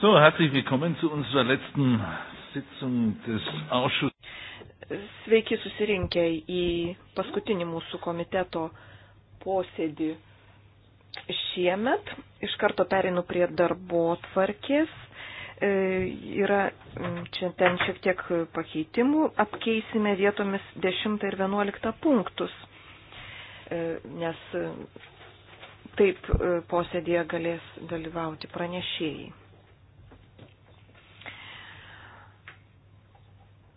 So, herzlich willkommen zu unserer letzten Sitzung des Ausschusses. Sveiki susirinkę į paskutinį mūsų komiteto posėdį šiemet. Iš karto perinu prie darbo tvarkės. E, yra čia ten šiek tiek pakeitimų. Apkeisime vietomis 10 ir 11 punktus, e, nes taip e, posėdėje galės dalyvauti pranešėjai.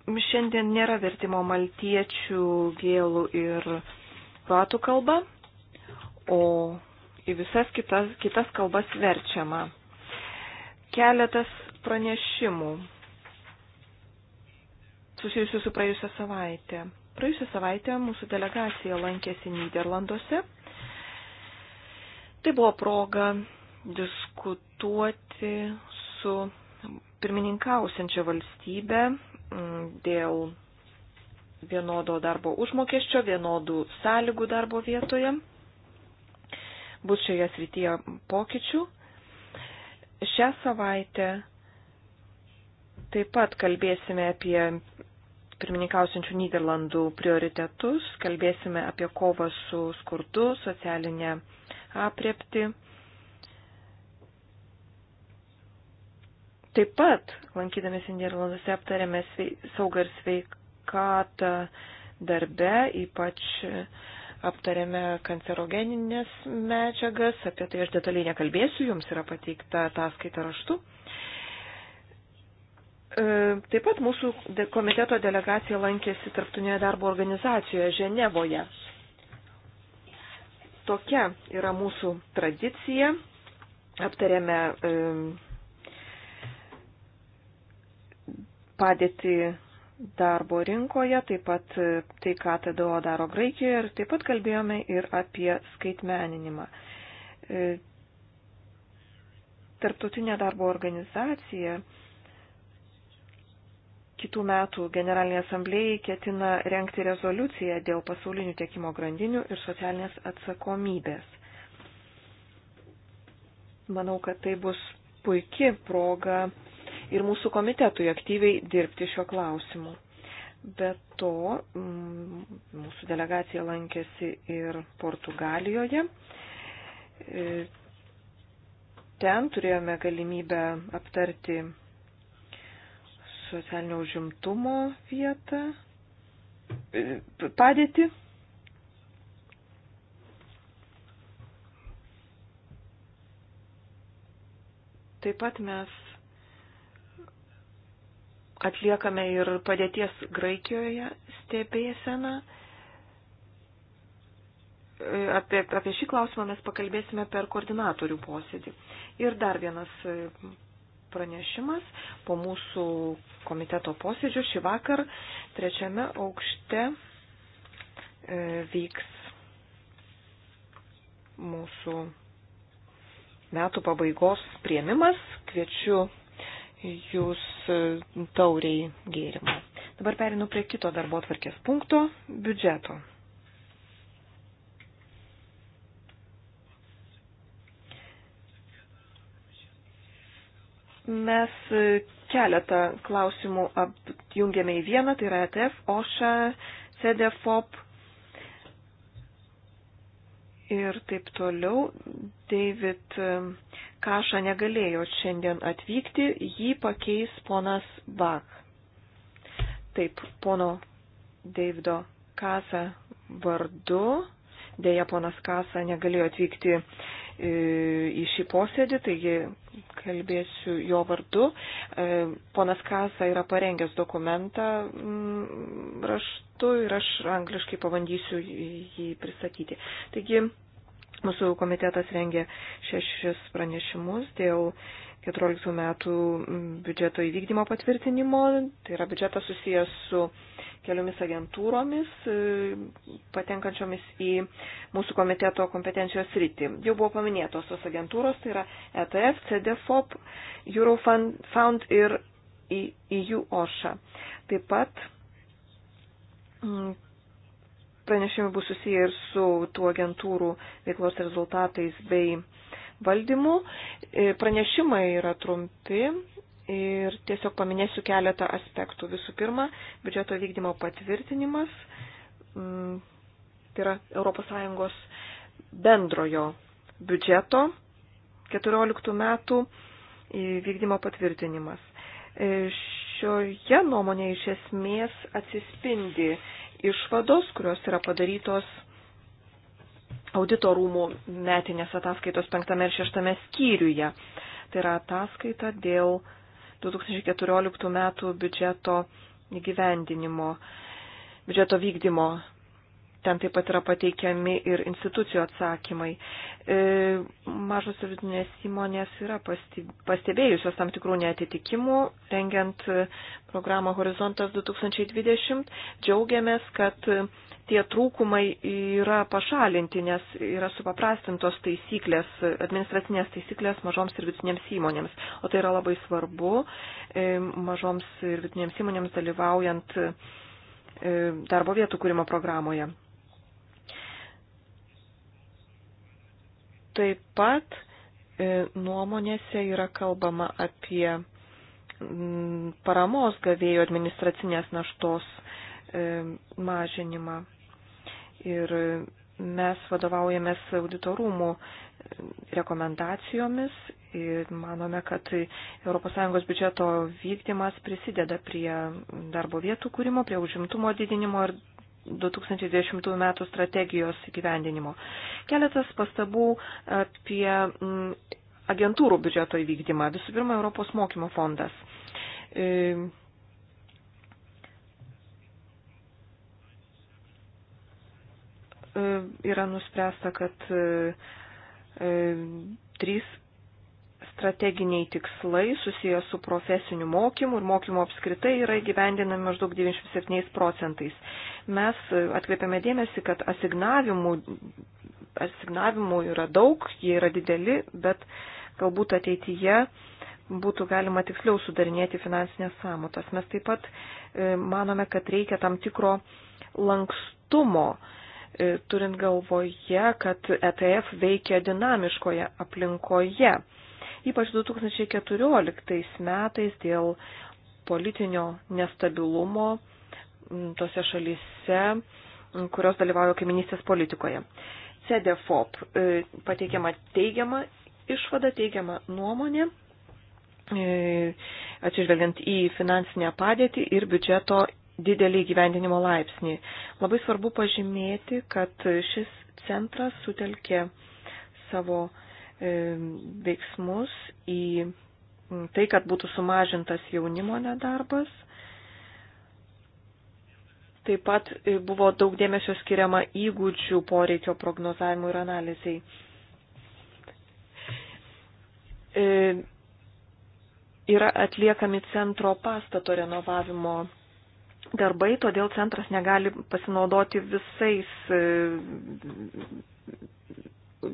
Šiandien nėra vertimo maltiečių, gėlų ir platų kalba, o į visas kitas, kitas kalbas verčiama. Keletas pranešimų susijusių su praėjusią savaitę. Praėjusią savaitę mūsų delegacija lankėsi Niderlanduose. Tai buvo proga diskutuoti su pirmininkausiančia valstybe Mm, dėl vienodo darbo užmokesčio, vienodų sąlygų darbo vietoje. Bus šioje srityje pokyčių. Šią savaitę taip pat kalbėsime apie pirmininkausiančių Niderlandų prioritetus, kalbėsime apie kovą su skurdu, socialinę apriepti Taip pat, lankydamėsi Nirlanduose, aptarėme saugą ir sveikatą darbe, ypač aptarėme kancerogeninės medžiagas, apie tai aš detaliai nekalbėsiu, jums yra pateikta ataskaita raštu. E, taip pat mūsų komiteto delegacija lankėsi Tarptautinėje darbo organizacijoje Ženevoje. Tokia yra mūsų tradicija. Aptarėme padėtį darbo rinkoje, taip pat tai, ką TDO daro Graikijoje ir taip pat kalbėjome ir apie skaitmeninimą. E, tarptautinė darbo organizacija kitų metų Generalinė asamblėjai ketina renkti rezoliuciją dėl pasaulinių tiekimo grandinių ir socialinės atsakomybės. Manau, kad tai bus puikia proga ir mūsų komitetui aktyviai dirbti šiuo klausimu. Be to, mm, mūsų delegacija lankėsi ir Portugalijoje. E, ten turėjome galimybę aptarti socialinio užimtumo vietą, e, padėti. Taip pat mes Atliekame ir padėties Graikijoje stebėseną. E, apie, apie šį klausimą mes pakalbėsime per koordinatorių posėdį. Ir dar vienas e, pranešimas po mūsų komiteto posėdžio šį vakar trečiame aukšte e, vyks mūsų metų pabaigos prieimimas. Kviečiu jūs e, tauriai gėrimą. Dabar perinu prie kito darbo atvarkės punkto - biudžeto. Mes e, keletą klausimų apjungėme į vieną, tai yra ETF, OŠA, CDFOP ir taip toliau. David Kaša negalėjo šiandien atvykti, jį pakeis ponas Bak. Taip, pono Davido Kasa vardu. Deja, ponas Kasa negalėjo atvykti e, į šį posėdį, taigi kalbėsiu jo vardu. E, ponas Kasa yra parengęs dokumentą mm, raštu ir aš angliškai pabandysiu jį pristatyti. Taigi, mūsų komitetas rengė šešis pranešimus dėl 14 metų biudžeto įvykdymo patvirtinimo, tai yra biudžetas susijęs su keliomis agentūromis, e, patenkančiomis į mūsų komiteto kompetencijos rytį. Jau buvo paminėtos tos agentūros, tai yra ETF, CDFOP, Eurofound ir EU OŠA. Taip pat mm, pranešimai bus susiję ir su tų agentūrų veiklos rezultatais bei valdymu. E, pranešimai yra trumpi, ir tiesiog paminėsiu keletą aspektų. Visų pirma, biudžeto vykdymo patvirtinimas, mm, tai yra ES bendrojo biudžeto 14 metų vykdymo patvirtinimas. E, šioje nuomonėje iš esmės atsispindi išvados, kurios yra padarytos auditorumų metinės ataskaitos penktame ir šeštame skyriuje. Tai yra ataskaita dėl 2014 metų biudžeto įgyvendinimo, biudžeto vykdymo. Ten taip pat yra pateikiami ir institucijų atsakymai. E, mažos ir vidutinės įmonės yra pastebėjusios tam tikrų netitikimų, rengiant e, programą Horizontas 2020. Džiaugiamės, kad tie trūkumai yra pašalinti, nes yra supaprastintos taisyklės, administracinės taisyklės mažoms ir vidutinėms įmonėms. O tai yra labai svarbu e, mažoms ir vidutinėms įmonėms dalyvaujant e, darbo vietų kūrimo programoje. Taip pat e, nuomonėse yra kalbama apie paramos gavėjų administracinės naštos mažinimą. Ir mes vadovaujamės auditorumų rekomendacijomis ir manome, kad ES biudžeto vykdymas prisideda prie darbo vietų kūrimo, prie užimtumo didinimo ir 2010 m. strategijos įgyvendinimo. Keletas pastabų apie mm, agentūrų biudžeto įvykdymą. Visų pirma, Europos mokymo fondas. E, E, yra nuspręsta, kad e, e, trys strateginiai tikslai susijęs su profesiniu mokymu ir mokymu apskritai yra įgyvendinami maždaug 97 procentais. Mes atkreipiame dėmesį, kad asignavimų, asignavimų yra daug, jie yra dideli, bet galbūt ateityje būtų galima tiksliau sudarinėti finansinės samotas. Mes taip pat manome, kad reikia tam tikro lankstumo E, turint galvoje, kad ETF veikia dinamiškoje aplinkoje. Ypač 2014 metais dėl politinio nestabilumo tose šalise, kurios dalyvauja kaiminystės politikoje. CDFOP e, pateikiama teigiama išvada, teigiama nuomonė, e, atsižvelgiant į finansinę padėtį ir biudžeto didelį gyvendinimo laipsnį. Labai svarbu pažymėti, kad šis centras sutelkė savo e, veiksmus į tai, kad būtų sumažintas jaunimo nedarbas. Taip pat e, buvo daug dėmesio skiriama įgūdžių poreikio prognozavimui ir analizai. E, yra atliekami centro pastato renovavimo darbai, todėl centras negali pasinaudoti visais, e,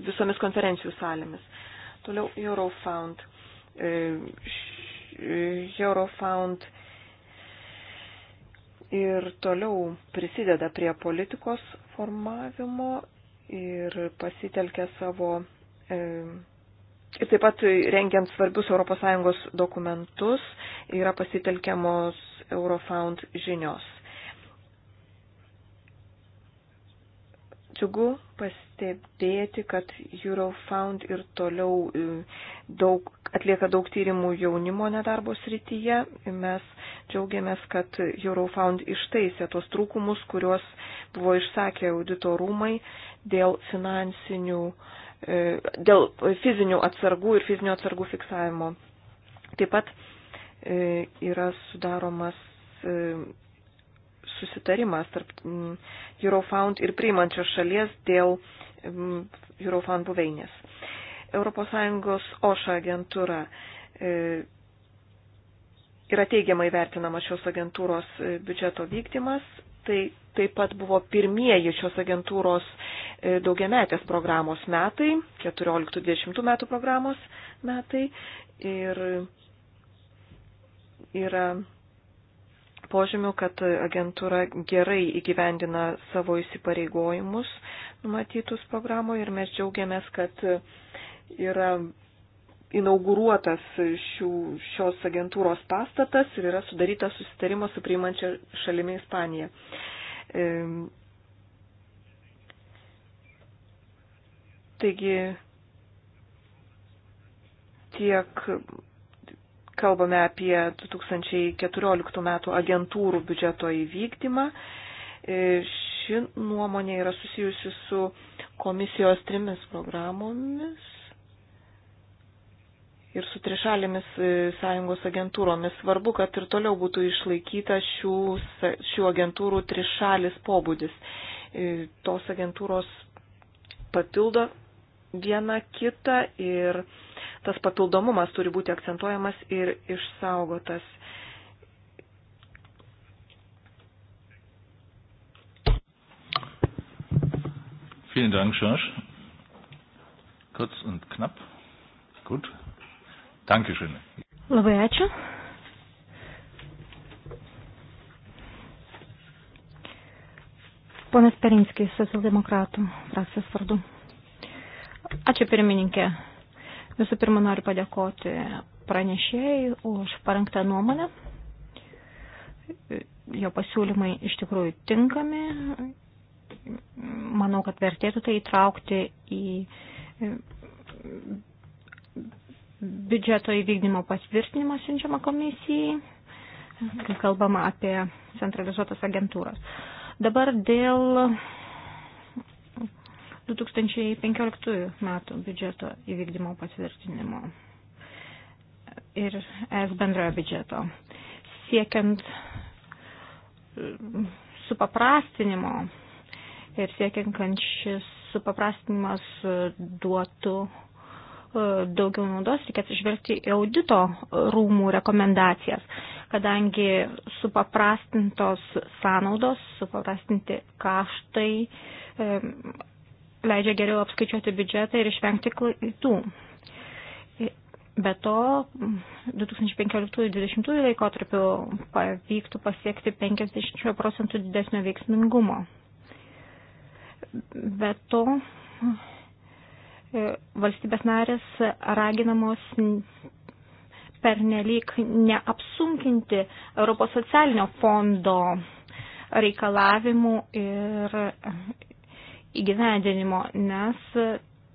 visomis konferencijų salėmis. Toliau Eurofound. E, Eurofound ir toliau prisideda prie politikos formavimo ir pasitelkia savo e, Ir taip pat rengiant svarbius ES dokumentus yra pasitelkiamos Eurofound žinios. Džiugu pastebėti, kad Eurofound ir toliau e, daug, atlieka daug tyrimų jaunimo nedarbo srityje. Mes džiaugiamės, kad Eurofound ištaisė tos trūkumus, kuriuos buvo išsakę auditorumai dėl finansinių uh, E, dėl fizinių atsargų ir fizinių atsargų fiksavimo. Taip pat e, yra sudaromas e, susitarimas tarp mm, Eurofound ir priimančios šalies dėl mm, Eurofound buveinės. ES OŠA agentūra yra teigiamai vertinama šios agentūros biudžeto vykdymas metai taip pat buvo pirmieji šios agentūros e, daugiametės programos metai, 14-20 metų programos metai. Ir yra požymių, kad agentūra gerai įgyvendina savo įsipareigojimus numatytus programoje ir mes džiaugiamės, kad yra inauguruotas šių, šios agentūros pastatas ir yra sudarytas susitarimas su priimančia šalimi Ispanija. Taigi tiek kalbame apie 2014 metų agentūrų biudžeto įvykdymą. E, ši nuomonė yra susijusi su komisijos trimis programomis ir su trišalėmis e, sąjungos agentūromis. Svarbu, kad ir toliau būtų išlaikyta šių, šių agentūrų trišalis pobūdis. E, tos agentūros papildo viena kitą ir tas papildomumas turi būti akcentuojamas ir išsaugotas. Vielen Dank, Schorsch. Kurz und knapp. Gut. Dankišin. Labai ačiū. Ponas Perinskis, socialdemokratų frakcijos vardu. Ačiū pirmininkė. Visų pirma, noriu padėkoti pranešėjai už parengtą nuomonę. Jo pasiūlymai iš tikrųjų tinkami. Manau, kad vertėtų tai įtraukti į biudžeto įvykdymo patvirtinimo siunčiama komisijai, kai kalbama apie centralizuotas agentūras. Dabar dėl 2015 metų biudžeto įvykdymo patvirtinimo ir es bendrojo biudžeto. Siekiant mm, supaprastinimo ir siekiant, kad šis supaprastinimas duotų E, daugiau naudos, reikės išvelgti į audito rūmų rekomendacijas, kadangi supaprastintos sąnaudos, supaprastinti kaštai e, leidžia geriau apskaičiuoti biudžetą ir išvengti klaidų. Be to, 2015-2020 laikotarpiu pavyktų pasiekti 50 procentų didesnio veiksmingumo. Be to, valstybės narės raginamos pernelyg neapsunkinti Europos socialinio fondo reikalavimų ir įgyvendinimo, nes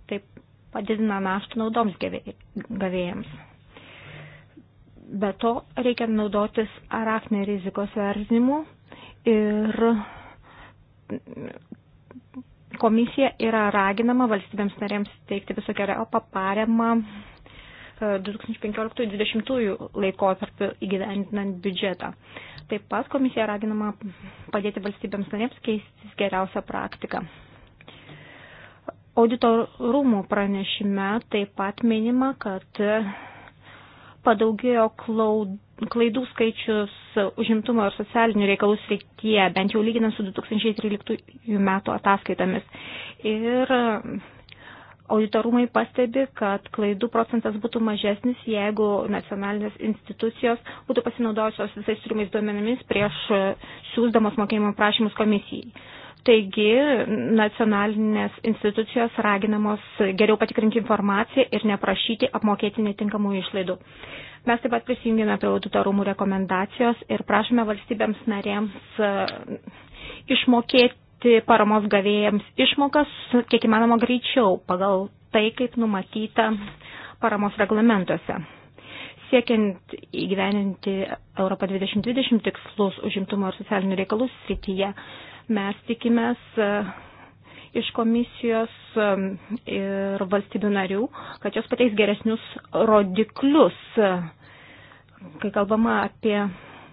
taip padidina naštą naudoms gavėjams. Be to reikia naudotis arakne rizikos vertinimu ir komisija yra raginama valstybėms narėms teikti visokią paramą 2015-2020 e, laikotarpiu įgyvendinant biudžetą. Taip pat komisija raginama padėti valstybėms narėms keistis geriausią praktiką. Audito rūmų pranešime taip pat minima, kad padaugėjo klaidų skaičius užimtumo ir socialinių reikalų srityje, bent jau lyginant su 2013 metų ataskaitomis. Ir auditorumai pastebi, kad klaidų procentas būtų mažesnis, jeigu nacionalinės institucijos būtų pasinaudojusios visais turimais duomenimis prieš siūsdamos mokėjimo prašymus komisijai. Taigi nacionalinės institucijos raginamos geriau patikrinti informaciją ir neprašyti apmokėti netinkamų išlaidų. Mes taip pat prisijungėme prie audito rūmų rekomendacijos ir prašome valstybėms narėms e, išmokėti paramos gavėjams išmokas kiek įmanoma greičiau pagal tai, kaip numatyta paramos reglamentuose. Siekiant įgyveninti Europą 2020 tikslus užimtumo ir socialinių reikalų srityje, Mes tikimės e, iš komisijos e, ir valstybių narių, kad jos pateiks geresnius rodiklius, e, kai kalbama apie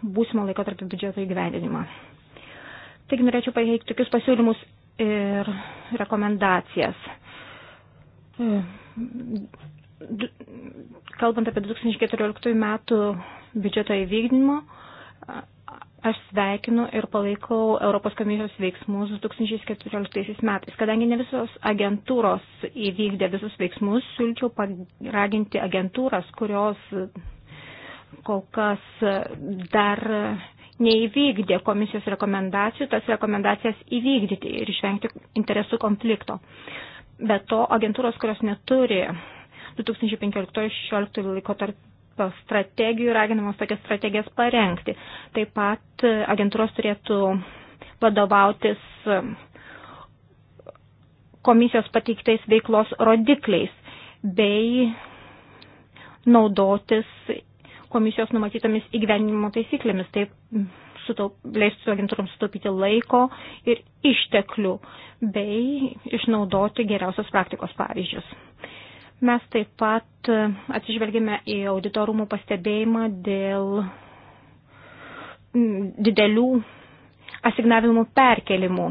būsimo laiko tarp biudžeto įgyvendinimą. Taigi norėčiau pateikti tokius pasiūlymus ir rekomendacijas. Kalbant apie 2014 metų biudžeto įvykdymą, Aš sveikinu ir palaikau Europos komisijos veiksmus 2014 metais. Kadangi ne visos agentūros įvykdė visus veiksmus, siūlyčiau paraginti agentūras, kurios kol kas dar neįvykdė komisijos rekomendacijų, tas rekomendacijas įvykdyti ir išvengti interesų konflikto. Be to, agentūros, kurios neturi 2015-2016 laikotarpio strategijų ir raginamos tokias strategijas parengti. Taip pat e, agentūros turėtų vadovautis e, komisijos pateiktais veiklos rodikliais bei naudotis komisijos numatytomis įgyvenimo taisyklėmis. Taip sutaup, leistų agentūroms sutaupyti laiko ir išteklių bei išnaudoti geriausios praktikos pavyzdžius. Mes taip pat e, atsižvelgime į auditorumų pastebėjimą dėl didelių asignavimų perkelimų.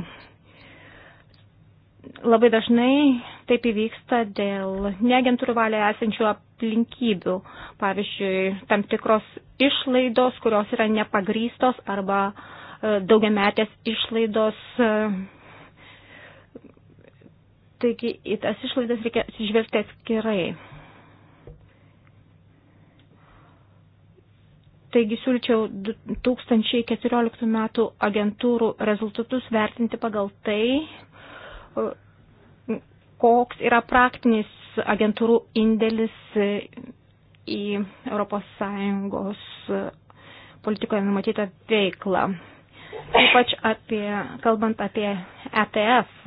Labai dažnai taip įvyksta dėl neagentūrų valioje esančių aplinkybių. Pavyzdžiui, tam tikros išlaidos, kurios yra nepagrystos arba e, daugiametės išlaidos e, Taigi į tas išlaidas reikia atsižvelgti atskirai. Taigi siūlyčiau 2014 metų agentūrų rezultatus vertinti pagal tai, koks yra praktinis agentūrų indėlis į ES politikoje numatytą veiklą. Ypač apie, kalbant apie ETF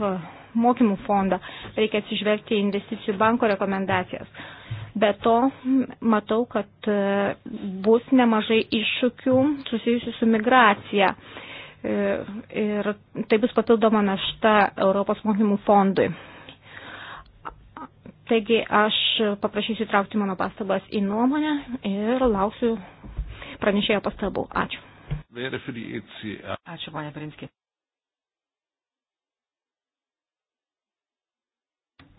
mokymų fondą, reikia atsižvelgti į investicijų banko rekomendacijas. Be to, matau, kad e, bus nemažai iššūkių susijusių su migracija e, ir tai bus papildoma našta Europos mokymų fondui. Taigi aš paprašysiu traukti mano pastabas į nuomonę ir lauksiu pranešėjo pastabų. Ačiū. E Ačiū, ponia Prinskė.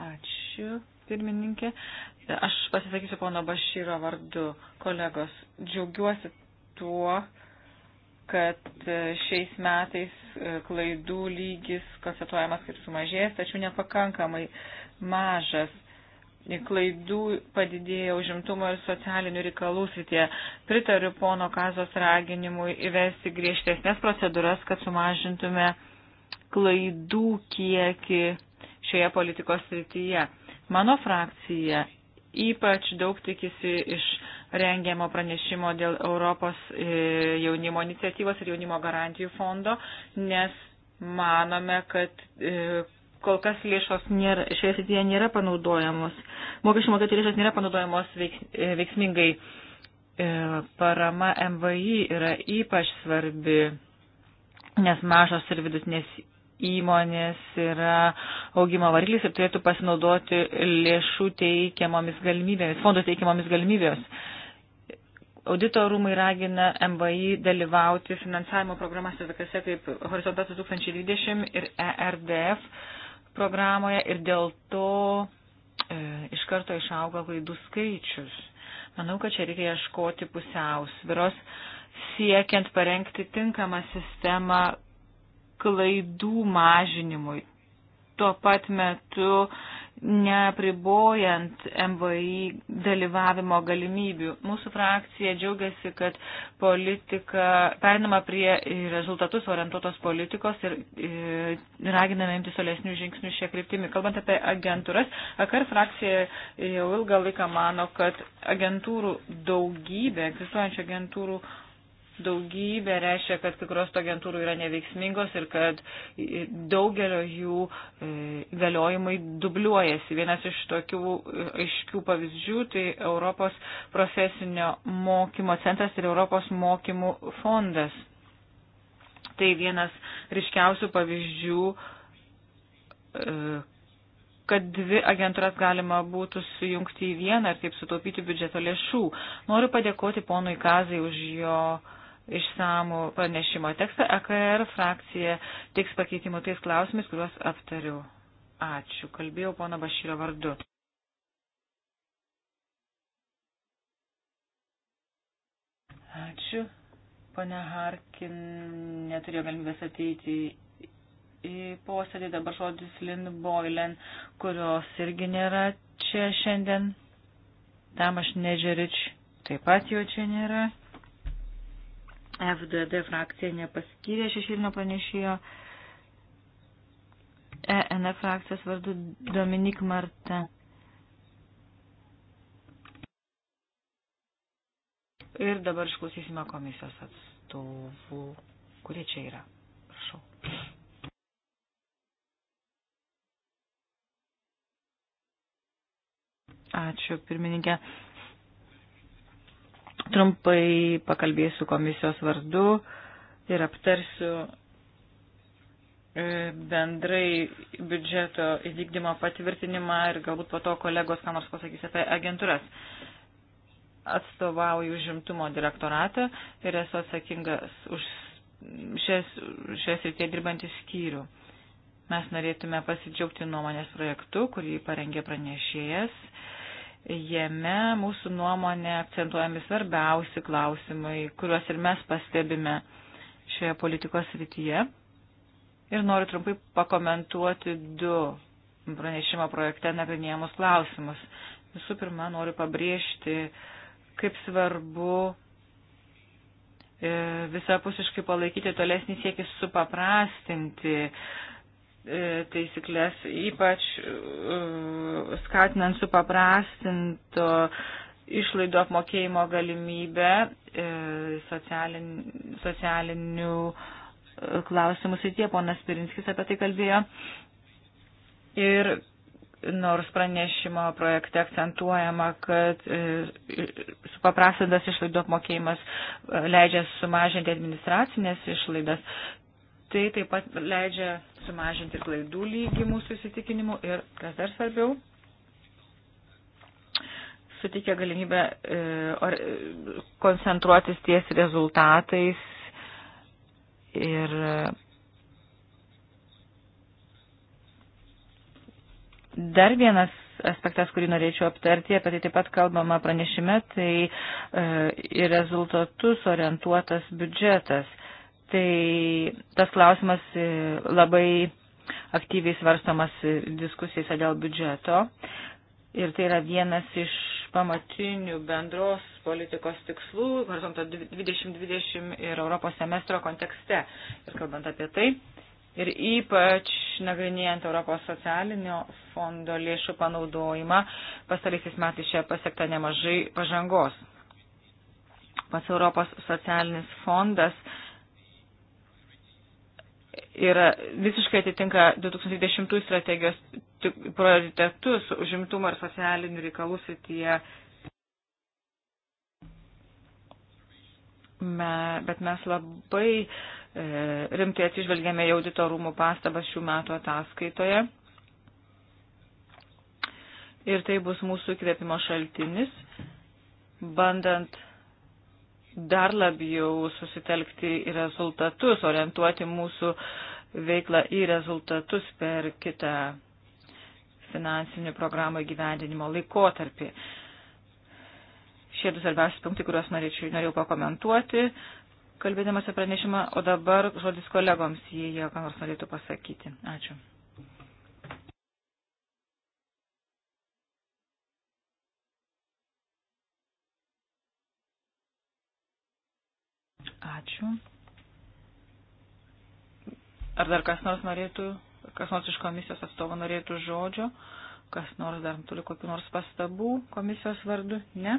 Ačiū, pirmininkė. Aš pasisakysiu pono Bašyro vardu, kolegos. Džiaugiuosi tuo, kad e, šiais metais e, klaidų lygis konstatuojamas kaip sumažėjęs, tačiau nepakankamai mažas. Klaidų padidėjo užimtumo ir socialinių reikalų srityje. Pritariu pono Kazos raginimui įvesti griežtesnės procedūras, kad sumažintume klaidų kiekį šioje politikos srityje. Mano frakcija ypač daug tikisi iš rengiamo pranešimo dėl Europos e, jaunimo iniciatyvos ir jaunimo garantijų fondo, nes manome, kad e, kol kas lėšos nėra, šioje srityje nėra panaudojamos, mokesčių mokėtojų lėšos nėra panaudojamos veiks, e, veiksmingai. Parama MVI yra ypač svarbi, nes mažos ir vidutinės įmonės yra augimo variklis ir turėtų pasinaudoti lėšų teikiamomis galimybėmis, fondo teikiamomis galimybėmis. Audito rūmai ragina MVI dalyvauti finansavimo programuose tokiuose kaip Horizontas 2020 ir ERDF programoje ir dėl to e, iš karto išauga klaidų skaičius. Manau, kad čia reikia ieškoti pusiausviros siekiant parengti tinkamą sistemą klaidų mažinimui. Tuo pat metu nepribojant MVI dalyvavimo galimybių. Mūsų frakcija džiaugiasi, kad politika perinama prie rezultatus orientuotos politikos ir, ir, e, ir raginame imti solesnių žingsnių šią kryptimį. Kalbant apie agentūras, AKR frakcija jau ilgą laiką mano, kad agentūrų daugybė, egzistuojančių agentūrų daugybė reiškia, kad kai kurios agentūrų yra neveiksmingos ir kad daugelio jų e, galiojimai dubliuojasi. Vienas iš tokių e, aiškių pavyzdžių tai Europos profesinio mokymo centras ir Europos mokymų fondas. Tai vienas ryškiausių pavyzdžių, e, kad dvi agentūras galima būtų sujungti į vieną ir taip sutaupyti biudžeto lėšų. Noriu padėkoti ponui Kazai už jo uh, išsamų pranešimo tekstą. EKR frakcija tiks pakeitimų tais klausimais, kuriuos aptariau. Ačiū. Kalbėjau pono Bašyro vardu. Ačiū. Pane Harkin neturėjo galimybės ateiti į posėdį, dabar žodis Lynn Boylan, kurios irgi nėra čia šiandien. Tamaš Nežerič taip pat jo čia nėra. FDD frakcija nepaskyrė šešėlinio pranešėjo. ENF frakcijos vardu Dominik Marta. Ir dabar išklausysime komisijos atstovų, kurie čia yra. Prašau. Ačiū, pirmininkė. Trumpai pakalbėsiu komisijos vardu ir aptarsiu e, bendrai biudžeto įvykdymo patvirtinimą ir galbūt po to kolegos ką nors pasakys apie agentūras. Atstovauju žimtumo direktoratą ir esu atsakingas už šią srityje dirbantį skyrių. Mes norėtume pasidžiaugti nuomonės projektu, kurį parengė pranešėjas. E, Jame mūsų nuomonė akcentuojami svarbiausi klausimai, kuriuos ir mes pastebime šioje politikos rytyje. Ir noriu trumpai pakomentuoti du pranešimo projekte nagrinėjamus klausimus. Visų pirma, noriu pabrėžti, kaip svarbu e, visapusiškai palaikyti tolesnį siekį supaprastinti E, taisyklės, ypač e, skatinant supaprastinto išlaidų apmokėjimo galimybę e, socialin, socialinių klausimų srityje. Ponas Pirinskis apie tai kalbėjo. Ir nors pranešimo projekte akcentuojama, kad supaprastintas išlaidų apmokėjimas leidžia sumažinti administracinės išlaidas, Tai taip pat leidžia sumažinti klaidų lygį mūsų įsitikinimu ir, kas dar svarbiau, suteikia galimybę e, or, koncentruotis ties rezultatais ir dar vienas aspektas, kurį norėčiau aptarti, apie tai taip pat kalbama pranešime, tai e, į rezultatus orientuotas biudžetas tai tas klausimas e, labai aktyviai svarstomas e, diskusijose dėl biudžeto. Ir tai yra vienas iš pamatinių bendros politikos tikslų, horizonto 2020 ir Europos semestro kontekste. Ir kalbant apie tai, ir ypač nagrinėjant Europos socialinio fondo lėšų panaudojimą, pastaraisiais metais čia pasiekta nemažai pažangos. Pas Europos socialinis fondas yra visiškai atitinka 2010 strategijos prioritetus užimtumo ir socialinių reikalų srityje. Me, bet mes labai e, rimtai atsižvelgėme į audito rūmų pastabas šių metų ataskaitoje. Ir tai bus mūsų įkvėpimo šaltinis, bandant dar labiau susitelkti į rezultatus, orientuoti mūsų veiklą į rezultatus per kitą finansinių programų įgyvendinimo laikotarpį. Šie du svarbiausi punktai, kuriuos norėčiau, norėjau pakomentuoti, kalbėdamas apie pranešimą, o dabar žodis kolegoms, jei jie ką nors norėtų pasakyti. Ačiū. Ačiū. Ar dar kas nors norėtų, kas nors iš komisijos atstovo norėtų žodžio, kas nors dar turi kokiu nors pastabų komisijos vardu? Ne?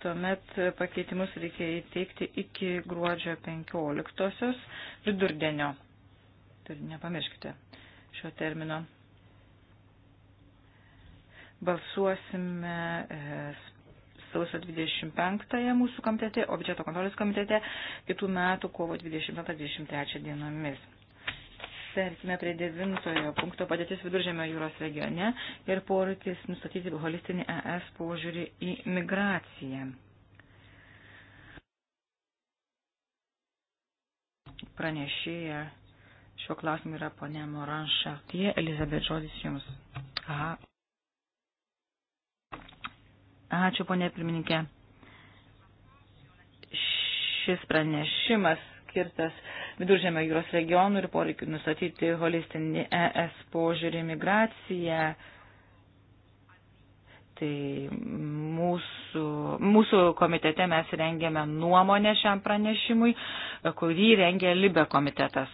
Tuomet pakeitimus reikia įteikti iki gruodžio 15-osios vidurdienio. Tai nepamirškite šio termino. Balsuosime e, sausio 25-ąją mūsų komitete, o biudžeto kontrolės komitete kitų metų kovo 20-23 dienomis. Persime prie devintojo punkto padėtis viduržėmio jūros regione ir poreikis nustatyti holistinį ES požiūrį į migraciją. Pranešėja šiuo klausimu yra ponė Moran Šartie. Elizabet, žodis jums. Aha. Ačiū, ponė pirmininkė. Šis pranešimas skirtas Viduržėmio jūros regionų ir poreikiu nustatyti holistinį ES požiūrį migraciją. Tai mūsų, mūsų komitete mes rengėme nuomonę šiam pranešimui, kurį rengė Libe komitetas.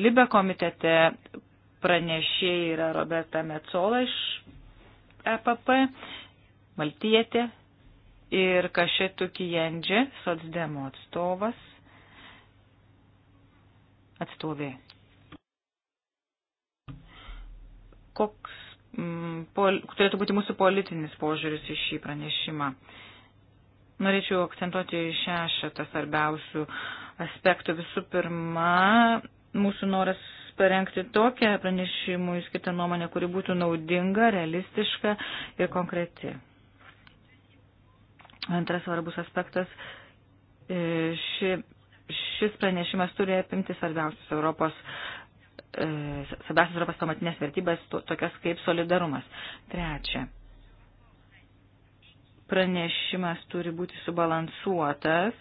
Libe komitete pranešėjai yra Roberta Mecola iš EPP Maltietė ir Kašetu Kijendži, socdemo atstovas, atstovė. Koks mm, pol, turėtų būti mūsų politinis požiūris į šį pranešimą? Norėčiau akcentuoti šešetą svarbiausių aspektų. Visų pirma, mūsų noras parengti tokią pranešimų įskirtą nuomonę, kuri būtų naudinga, realistiška ir konkreti. Antras svarbus aspektas. E, ši, šis pranešimas turi apimti svarbiausius Europos e, svarbiausias Europos pamatinės vertybės, tokias kaip solidarumas. Trečia, pranešimas turi būti subalansuotas,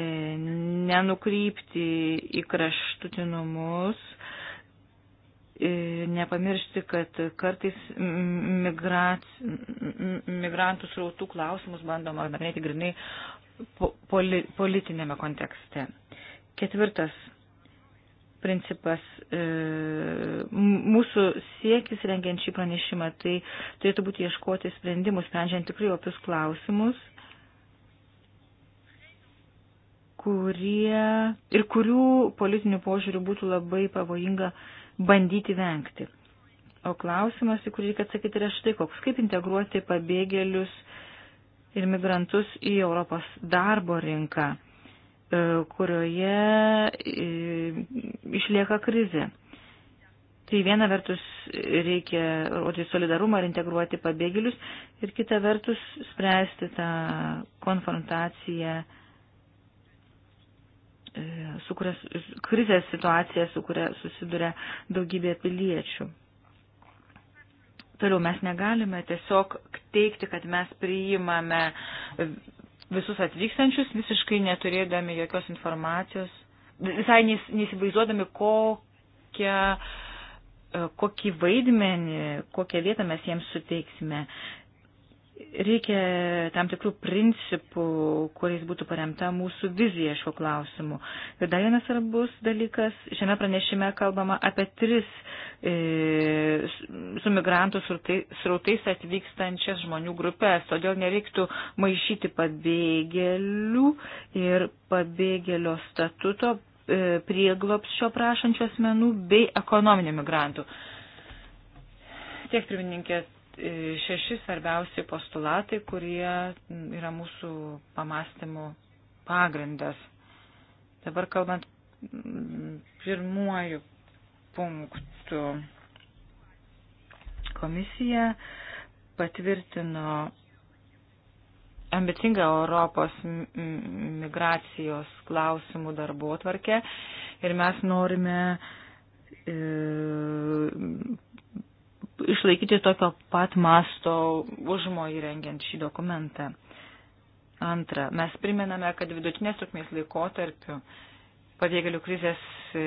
e, nenukrypti į kraštutinumus E, nepamiršti, kad kartais migrac, migrantų srautų klausimus bandoma nagrinėti grinai poli, politinėme kontekste. Ketvirtas principas e, mūsų siekis rengiant šį pranešimą, tai turėtų būti ieškoti sprendimų, sprendžiant tikrai opius klausimus, kurie ir kurių politinių požiūrių būtų labai pavojinga uh, bandyti vengti. O klausimas, į kurį reikia atsakyti, yra štai koks. Kaip integruoti pabėgėlius ir migrantus į Europos darbo rinką, e, kurioje e, išlieka krizė. Tai viena vertus reikia rodyti solidarumą ir integruoti pabėgėlius, ir kita vertus spręsti tą konfrontaciją E, su kuria, krizės situacija, su kuria susiduria daugybė piliečių. Toliau mes negalime tiesiog teikti, kad mes priimame visus atvykstančius, visiškai neturėdami jokios informacijos, visai neįsivaizduodami, kokią, e, kokį vaidmenį, kokią vietą mes jiems suteiksime. Reikia tam tikrų principų, kuriais būtų paremta mūsų vizija šiuo klausimu. Ir dar vienas svarbus dalykas, šiame pranešime kalbama apie tris e, su migrantų srautais atvykstančias žmonių grupės, todėl nereiktų maišyti pabėgėlių ir pabėgėlio statuto e, prieglopščio prašančių asmenų bei ekonominių migrantų. Tiek pirmininkės šeši svarbiausi postulatai, kurie yra mūsų pamastymų pagrindas. Dabar kalbant mm, pirmuoju punktu. Komisija patvirtino ambicingą Europos migracijos klausimų darbo tvarkę ir mes norime e, išlaikyti tokio pat masto užmojį rengiant šį dokumentą. Antra, mes primename, kad vidutinės trukmės laikotarpiu pabėgėlių krizės e,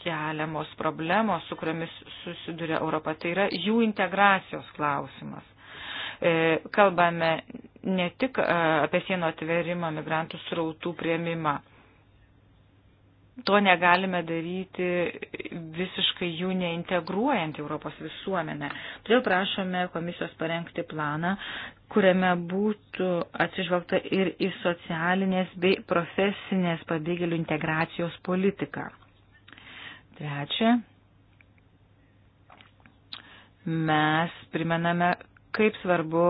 keliamos problemos, su kuriamis susiduria Europa, tai yra jų integracijos klausimas. E, kalbame ne tik e, apie sienų atverimą, migrantų srautų prieimimą to negalime daryti visiškai jų neintegruojant Europos visuomenę. Todėl prašome komisijos parengti planą, kuriame būtų atsižvelgta ir į socialinės bei profesinės pabėgėlių integracijos politiką. Trečia, mes primename, kaip svarbu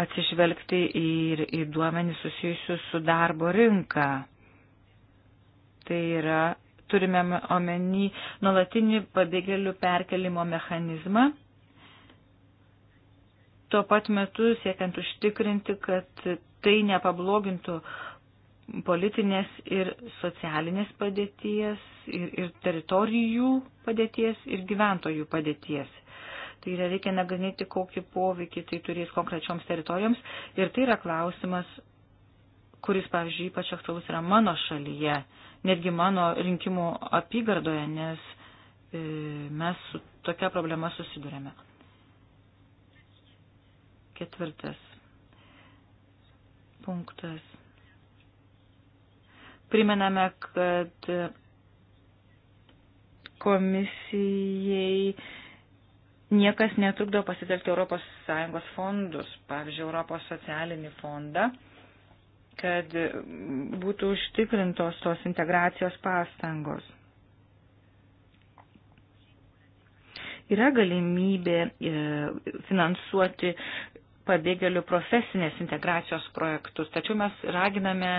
atsižvelgti ir į duomenį susijusius su darbo rinka Tai yra, turime omeny nuolatinį pabėgėlių perkelimo mechanizmą. Tuo pat metu siekiant užtikrinti, kad tai nepablogintų politinės ir socialinės padėties, ir, ir teritorijų padėties, ir gyventojų padėties. Tai yra reikia nagrinėti, kokį poveikį tai turės konkrečioms teritorijoms. Ir tai yra klausimas, kuris, pavyzdžiui, ypač aktualus yra mano šalyje netgi mano rinkimų apygardoje, nes e, mes su tokia problema susidurėme. Ketvirtas punktas. Primename, kad komisijai niekas netrukdo pasitelkti ES fondus, pavyzdžiui, ES socialinį fondą kad mm, būtų užtikrintos tos integracijos pastangos. Yra galimybė e, finansuoti pabėgėlių profesinės integracijos projektus, tačiau mes raginame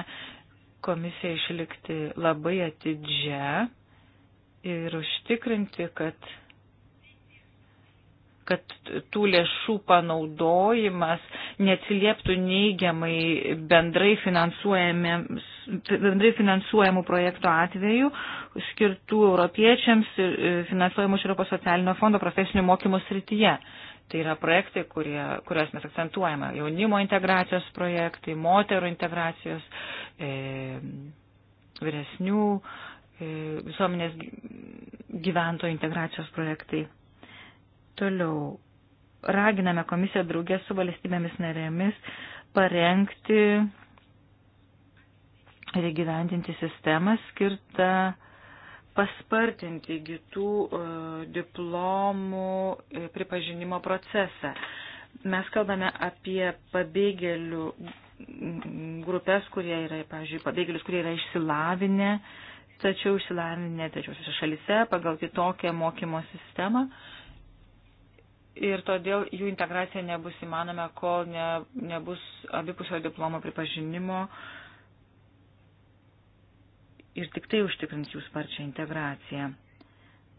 komisiją išlikti labai atidžią ir užtikrinti, kad kad tų lėšų panaudojimas neatsilieptų neigiamai bendrai, bendrai finansuojamų projektų atveju, skirtų europiečiams ir e, finansuojamų iš Europos socialinio fondo profesinių mokymų srityje. Tai yra projektai, kurie, kuriuos mes akcentuojame. Jaunimo integracijos projektai, moterų integracijos, e, vyresnių e, visuomenės gyventojų integracijos projektai. Toliau raginame komisiją draugės su valstybėmis narėmis parengti ir įgyvendinti sistemą skirtą paspartinti įgytų e, diplomų e, pripažinimo procesą. Mes kalbame apie pabėgėlių grupės, kurie yra, pavyzdžiui, pabėgėlius, kurie yra išsilavinę, tačiau išsilavinę trečiosiuose šalise pagal kitokią mokymo sistemą. Uh, ir todėl jų integracija nebus įmanoma, kol ne, nebus abipusio diplomo pripažinimo ir tik tai užtikrins jų sparčią integraciją.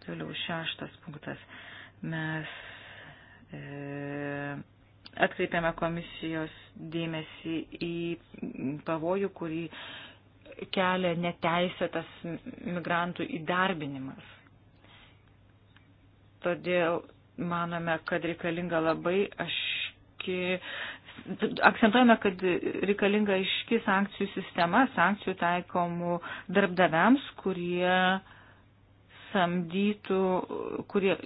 Toliau šeštas punktas. Mes e, atkreipiame komisijos dėmesį į pavojų, kurį kelia neteisėtas migrantų įdarbinimas. Todėl manome, kad reikalinga labai aški. Akcentuojame, kad reikalinga aiški sankcijų sistema, sankcijų taikomų darbdaviams, kurie samdytų, kurie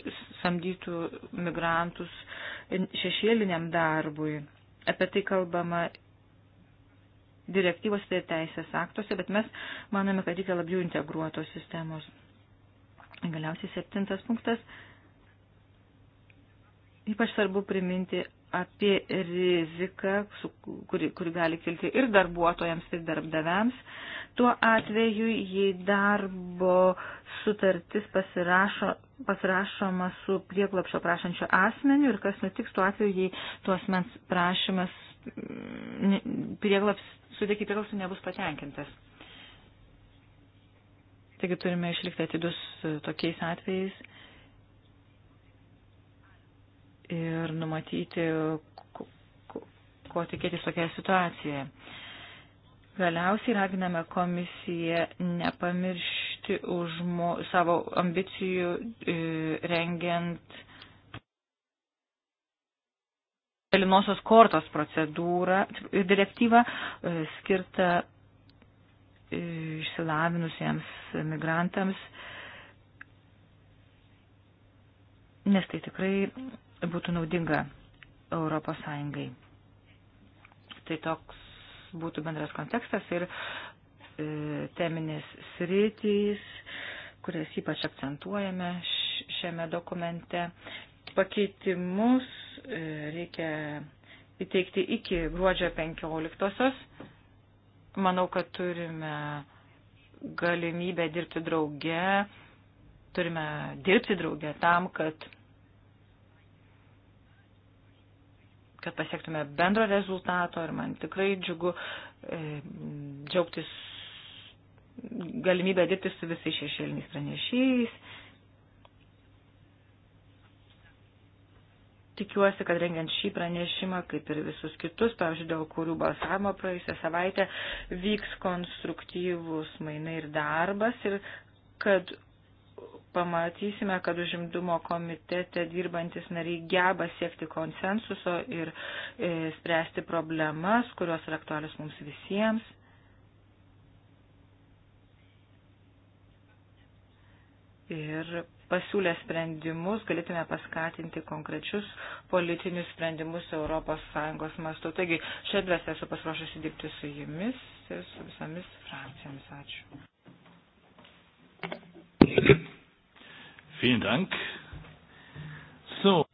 samdytų migrantus šešėliniam darbui. Apie tai kalbama direktyvos ir tai teisės aktuose, bet mes manome, kad reikia labiau integruotos sistemos. Galiausiai septintas punktas Ypač svarbu priminti apie riziką, kuri, kuri gali kilti ir darbuotojams, ir darbdaviams. Tuo atveju, jei darbo sutartis pasirašo, pasirašoma su prieglapšio prašančio asmeniu ir kas nutiks tuo atveju, jei tuo asmens prašymas mm, prieglaps, sudėki prieglapsų nebus patenkintas. Taigi turime išlikti atidus tokiais atvejais ir numatyti, ko tikėtis tokioje situacijoje. Galiausiai raginame komisiją nepamiršti užmo, savo ambicijų e, rengiant dalinosios kortos procedūrą ir direktyvą e, skirtą e, išsilavinusiems migrantams, nes tai tikrai būtų naudinga Europos Sąjungai. Tai toks būtų bendras kontekstas ir e, teminės sritys, kurias ypač akcentuojame šiame dokumente. Pakeitimus e, reikia įteikti iki gruodžio 15-osios. Manau, kad turime galimybę dirbti drauge, turime dirbti drauge tam, kad kad pasiektume bendro rezultato ir man tikrai džiugu e, džiaugtis galimybę dirbti su visais šešėliniais pranešėjais. Tikiuosi, kad rengiant šį pranešimą, kaip ir visus kitus, pavyzdžiui, dėl kurių balsavimo praėjusią savaitę, vyks konstruktyvus mainai ir darbas ir kad pamatysime, kad užimdumo komitete dirbantis nariai geba siekti konsensuso ir e, spręsti problemas, kurios yra aktualios mums visiems. Ir pasiūlę sprendimus galėtume paskatinti konkrečius politinius sprendimus ES mastu. Taigi, šiandien esu pasiruošusi dirbti su jumis ir su visomis frakcijomis. Ačiū. Vielen Dank. So.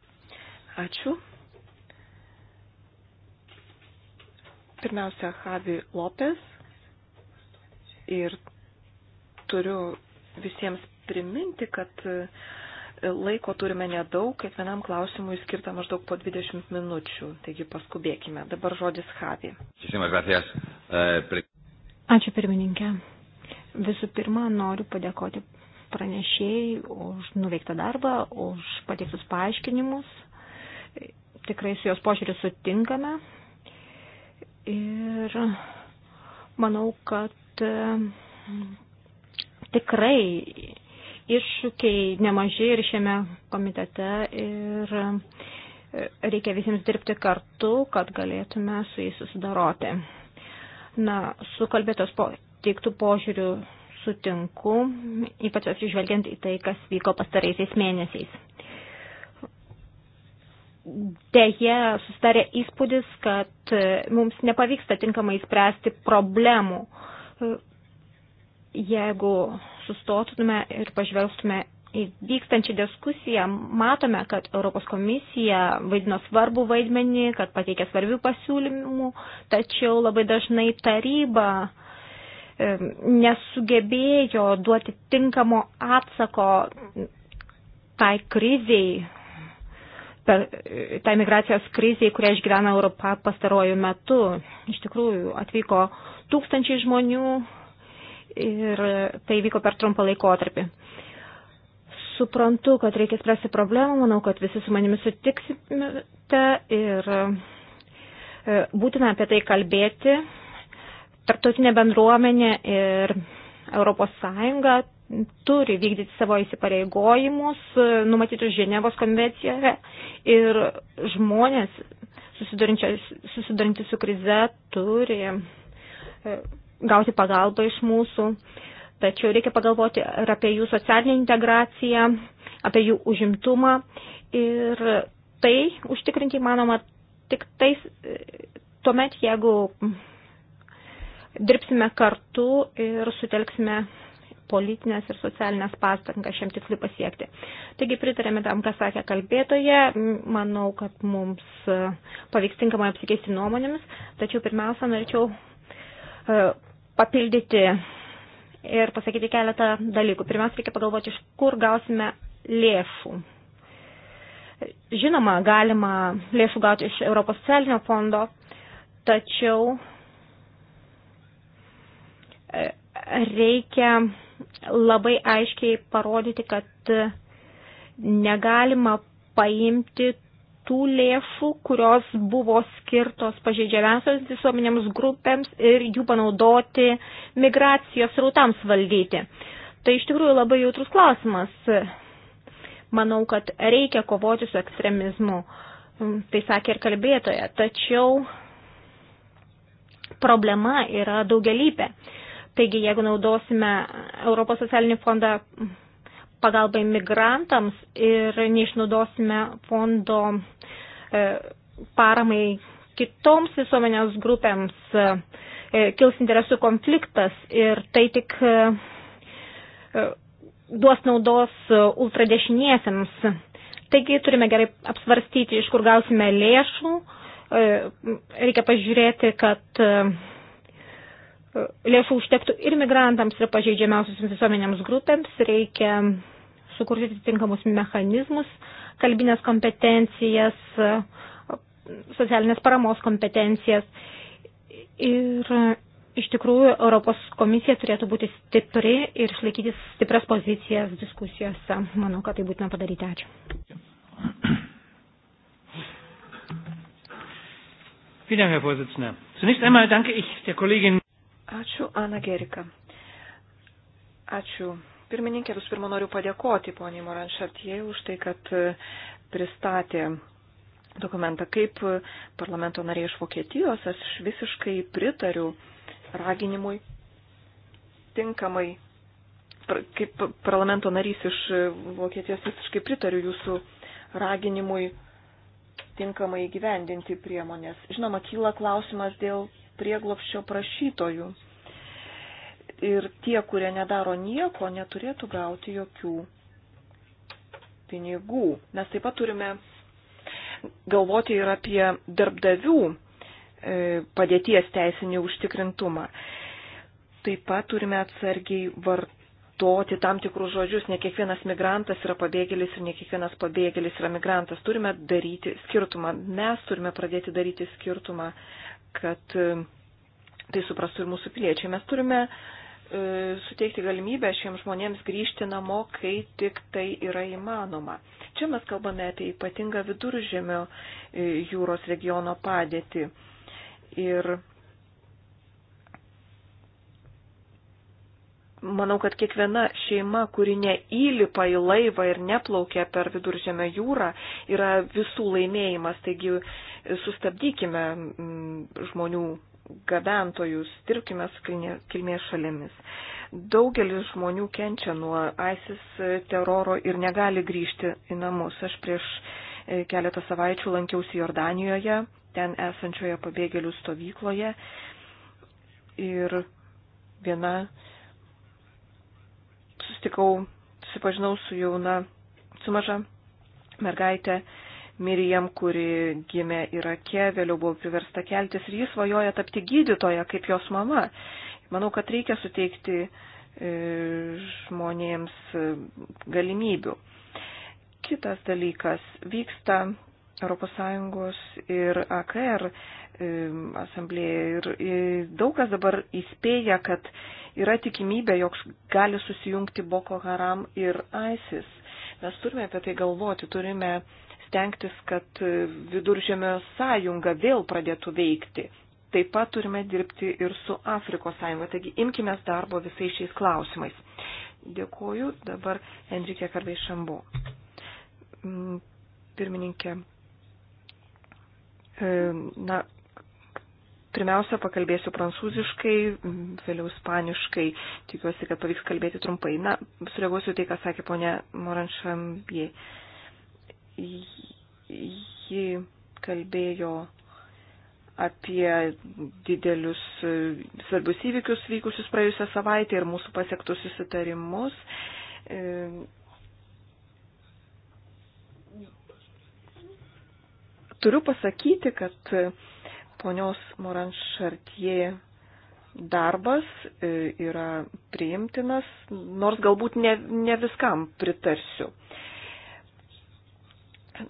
Ačiū. Pirmiausia, Javi Lopes. Ir turiu visiems priminti, kad e, laiko turime nedaug, kiekvienam klausimui skirta maždaug po 20 minučių, taigi paskubėkime. Dabar žodis Havi. Eh, Ačiū pirmininkė. Visų pirma, noriu padėkoti pranešėjai už nuveiktą darbą, už pateiktus paaiškinimus. Tikrai su jos požiūriu sutinkame. Ir manau, kad e, tikrai iššūkiai nemažai ir šiame komitete ir e, reikia visiems dirbti kartu, kad galėtume su jais susidaroti. Na, su kalbėtos po, teiktų požiūrių sutinku, ypač atsižvelgiant į tai, kas vyko pastaraisiais mėnesiais. Deja, sustarė įspūdis, kad mums nepavyksta tinkamai spręsti problemų. Jeigu sustotume ir pažvelgtume į vykstančią diskusiją, matome, kad Europos komisija vaidino svarbų vaidmenį, kad pateikė svarbių pasiūlymų, tačiau labai dažnai taryba uh, nesugebėjo duoti tinkamo atsako tai kriziai, per, tai migracijos kriziai, kurią išgyvena Europa pastaruoju metu. Iš tikrųjų, atvyko tūkstančiai žmonių ir tai vyko per trumpą laikotarpį. Suprantu, kad reikia spręsti problemą, manau, kad visi su manimi sutiksite ir e, būtina apie tai kalbėti tarptautinė bendruomenė ir Europos Sąjunga turi vykdyti savo įsipareigojimus, e, numatytus Ženevos konvencijoje ir žmonės susidurinti su krize turi e, gauti pagalbą iš mūsų. Tačiau reikia pagalvoti ir apie jų socialinę integraciją, apie jų užimtumą ir tai užtikrinti įmanoma tik tais e, tuomet, jeigu dirbsime kartu ir sutelksime politinės ir socialinės pastangas šiam tikslui pasiekti. Taigi pritarėme tam, ką sakė kalbėtoje, manau, kad mums e, pavyks tinkamai apsikeisti nuomonėmis, tačiau pirmiausia, norėčiau e, papildyti ir pasakyti keletą dalykų. Pirmiausia, reikia pagalvoti, iš kur gausime lėšų. Žinoma, galima lėšų gauti iš Europos socialinio fondo, tačiau reikia labai aiškiai parodyti, kad negalima paimti tų lėšų, kurios buvo skirtos pažeidžiamiausios visuomenėms grupėms ir jų panaudoti migracijos rautams valdyti. Tai iš tikrųjų labai jautrus klausimas. Manau, kad reikia kovoti su ekstremizmu. Tai sakė ir kalbėtoja. Tačiau problema yra daugialypė. Taigi, jeigu naudosime Europos socialinį fondą pagalbai migrantams ir neišnaudosime fondo e, paramai kitoms visuomenės grupėms, e, e, kils interesų konfliktas ir tai tik duos naudos ultradešiniesiems. Taigi turime gerai apsvarstyti, iš kur gausime lėšų. Reikia pažiūrėti, kad lėšų užtektų ir migrantams, ir pažeidžiamiausiams visuomenėms grupėms, reikia sukurti atitinkamus mechanizmus, kalbinės kompetencijas, socialinės paramos kompetencijas. Ir iš tikrųjų Europos komisija turėtų būti stipri ir išlaikyti stipras pozicijas diskusijose. Manau, kad tai būtina padaryti. Ačiū. Vielen Dank, Herr Vorsitzender. Zunächst einmal danke ich der Kollegin. Ačiū, Ana Gerika. Ačiū. Pirmininkė, visų pirma, noriu padėkoti poniai Moranšartijai už tai, kad e, pristatė dokumentą. Kaip e, parlamento nariai iš Vokietijos, aš visiškai pritariu raginimui tinkamai, kaip parlamento narys iš e, Vokietijos visiškai pritariu jūsų raginimui tinkamai įgyvendinti priemonės. Žinoma, kyla klausimas dėl prieglopščio prašytojų. Ir tie, kurie nedaro nieko, neturėtų gauti jokių pinigų. Mes taip pat turime galvoti ir apie darbdavių e, padėties teisinį užtikrintumą. Taip pat turime atsargiai vartoti tam tikrus žodžius. Ne kiekvienas migrantas yra pabėgėlis ir ne kiekvienas pabėgėlis yra migrantas. Turime daryti skirtumą. Mes turime pradėti daryti skirtumą kad e, tai suprastų ir mūsų piliečiai. Mes turime e, suteikti galimybę šiems žmonėms grįžti namo, kai tik tai yra įmanoma. Čia mes kalbame apie ypatingą viduržėmio e, jūros regiono padėtį. Ir manau, kad kiekviena šeima, kuri neįlipa į laivą ir neplaukia per viduržėmę jūrą, yra visų laimėjimas. Taigi sustabdykime mm, žmonių gabentojus, dirbkime su kilmės šalėmis. Daugelis žmonių kenčia nuo ISIS teroro ir negali grįžti į namus. Aš prieš e, keletą savaičių lankiausi Jordanijoje, ten esančioje pabėgėlių stovykloje. Ir viena sustikau, susipažinau su jauna, su maža mergaitė Mirijam, kuri gimė Irake, vėliau buvo priversta keltis ir jis svajoja tapti gydytoja kaip jos mama. Manau, kad reikia suteikti e, žmonėms e, galimybių. Kitas dalykas vyksta ES ir AKR asamblėje. Ir daug kas dabar įspėja, kad yra tikimybė, jog gali susijungti Boko Haram ir ISIS. Mes turime apie tai galvoti, turime stengtis, kad viduržėmio sąjunga vėl pradėtų veikti. Taip pat turime dirbti ir su Afrikos sąjunga. Taigi imkime darbo visais šiais klausimais. Dėkuoju. Dabar Enrikė Karvei Šambu. Mm, pirmininkė, E, na, pirmiausia, pakalbėsiu prancūziškai, vėliau ispaniškai. Tikiuosi, kad pavyks kalbėti trumpai. Na, sureaguosiu tai, ką sakė ponė Moranšambie. Ji kalbėjo apie didelius svarbius įvykius vykusius praėjusią savaitę ir mūsų pasiektus susitarimus. E, Turiu pasakyti, kad ponios Moranšartie darbas e, yra priimtinas, nors galbūt ne, ne viskam pritarsiu.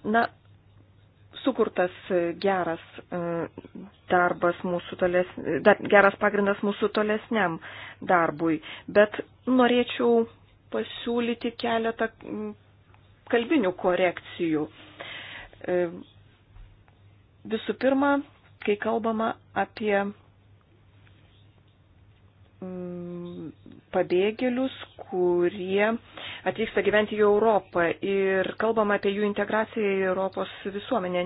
Na, sukurtas geras e, darbas mūsų toles, geras pagrindas mūsų tolesniam darbui, bet norėčiau pasiūlyti keletą kalbinių korekcijų. E, Visų pirma, kai kalbama apie mm, pabėgėlius, kurie atvyksta gyventi į Europą ir kalbam apie jų integraciją į Europos visuomenę.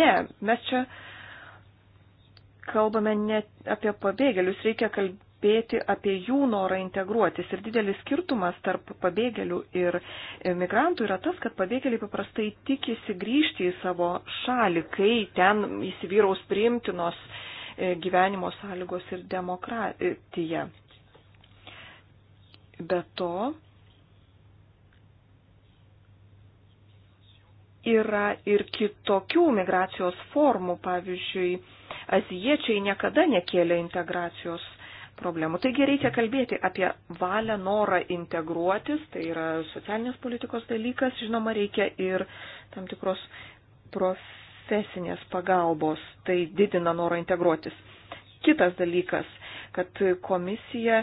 Ne, mes čia kalbame ne apie pabėgėlius, reikia kalbėti kalbėti apie jų norą integruotis. Ir didelis skirtumas tarp pabėgėlių ir migrantų yra tas, kad pabėgėliai paprastai tikisi grįžti į savo šalį, kai ten įsivyraus priimtinos e, gyvenimo sąlygos ir demokratija. Be to, yra ir kitokių migracijos formų. Pavyzdžiui, azijiečiai niekada nekėlė integracijos problemų. Taigi reikia kalbėti apie valią, norą integruotis, tai yra socialinės politikos dalykas, žinoma, reikia ir tam tikros profesinės pagalbos, tai didina norą integruotis. Kitas dalykas, kad komisija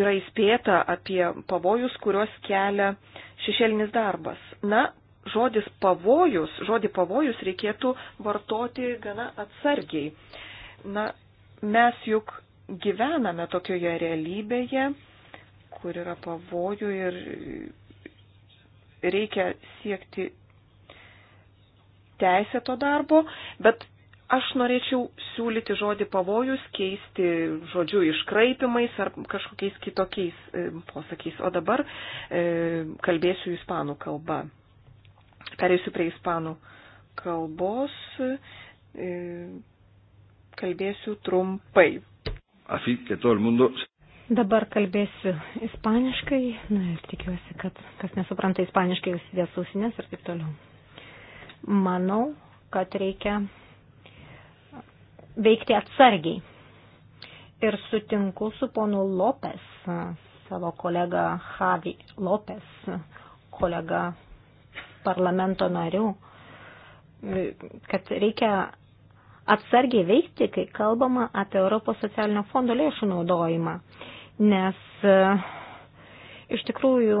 yra įspėta apie pavojus, kuriuos kelia šešėlinis darbas. Na, žodis pavojus, žodį pavojus reikėtų vartoti gana atsargiai. Na, mes juk gyvename tokioje realybėje, kur yra pavojų ir reikia siekti teisėto darbo, bet aš norėčiau siūlyti žodį pavojus, keisti žodžiu iškraipimais ar kažkokiais kitokiais e, posakiais. O dabar e, kalbėsiu ispanų kalbą. Pereisiu prie ispanų kalbos. E, kalbėsiu trumpai. Dabar kalbėsiu ispaniškai nu, ir tikiuosi, kad kas nesupranta ispaniškai, jūs dės ausinės ir taip toliau. Manau, kad reikia veikti atsargiai. Ir sutinku su ponu Lopes, savo kolega Javi Lopes, kolega parlamento narių, kad reikia atsargiai veikti, kai kalbama apie Europos socialinio fondo lėšų naudojimą, nes e, iš tikrųjų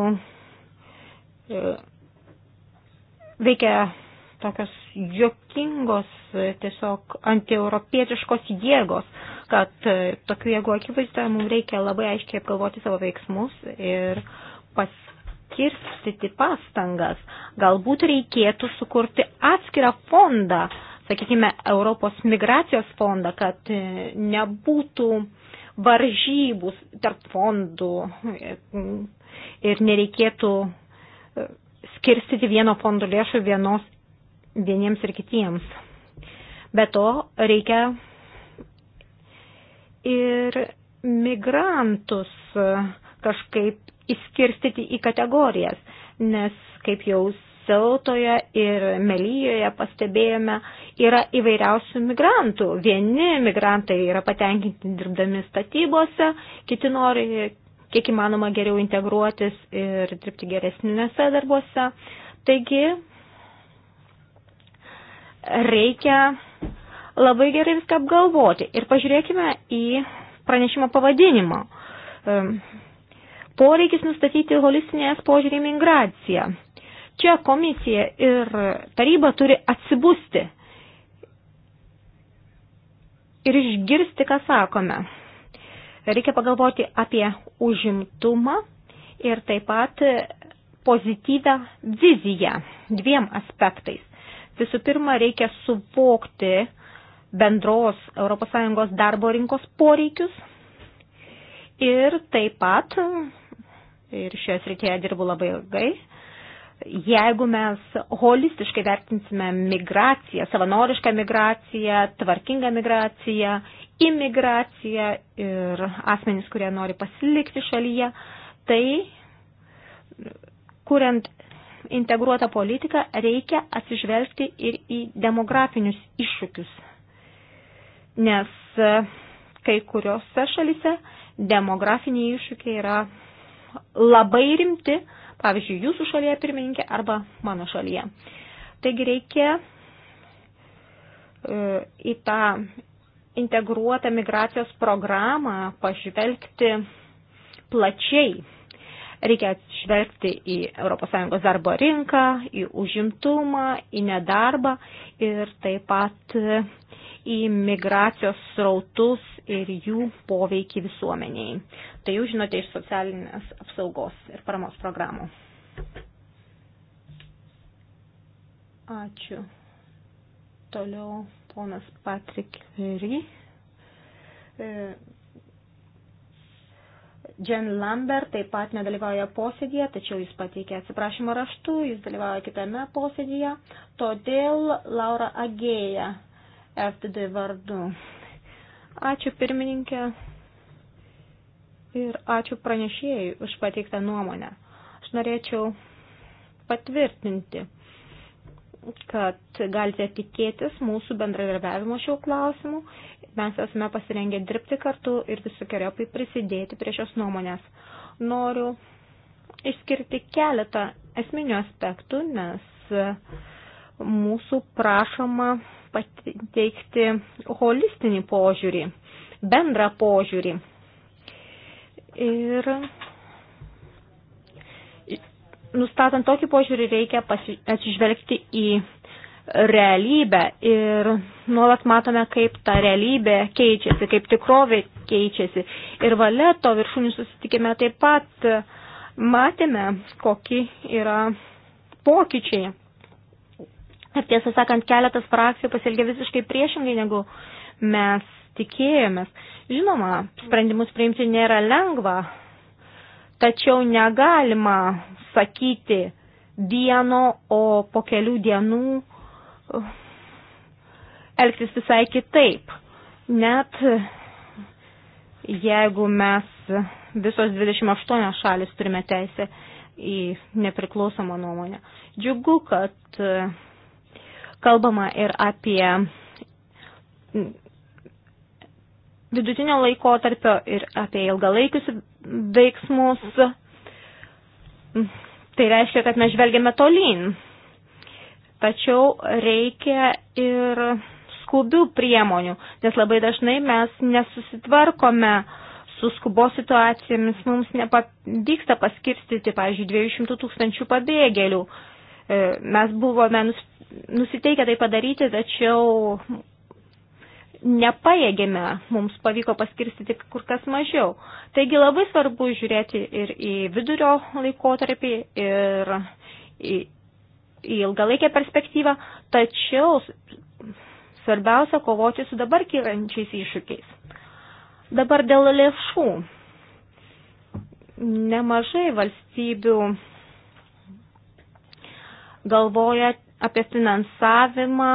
e, veikia tokios jokingos, e, tiesiog antieuropietiškos jėgos, kad tokių jėgų akivaizdoje mums reikia labai aiškiai apgalvoti savo veiksmus ir paskirstyti pastangas. Galbūt reikėtų sukurti atskirą fondą sakykime, Europos migracijos fondą, kad e, nebūtų varžybų tarp fondų e, ir nereikėtų e, skirstyti vieno fondo lėšų vienos, vieniems ir kitiems. Be to reikia ir migrantus kažkaip įskirstyti į kategorijas, nes, kaip jau Seutoje ir Melyjoje pastebėjome, yra įvairiausių migrantų. Vieni migrantai yra patenkinti dirbdami statybose, kiti nori kiek įmanoma geriau integruotis ir dirbti geresniuose darbuose. Taigi reikia labai gerai viską apgalvoti. Ir pažiūrėkime į pranešimo pavadinimą. Ehm, poreikis nustatyti holistinės požiūrį migraciją. Čia komisija ir taryba turi atsibusti ir išgirsti, ką sakome. Reikia pagalvoti apie užimtumą ir taip pat pozityvę viziją dviem aspektais. Visų pirma, reikia suvokti bendros ES darbo rinkos poreikius ir taip pat, ir šioje srityje dirbu labai ilgai, Jeigu mes holistiškai vertinsime migraciją, savanorišką migraciją, tvarkingą migraciją, imigraciją ir asmenys, kurie nori pasilikti šalyje, tai kuriant integruotą politiką reikia atsižvelgti ir į demografinius iššūkius. Nes kai kuriuose šalise demografiniai iššūkiai yra labai rimti, pavyzdžiui, jūsų šalyje pirmininkė arba mano šalyje. Taigi reikia e, į tą integruotą migracijos programą pažvelgti plačiai Reikia atšvelgti į ES darbo rinką, į užimtumą, į nedarbą ir taip pat į migracijos srautus ir jų poveikį visuomeniai. Tai jūs žinote iš socialinės apsaugos ir paramos programų. Ačiū. Toliau ponas Patrik Ry, Jen Lambert taip pat nedalyvauja posėdėje, tačiau jis pateikė atsiprašymą raštu, jis dalyvauja kitame posėdėje, todėl Laura Agėja FDD vardu. Ačiū pirmininkė ir ačiū pranešėjai už pateiktą nuomonę. Aš norėčiau patvirtinti, kad galite tikėtis mūsų bendradarbiavimo šiuo klausimu Mes esame pasirengę dirbti kartu ir visokiojopai prisidėti prie šios nuomonės. Noriu išskirti keletą esminių aspektų, nes e, mūsų prašoma pateikti holistinį požiūrį, bendrą požiūrį. Ir nustatant tokį požiūrį reikia atsižvelgti į realybę ir nuolat matome, kaip ta realybė keičiasi, kaip tikrovė keičiasi. Ir valeto viršūnių susitikime taip pat matėme, kokie yra pokyčiai. Ir tiesą sakant, keletas frakcijų pasielgia visiškai priešingai, negu mes tikėjomės. Žinoma, sprendimus priimti nėra lengva, tačiau negalima sakyti vieno, o po kelių dienų elgtis visai kitaip. Net e, jeigu mes e, visos 28 šalis turime teisę į nepriklausomą nuomonę. Džiugu, kad e, kalbama ir apie vidutinio laiko tarpio ir apie ilgalaikius veiksmus. Tai reiškia, kad mes žvelgiame tolyn. Tačiau reikia ir skubių priemonių, nes labai dažnai mes nesusitvarkome su skubos situacijomis, mums nepavyksta paskirstyti, pavyzdžiui, 200 tūkstančių pabėgėlių. E, mes buvome nusiteikę tai padaryti, tačiau nepajėgėme, mums pavyko paskirstyti kur kas mažiau. Taigi labai svarbu žiūrėti ir į vidurio laikotarpį, ir į į ilgalaikę perspektyvą, tačiau svarbiausia kovoti su dabar kylančiais iššūkiais. Dabar dėl lėšų. Nemažai valstybių galvoja apie finansavimą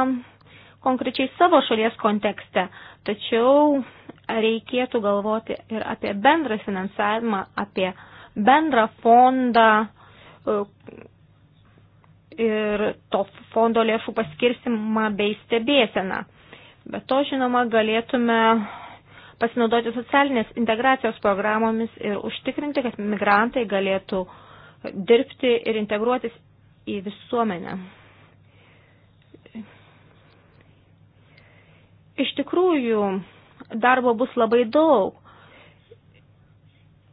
konkrečiai savo šalies kontekste, tačiau reikėtų galvoti ir apie bendrą finansavimą, apie bendrą fondą, ir to fondo lėšų paskirstimą bei stebėseną. Be to, žinoma, galėtume pasinaudoti socialinės integracijos programomis ir užtikrinti, kad migrantai galėtų dirbti ir integruotis į visuomenę. Iš tikrųjų, darbo bus labai daug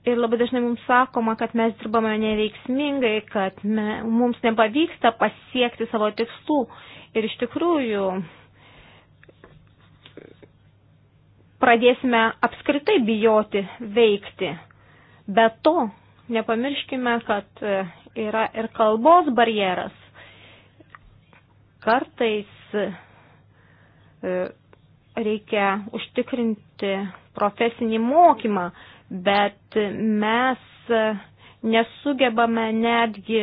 Ir labai dažnai mums sakoma, kad mes dirbame neveiksmingai, kad me, mums nepavyksta pasiekti savo tikslų. Ir iš tikrųjų pradėsime apskritai bijoti veikti. Be to, nepamirškime, kad e, yra ir kalbos barjeras. Kartais e, reikia užtikrinti profesinį mokymą, bet mes nesugebame netgi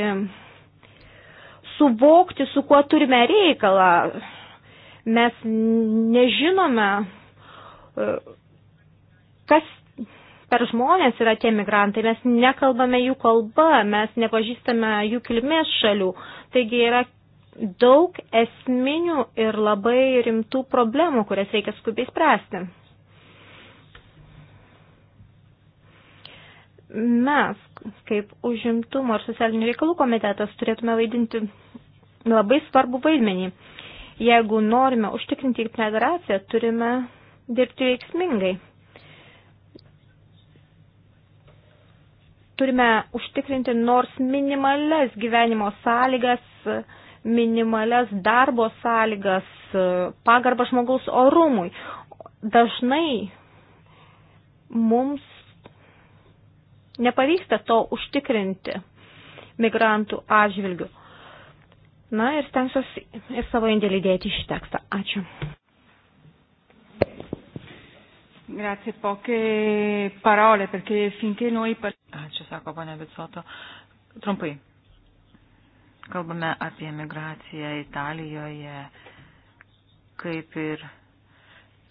suvokti, su kuo turime reikalą. Mes nežinome, kas per žmonės yra tie migrantai, mes nekalbame jų kalba, mes nepažįstame jų kilmės šalių. Taigi yra daug esminių ir labai rimtų problemų, kurias reikia skubiai spręsti. mes, kaip užimtumo ir socialinių reikalų komitetas, turėtume vaidinti labai svarbu vaidmenį. Jeigu norime užtikrinti integraciją, turime dirbti veiksmingai. Turime užtikrinti nors minimales gyvenimo sąlygas, minimales darbo sąlygas, pagarbą žmogaus orumui. Dažnai mums nepavyksta to užtikrinti migrantų atžvilgių. Na ir stengsiuosi ir savo indėlį dėti iš tekstą. Ačiū. Grazie, poche parole, perché finché noi... Ačiū, sako ponia Bitsoto. Trumpai. Kalbame apie migraciją Italijoje, kaip ir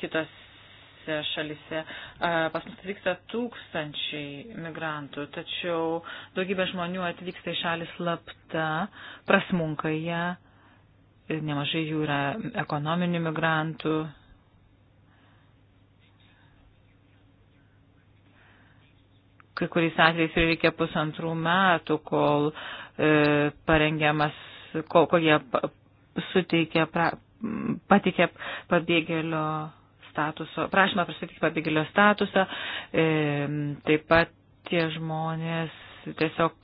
kitos kaimininėse šalise. Pas mus atvyksta tūkstančiai migrantų, tačiau daugybė žmonių atvyksta į šalį slapta, prasmunka ją, nemažai jų yra ekonominių migrantų. Kai kuriais atvejais reikia pusantrų metų, kol e, parengiamas, kol, kol jie suteikia, pra, patikė pabėgėlio statuso, prašymą pristatyti pabėgėlio statusą, e, taip pat tie žmonės tiesiog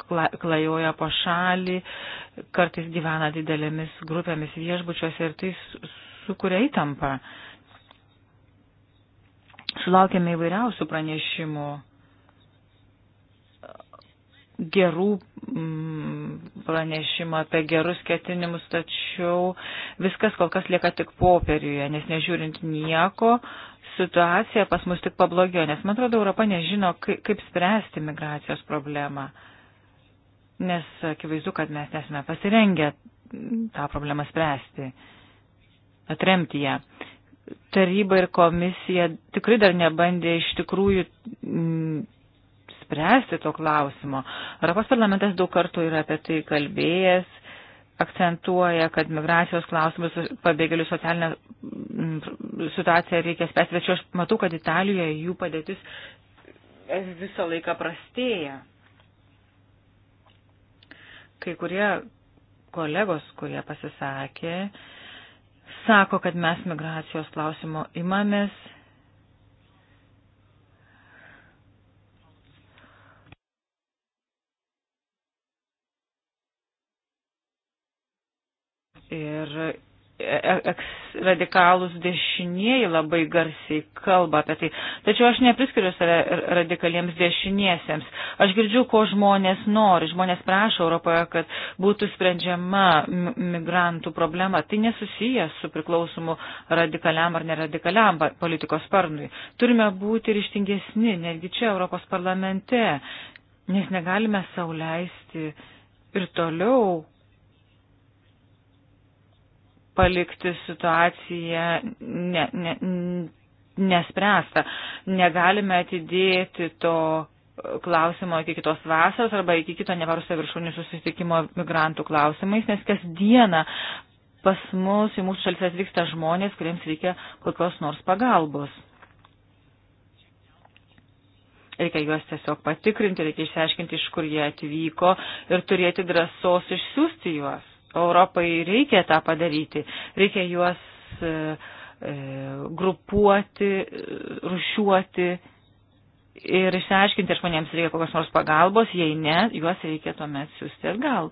klajoja po šalį, kartais gyvena didelėmis grupėmis viešbučiuose ir tai sukuria įtampą. Sulaukėme įvairiausių pranešimų gerų mm, pranešimų apie gerus ketinimus, tačiau viskas kol kas lieka tik popieriuje, nes nežiūrint nieko, situacija pas mus tik pablogėjo, nes man atrodo, Europa nežino, kaip spręsti migracijos problemą, nes akivaizdu, kad mes nesame pasirengę tą problemą spręsti, atremti ją taryba ir komisija tikrai dar nebandė iš tikrųjų mm, spręsti to klausimo. Europos parlamentas daug kartų yra apie tai kalbėjęs, akcentuoja, kad migracijos klausimus, pabėgėlių socialinę situaciją reikia spręsti, bet aš matau, kad Italijoje jų padėtis visą laiką prastėja. Kai kurie kolegos, kurie pasisakė, sako, kad mes migracijos klausimo imamės Ir e, e, radikalus dešinieji labai garsiai kalba apie tai. Tačiau aš nepriskiriu save radikaliems dešiniesiems. Aš girdžiu, ko žmonės nori. Žmonės prašo Europoje, kad būtų sprendžiama migrantų problema. Tai nesusiję su priklausomu radikaliam ar neradikaliam politikos sparnui. Turime būti ryštingesni, netgi čia Europos parlamente, nes negalime sauliaisti ir toliau palikti situaciją ne, ne, nespręsta. Negalime atidėti to klausimo iki kitos vasaros arba iki kito nevarusio viršūnių susitikimo migrantų klausimais, nes kasdieną pas mus į mūsų šalis atvyksta žmonės, kuriems reikia kokios nors pagalbos. Reikia juos tiesiog patikrinti, reikia išsiaiškinti, iš kur jie atvyko ir turėti drąsos išsiųsti juos. Europai reikia tą padaryti. Reikia juos e, e, grupuoti, rušiuoti ir išsiaiškinti, ar žmonėms reikia kokios nors pagalbos, jei ne, juos reikia tuomet siūsti atgal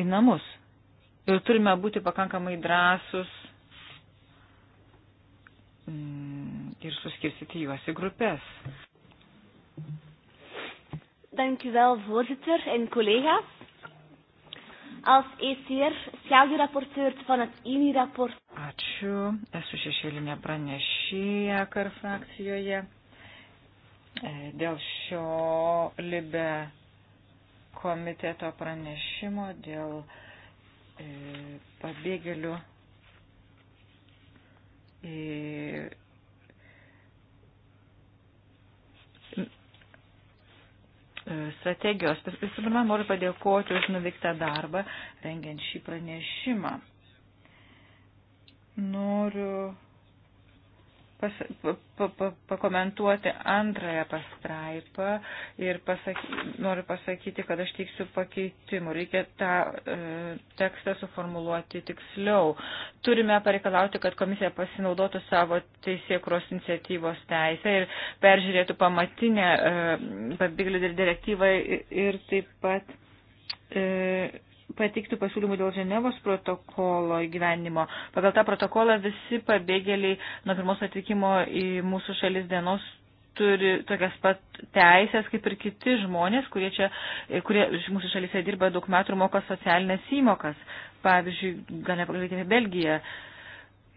į namus. Ir turime būti pakankamai drąsus mm, ir suskirstyti juos į grupės. Dank u wel, voorzitter en collega's als ECR schaduwrapporteur van het INI-rapport. Ačiū, esu šešėlinė pranešėja kar frakcijoje. E, dėl šio libe komiteto pranešimo, dėl e, pabėgėlių e, E, strategijos. Visų pirma, noriu padėkoti už nuveiktą darbą, rengiant šį pranešimą. Noriu pas, pa, pa, pakomentuoti antrąją pastraipą ir pasaky, noriu pasakyti, kad aš teiksiu pakeitimų. Reikia tą e, tekstą suformuluoti tiksliau. Turime pareikalauti, kad komisija pasinaudotų savo teisėkros iniciatyvos teisę ir peržiūrėtų pamatinę e, pabėgėlių direktyvą ir, ir taip pat. E, pateiktų pasiūlymų dėl Ženevos protokolo gyvenimo. Pagal tą protokolą visi pabėgėliai nuo pirmos atvykimo į mūsų šalis dienos turi tokias pat teisės kaip ir kiti žmonės, kurie čia, kurie mūsų šalyse dirba daug metų ir moka socialinės įmokas. Pavyzdžiui, gal nepakalbėkime Belgiją.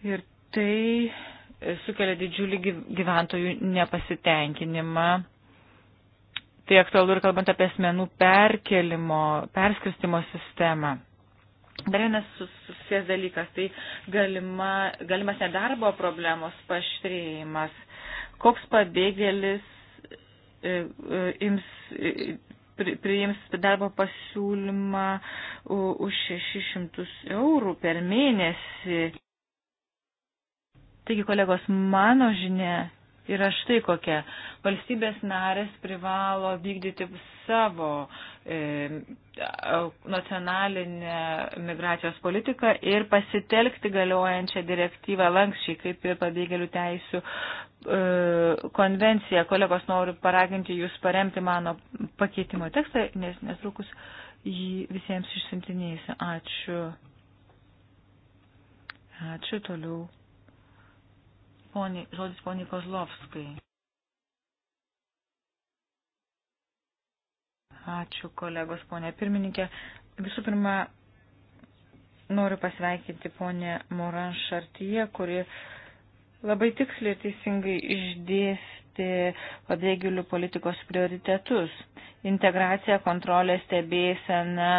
Ir tai sukelia didžiulį gyventojų nepasitenkinimą Tai aktualu ir kalbant apie asmenų perkelimo, perskirstimo sistemą. Dar vienas susijęs dalykas, tai galima, galimas nedarbo problemos paštrėjimas. Koks pabėgėlis e, e, ims, e, priims darbo pasiūlymą už 600 eurų per mėnesį. Taigi, kolegos, mano žinia yra štai kokia. Valstybės narės privalo vykdyti savo e, nacionalinę migracijos politiką ir pasitelkti galiojančią direktyvą lankščiai, kaip ir pabėgėlių teisų e, konvencija. Kolegos, noriu paraginti jūs paremti mano pakeitimo tekstą, nes netrukus jį visiems išsintinėsiu. Ačiū. Ačiū toliau poniai, žodis poniai Kozlovskai. Ačiū kolegos ponė pirmininkė. Visų pirma, noriu pasveikinti ponę Moran Šartyje, kuri labai tiksliai ir teisingai išdėstė pabėgėlių politikos prioritetus - integracija, kontrolė, stebėsena,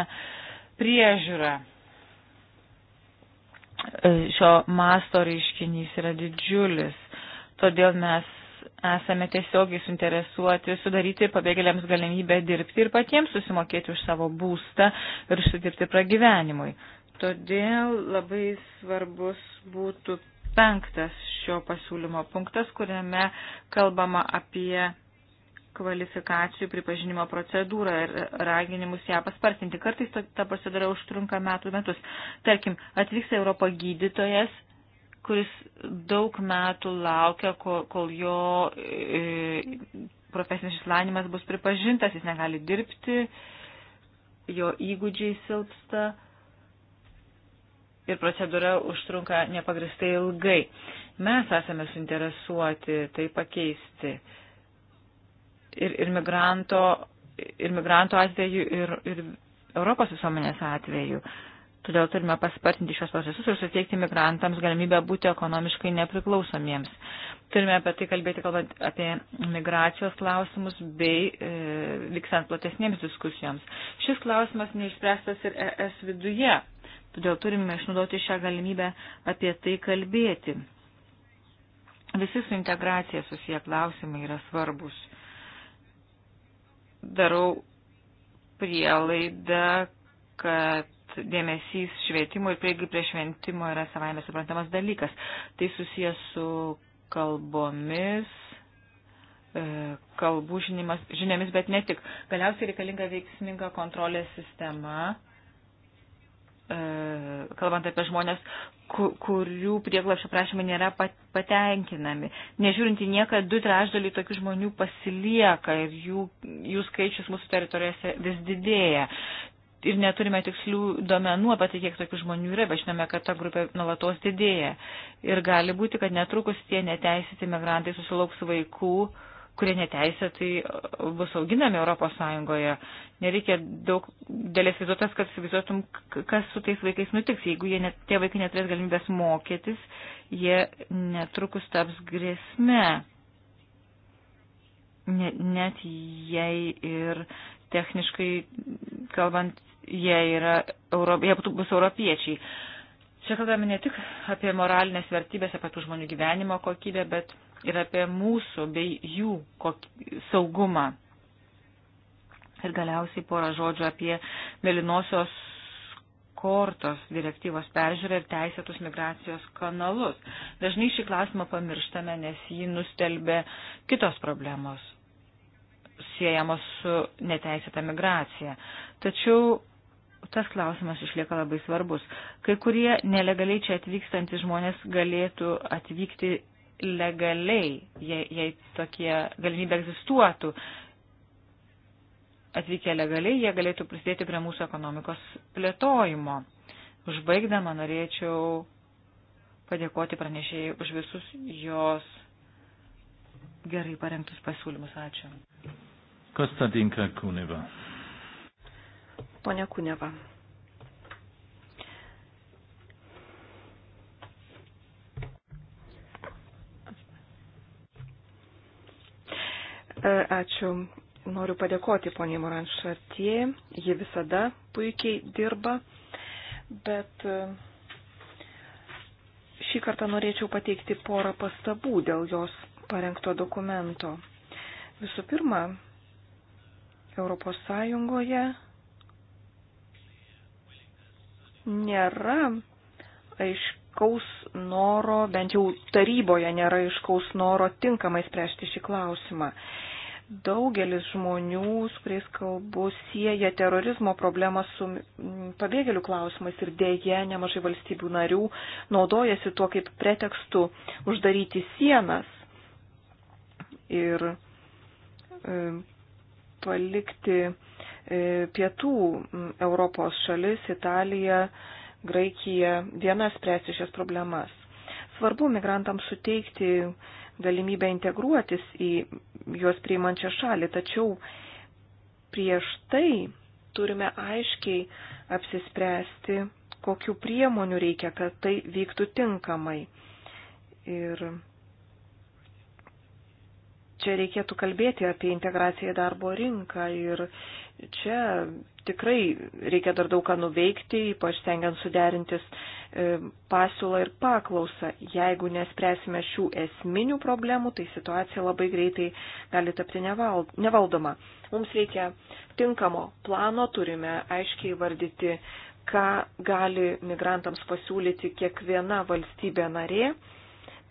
priežiūra. E, šio masto reiškinys yra didžiulis. Todėl mes esame tiesiogiai suinteresuoti sudaryti pabėgėliams galimybę dirbti ir patiems susimokėti už savo būstą ir užsidirbti pragyvenimui. Todėl labai svarbus būtų penktas šio pasiūlymo punktas, kuriame kalbama apie kvalifikacijų pripažinimo procedūrą ir raginimus ją paspartinti. Kartais ta procedūra užtrunka metų metus. Tarkim, atvyks Europo gydytojas, kuris daug metų laukia, kol, kol jo e, profesinis išlanimas bus pripažintas, jis negali dirbti, jo įgūdžiai silpsta ir procedūra užtrunka nepagristai ilgai. Mes esame suinteresuoti tai pakeisti. E, ir, ir, migranto, ir migranto atveju, ir, ir Europos visuomenės atveju. Todėl turime paspartinti šios procesus ir suteikti migrantams galimybę būti ekonomiškai nepriklausomiems. Turime apie tai kalbėti, kalbant apie migracijos klausimus bei e, vykstant platesnėms diskusijoms. Šis klausimas neišspręstas ir ES viduje. Todėl turime išnaudoti šią galimybę apie tai kalbėti. Visi su integracija susiję klausimai yra svarbus darau prielaidą, kad dėmesys švietimui ir prieigai prie šventimo yra savaime suprantamas dalykas. Tai susijęs su kalbomis, e, kalbų žinimas, žiniomis, bet ne tik. Galiausiai reikalinga veiksminga kontrolės sistema, e, kalbant apie žmonės, kurių prieglapšio prašymai nėra patenkinami. Nežiūrint į nieką, du trešdaliai tokių žmonių pasilieka ir jų, jų skaičius mūsų teritorijose vis didėja. Ir neturime tikslių duomenų apie tai, kiek tokių žmonių yra, bet žinome, kad ta grupė nuolatos didėja. Ir gali būti, kad netrukus tie neteisėti migrantai susilauks vaikų, uh, kurie neteisėtai e, bus auginami ES. Nereikia daug dėlės vizuotas, kad įsivaizduotum, kas su tais vaikais nutiks. Jeigu net, tie vaikai neturės galimybės mokytis, jie netrukus taps grėsme. Net, net jei ir techniškai kalbant, jie, yra, Euro, jie bus europiečiai. Čia kalbame ne tik apie moralinės vertybės, apie tų žmonių gyvenimo kokybę, bet ir apie mūsų bei jų saugumą. Ir galiausiai porą žodžių apie Melinosios kortos direktyvos peržiūrą ir teisėtus migracijos kanalus. Dažnai šį klausimą pamirštame, nes jį nustelbė kitos problemos siejamos su neteisėta migracija. Tačiau tas klausimas išlieka labai svarbus. Kai kurie nelegaliai čia atvykstantys žmonės galėtų atvykti legaliai, jei, jei tokie galimybė egzistuotų. Atvykę legaliai, jie galėtų prisidėti prie mūsų ekonomikos plėtojimo. Užbaigdama norėčiau padėkoti pranešėjai už visus jos gerai parengtus pasiūlymus. Ačiū. Konstantinka Kūneva. Pone Kūneva. E, ačiū. Noriu padėkoti poniai Moran Šartie. Ji visada puikiai dirba, bet e, šį kartą norėčiau pateikti porą pastabų dėl jos parengto dokumento. Visų pirma, Europos Sąjungoje nėra aiškaus noro, bent jau taryboje nėra aiškaus noro tinkamai spręsti šį klausimą. Daugelis žmonių, su kuriais kalbu, sieja terorizmo problemą su mm, pabėgėlių klausimais ir dėje nemažai valstybių narių naudojasi tuo kaip pretekstu uždaryti sienas ir e, palikti e, pietų Europos šalis, Italiją, Graikiją, vienas spręsti šias problemas. Svarbu migrantams suteikti galimybę integruotis į juos priimančią šalį, tačiau prieš tai turime aiškiai apsispręsti, kokiu priemonių reikia, kad tai vyktų tinkamai. Ir čia reikėtų kalbėti apie integraciją į darbo rinką ir Čia tikrai reikia dar daug ką nuveikti, ypač stengiant suderintis e, pasiūlą ir paklausą. Jeigu nespręsime šių esminių problemų, tai situacija labai greitai gali tapti nevaldoma. Mums reikia tinkamo plano, turime aiškiai vardyti, ką gali migrantams pasiūlyti kiekviena valstybė narė,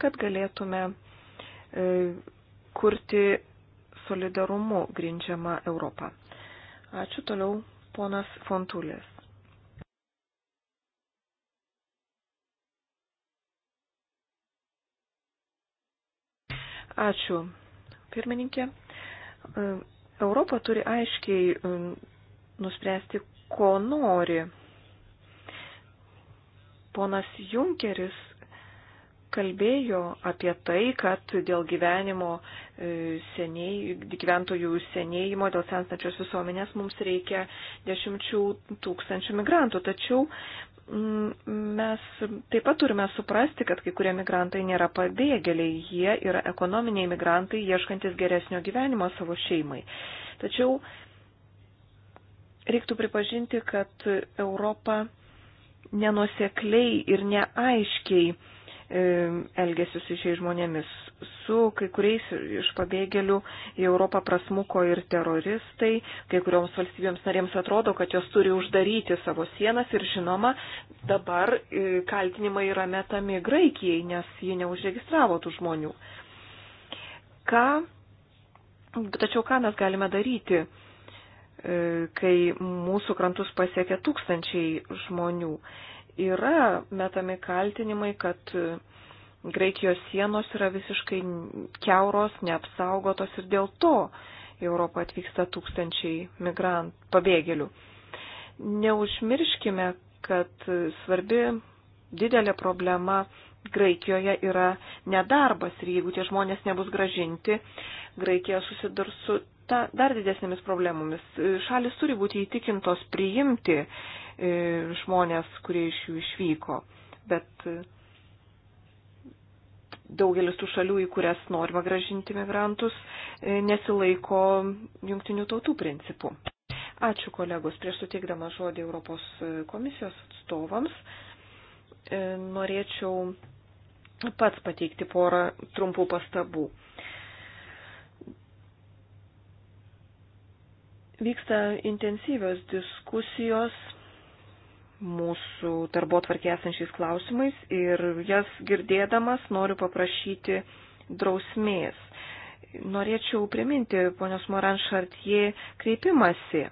kad galėtume e, kurti solidarumu grindžiamą Europą. Ačiū toliau, ponas Fontulės. Ačiū, pirmininkė. Europa turi aiškiai um, nuspręsti, ko nori. Ponas Junkeris kalbėjo apie tai, kad dėl gyvenimo e, seniai, gyventojų senėjimo, dėl sensančios visuomenės mums reikia dešimčių tūkstančių migrantų. Tačiau mm, mes taip pat turime suprasti, kad kai kurie migrantai nėra pabėgėliai, jie yra ekonominiai migrantai, ieškantis geresnio gyvenimo savo šeimai. Tačiau reiktų pripažinti, kad Europa nenusekliai ir neaiškiai E, elgesiu su šiais žmonėmis. Su kai kuriais iš pabėgėlių į Europą prasmuko ir teroristai, kai kurioms valstybėms narėms atrodo, kad jos turi uždaryti savo sienas ir žinoma, dabar e, kaltinimai yra metami Graikijai, nes ji neužregistravo tų žmonių. Ką, tačiau ką mes galime daryti, e, kai mūsų krantus pasiekia tūkstančiai žmonių? yra metami kaltinimai, kad Graikijos sienos yra visiškai keuros, neapsaugotos ir dėl to į Europą atvyksta tūkstančiai migrant, pabėgėlių. Neužmirškime, kad svarbi didelė problema Graikijoje yra nedarbas ir jeigu tie žmonės nebus gražinti, Graikija susidurs su ta, dar didesnėmis problemomis. E, šalis turi būti įtikintos priimti e, žmonės, kurie iš jų išvyko, bet e, daugelis tų šalių, į kurias norima gražinti migrantus, e, nesilaiko jungtinių tautų principų. Ačiū kolegos, prieš suteikdama žodį Europos komisijos atstovams, e, norėčiau pats pateikti porą trumpų pastabų. E, Vyksta intensyvios diskusijos mūsų darbo tvarkė esančiais klausimais ir jas girdėdamas noriu paprašyti drausmės. Norėčiau priminti ponios Moran Šartie kreipimasi, e,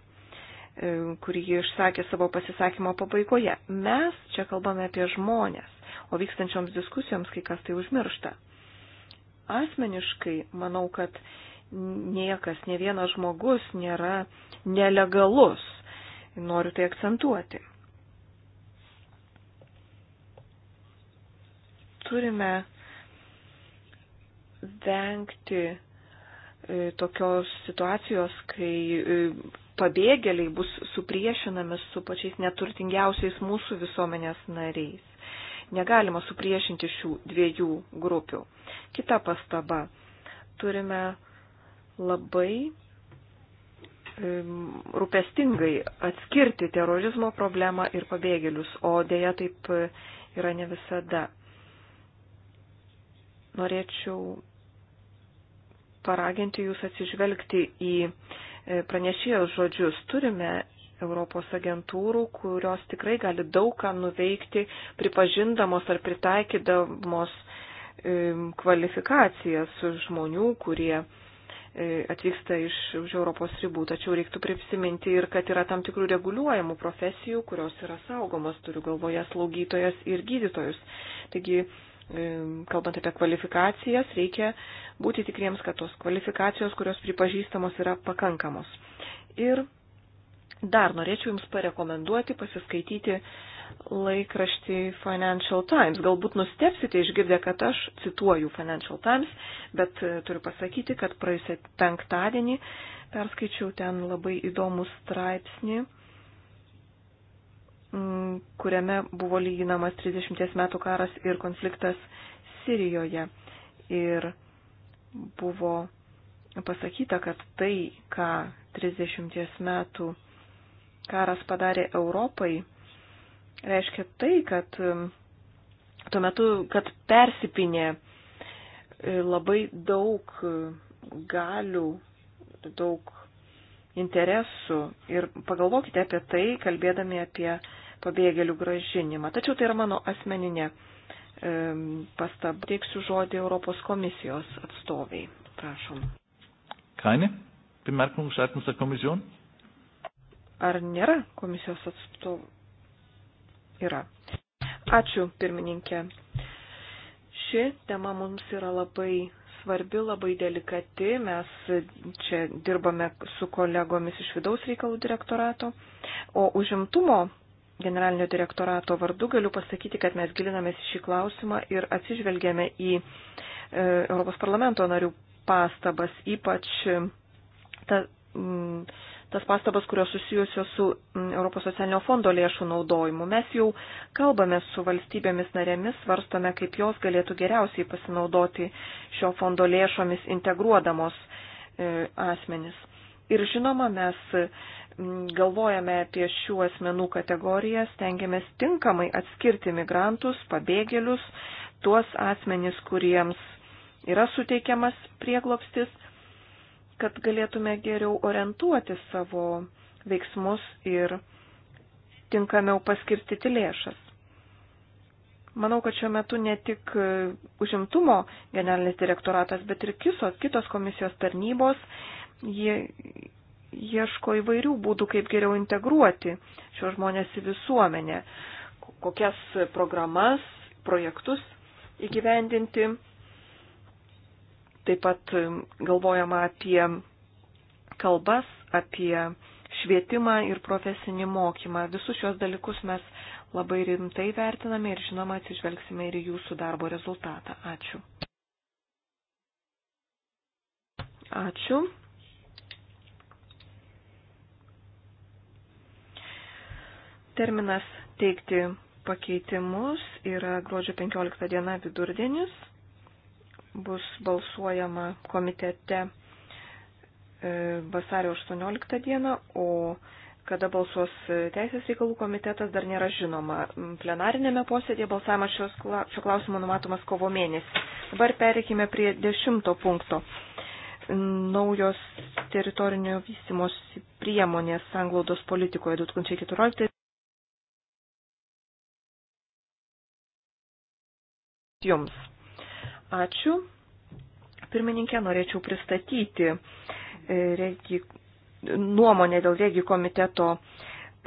kurį ji išsakė savo pasisakymo pabaigoje. Mes čia kalbame apie žmonės, o vykstančioms diskusijoms kai kas tai užmiršta. Asmeniškai manau, kad niekas, ne vienas žmogus nėra nelegalus. Noriu tai akcentuoti. Turime vengti e, tokios situacijos, kai e, pabėgėliai bus supriešinami su pačiais neturtingiausiais mūsų visuomenės nariais. Negalima supriešinti šių dviejų grupių. Kita pastaba. Turime labai rūpestingai atskirti terorizmo problemą ir pabėgėlius, o dėja taip e, yra ne visada. Norėčiau paraginti jūs atsižvelgti į e, pranešėjos žodžius. Turime Europos agentūrų, kurios tikrai gali daug ką nuveikti, pripažindamos ar pritaikydamos kvalifikacijas žmonių, kurie E, atvyksta iš už Europos ribų, tačiau reiktų prisiminti ir, kad yra tam tikrų reguliuojamų profesijų, kurios yra saugomos, turiu galvoje slaugytojas ir gydytojus. Taigi, e, kalbant apie kvalifikacijas, reikia būti tikriems, kad tos kvalifikacijos, kurios pripažįstamos, yra pakankamos. Ir dar norėčiau Jums parekomenduoti pasiskaityti laikraštį Financial Times. Galbūt nustepsite išgirdę, kad aš cituoju Financial Times, bet e, turiu pasakyti, kad praėjusią penktadienį perskaičiau ten labai įdomų straipsnį, kuriame buvo lyginamas 30 metų karas ir konfliktas Sirijoje. Ir buvo pasakyta, kad tai, ką 30 metų karas padarė Europai, reiškia tai, kad tuo metu, kad persipinė e, labai daug e, galių, daug interesų ir pagalvokite apie tai, kalbėdami apie pabėgėlių gražinimą. Tačiau tai yra mano asmeninė pastabą. Teiksiu žodį Europos komisijos atstoviai. Prašom. Keine Bemerkung seitens der Kommission? Ar nėra komisijos atstovų? yra. Ačiū, pirmininkė. Ši tema mums yra labai svarbi, labai delikati. Mes čia dirbame su kolegomis iš vidaus reikalų direktorato, o užimtumo generalinio direktorato vardu galiu pasakyti, kad mes gilinamės šį klausimą ir atsižvelgėme į e, Europos parlamento narių pastabas, ypač ta, m, tas pastabas, kurios susijusios su mm, Europos socialinio fondo lėšų naudojimu. Mes jau kalbame su valstybėmis narėmis, svarstome, kaip jos galėtų geriausiai pasinaudoti šio fondo lėšomis integruodamos e, asmenis. Ir žinoma, mes mm, galvojame apie šių asmenų kategorijas, tengiamės tinkamai atskirti migrantus, pabėgėlius, tuos asmenis, kuriems yra suteikiamas prieglopstis kad galėtume geriau orientuoti savo veiksmus ir tinkamiau paskirstyti lėšas. Manau, kad šiuo metu ne tik užimtumo generalinis direktoratas, bet ir kisos, kitos komisijos tarnybos jie ieško įvairių būdų, kaip geriau integruoti šios žmonės į visuomenę, kokias programas, projektus įgyvendinti Taip pat um, galvojama apie kalbas, apie švietimą ir profesinį mokymą. Visus šios dalykus mes labai rimtai vertiname ir žinoma atsižvelgsime ir jūsų darbo rezultatą. Ačiū. Ačiū. Terminas teikti pakeitimus yra gruodžio 15 diena vidurdienis bus balsuojama komitete e, vasario 18 dieną, o kada balsuos Teisės reikalų komitetas dar nėra žinoma. Plenarinėme posėdėje balsavimas šios, šio klausimo numatomas kovo mėnesį. Dabar pereikime prie dešimto punkto. Naujos teritorinio vystimos priemonės sanglaudos politikoje 2014. Jums. Ačiū. Pirmininkė, norėčiau pristatyti e, regi, nuomonę dėl regi komiteto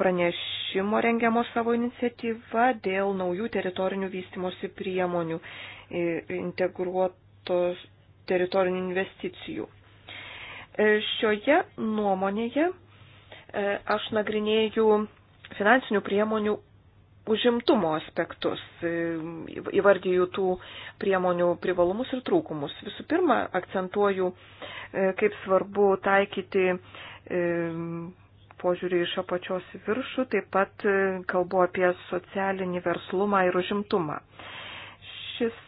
pranešimo rengiamo savo iniciatyvą dėl naujų teritorinių vystimosi priemonių e, integruotos teritorinių investicijų. E, šioje nuomonėje aš nagrinėjau finansinių priemonių užimtumo aspektus, e, įvardyju tų priemonių privalumus ir trūkumus. Visų pirma, akcentuoju, e, kaip svarbu taikyti e, požiūrį iš apačios į viršų, taip pat kalbu apie socialinį verslumą ir užimtumą. Šis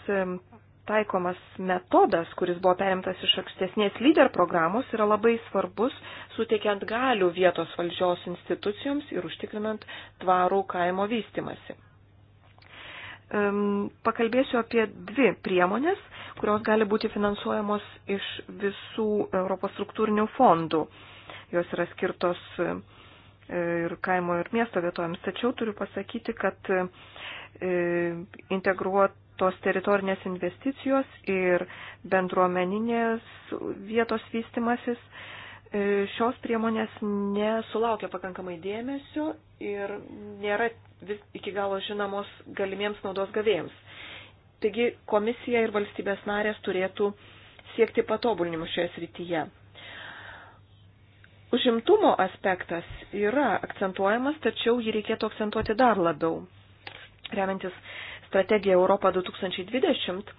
taikomas metodas, kuris buvo perimtas iš ankstesnės lyder programos, yra labai svarbus, suteikiant galių vietos valdžios institucijoms ir užtikrinant tvarų kaimo vystimasi. Pakalbėsiu apie dvi priemonės, kurios gali būti finansuojamos iš visų Europos struktūrinių fondų. Jos yra skirtos e, ir kaimo ir miesto vietovėms. Tačiau turiu pasakyti, kad e, integruot tos teritorinės investicijos ir bendruomeninės vietos vystimasis, e, šios priemonės nesulaukia pakankamai dėmesio ir nėra vis iki galo žinomos galimiems naudos gavėjams. Taigi komisija ir valstybės narės turėtų siekti patobulinimų šioje srityje. Užimtumo aspektas yra akcentuojamas, tačiau jį reikėtų akcentuoti dar labiau. Remiantis strategija Europa 2020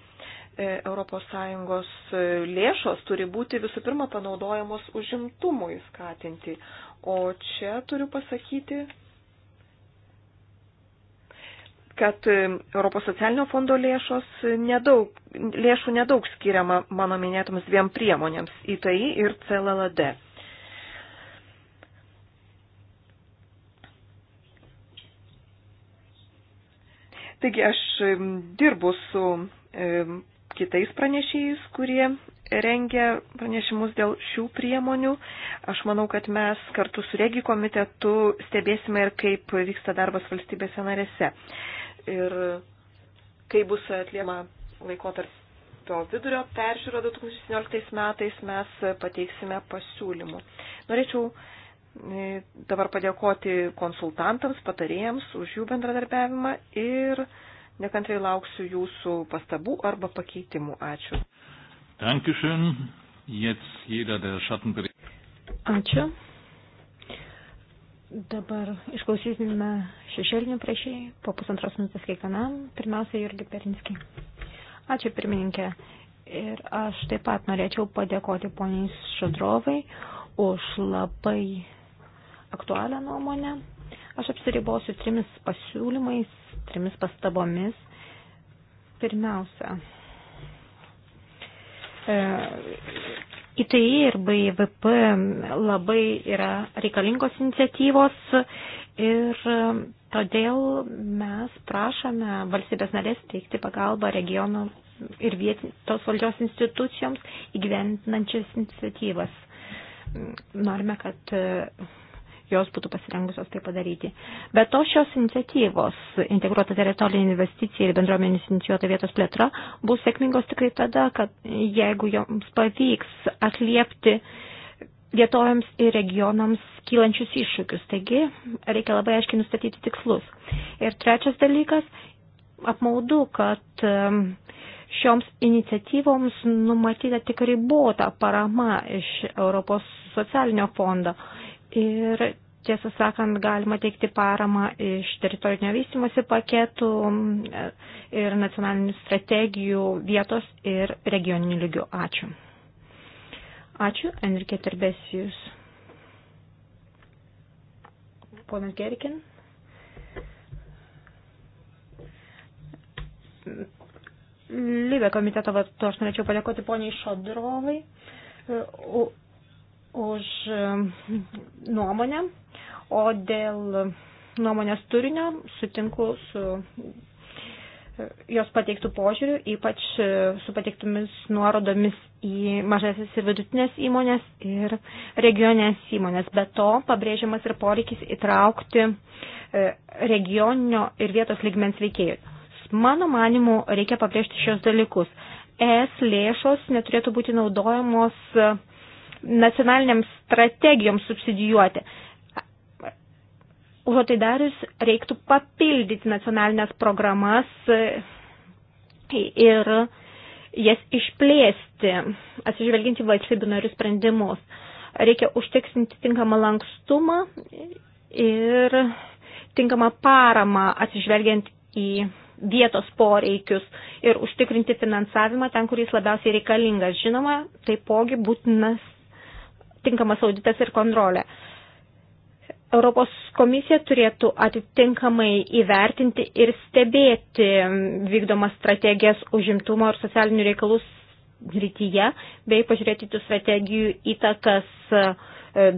ES e, lėšos turi būti visų pirma panaudojamos užimtumui skatinti. O čia turiu pasakyti, kad e, Europos socialinio fondo lėšos nedaug, lėšų nedaug skiriama mano minėtoms dviem priemonėms - ITI ir CLLD. Taigi aš dirbu su kitais pranešėjais, kurie rengia pranešimus dėl šių priemonių. Aš manau, kad mes kartu su Regi komitetu stebėsime ir kaip vyksta darbas valstybėse narėse. Ir kaip bus atliekama laikotarpio vidurio peržiūro 2017 metais, mes pateiksime pasiūlymų. Norėčiau E, dabar padėkoti konsultantams, patarėjams už jų bendradarbiavimą ir nekantrai lauksiu jūsų pastabų arba pakeitimų. Ačiū. Dankeschön. Jetzt jeder der Schattenbericht. Ačiū. Dabar išklausysime šešėlinių priešėjų po pusantros minutės kiekvienam. Pirmiausia, Jurgi Perinskiai. Ačiū pirmininkė. Ir aš taip pat norėčiau padėkoti poniai Šadrovai už labai aktualią nuomonę. Aš apsiribosiu trimis pasiūlymais, trimis pastabomis. Pirmiausia, ITI e, ir BVP labai yra reikalingos iniciatyvos ir todėl mes prašome valstybės narės teikti pagalbą regionų ir vietos valdžios institucijoms įgyventinančias iniciatyvas norime, kad jos būtų pasirengusios tai padaryti. Be to šios iniciatyvos, integruota teritorinė investicija ir bendruomenės inicijuota vietos plėtra, bus sėkmingos tikrai tada, kad jeigu joms pavyks atliepti vietovėms ir regionams kylančius iššūkius. Taigi reikia labai aiškiai nustatyti tikslus. Ir trečias dalykas, apmaudu, kad šioms iniciatyvoms numatyta tik ribota parama iš Europos socialinio fondo. Ir tiesą sakant, galima teikti paramą iš teritorinio vystimosi paketų e, ir nacionalinių strategijų vietos ir regioninių lygių. Ačiū. Ačiū, Enrique Terbesijus. Ponas Gerikin. Lybė komiteto vardu aš norėčiau padėkoti poniai Šodrovai e, už nuomonę, o dėl nuomonės turinio sutinku su e, jos pateiktų požiūrių, ypač e, su pateiktomis nuorodomis į mažasis ir vidutinės įmonės ir regioninės įmonės. Be to, pabrėžiamas ir poreikis įtraukti e, regioninio ir vietos ligmens veikėjus. Mano manimu, reikia pabrėžti šios dalykus. ES lėšos neturėtų būti naudojamos nacionaliniams strategijoms subsidijuoti. Užuot tai darius, reiktų papildyti nacionalinės programas ir jas išplėsti, atsižvelginti valstybių narių sprendimus. Reikia užtiksinti tinkamą lankstumą ir tinkamą paramą atsižvelgiant į vietos poreikius ir užtikrinti finansavimą ten, kur jis labiausiai reikalingas. Žinoma, taipogi būtinas tinkamas auditas ir kontrolė. Europos komisija turėtų atitinkamai įvertinti ir stebėti vykdomas strategijas užimtumo ir socialinių reikalų rytyje, bei pažiūrėti tų strategijų įtakas e,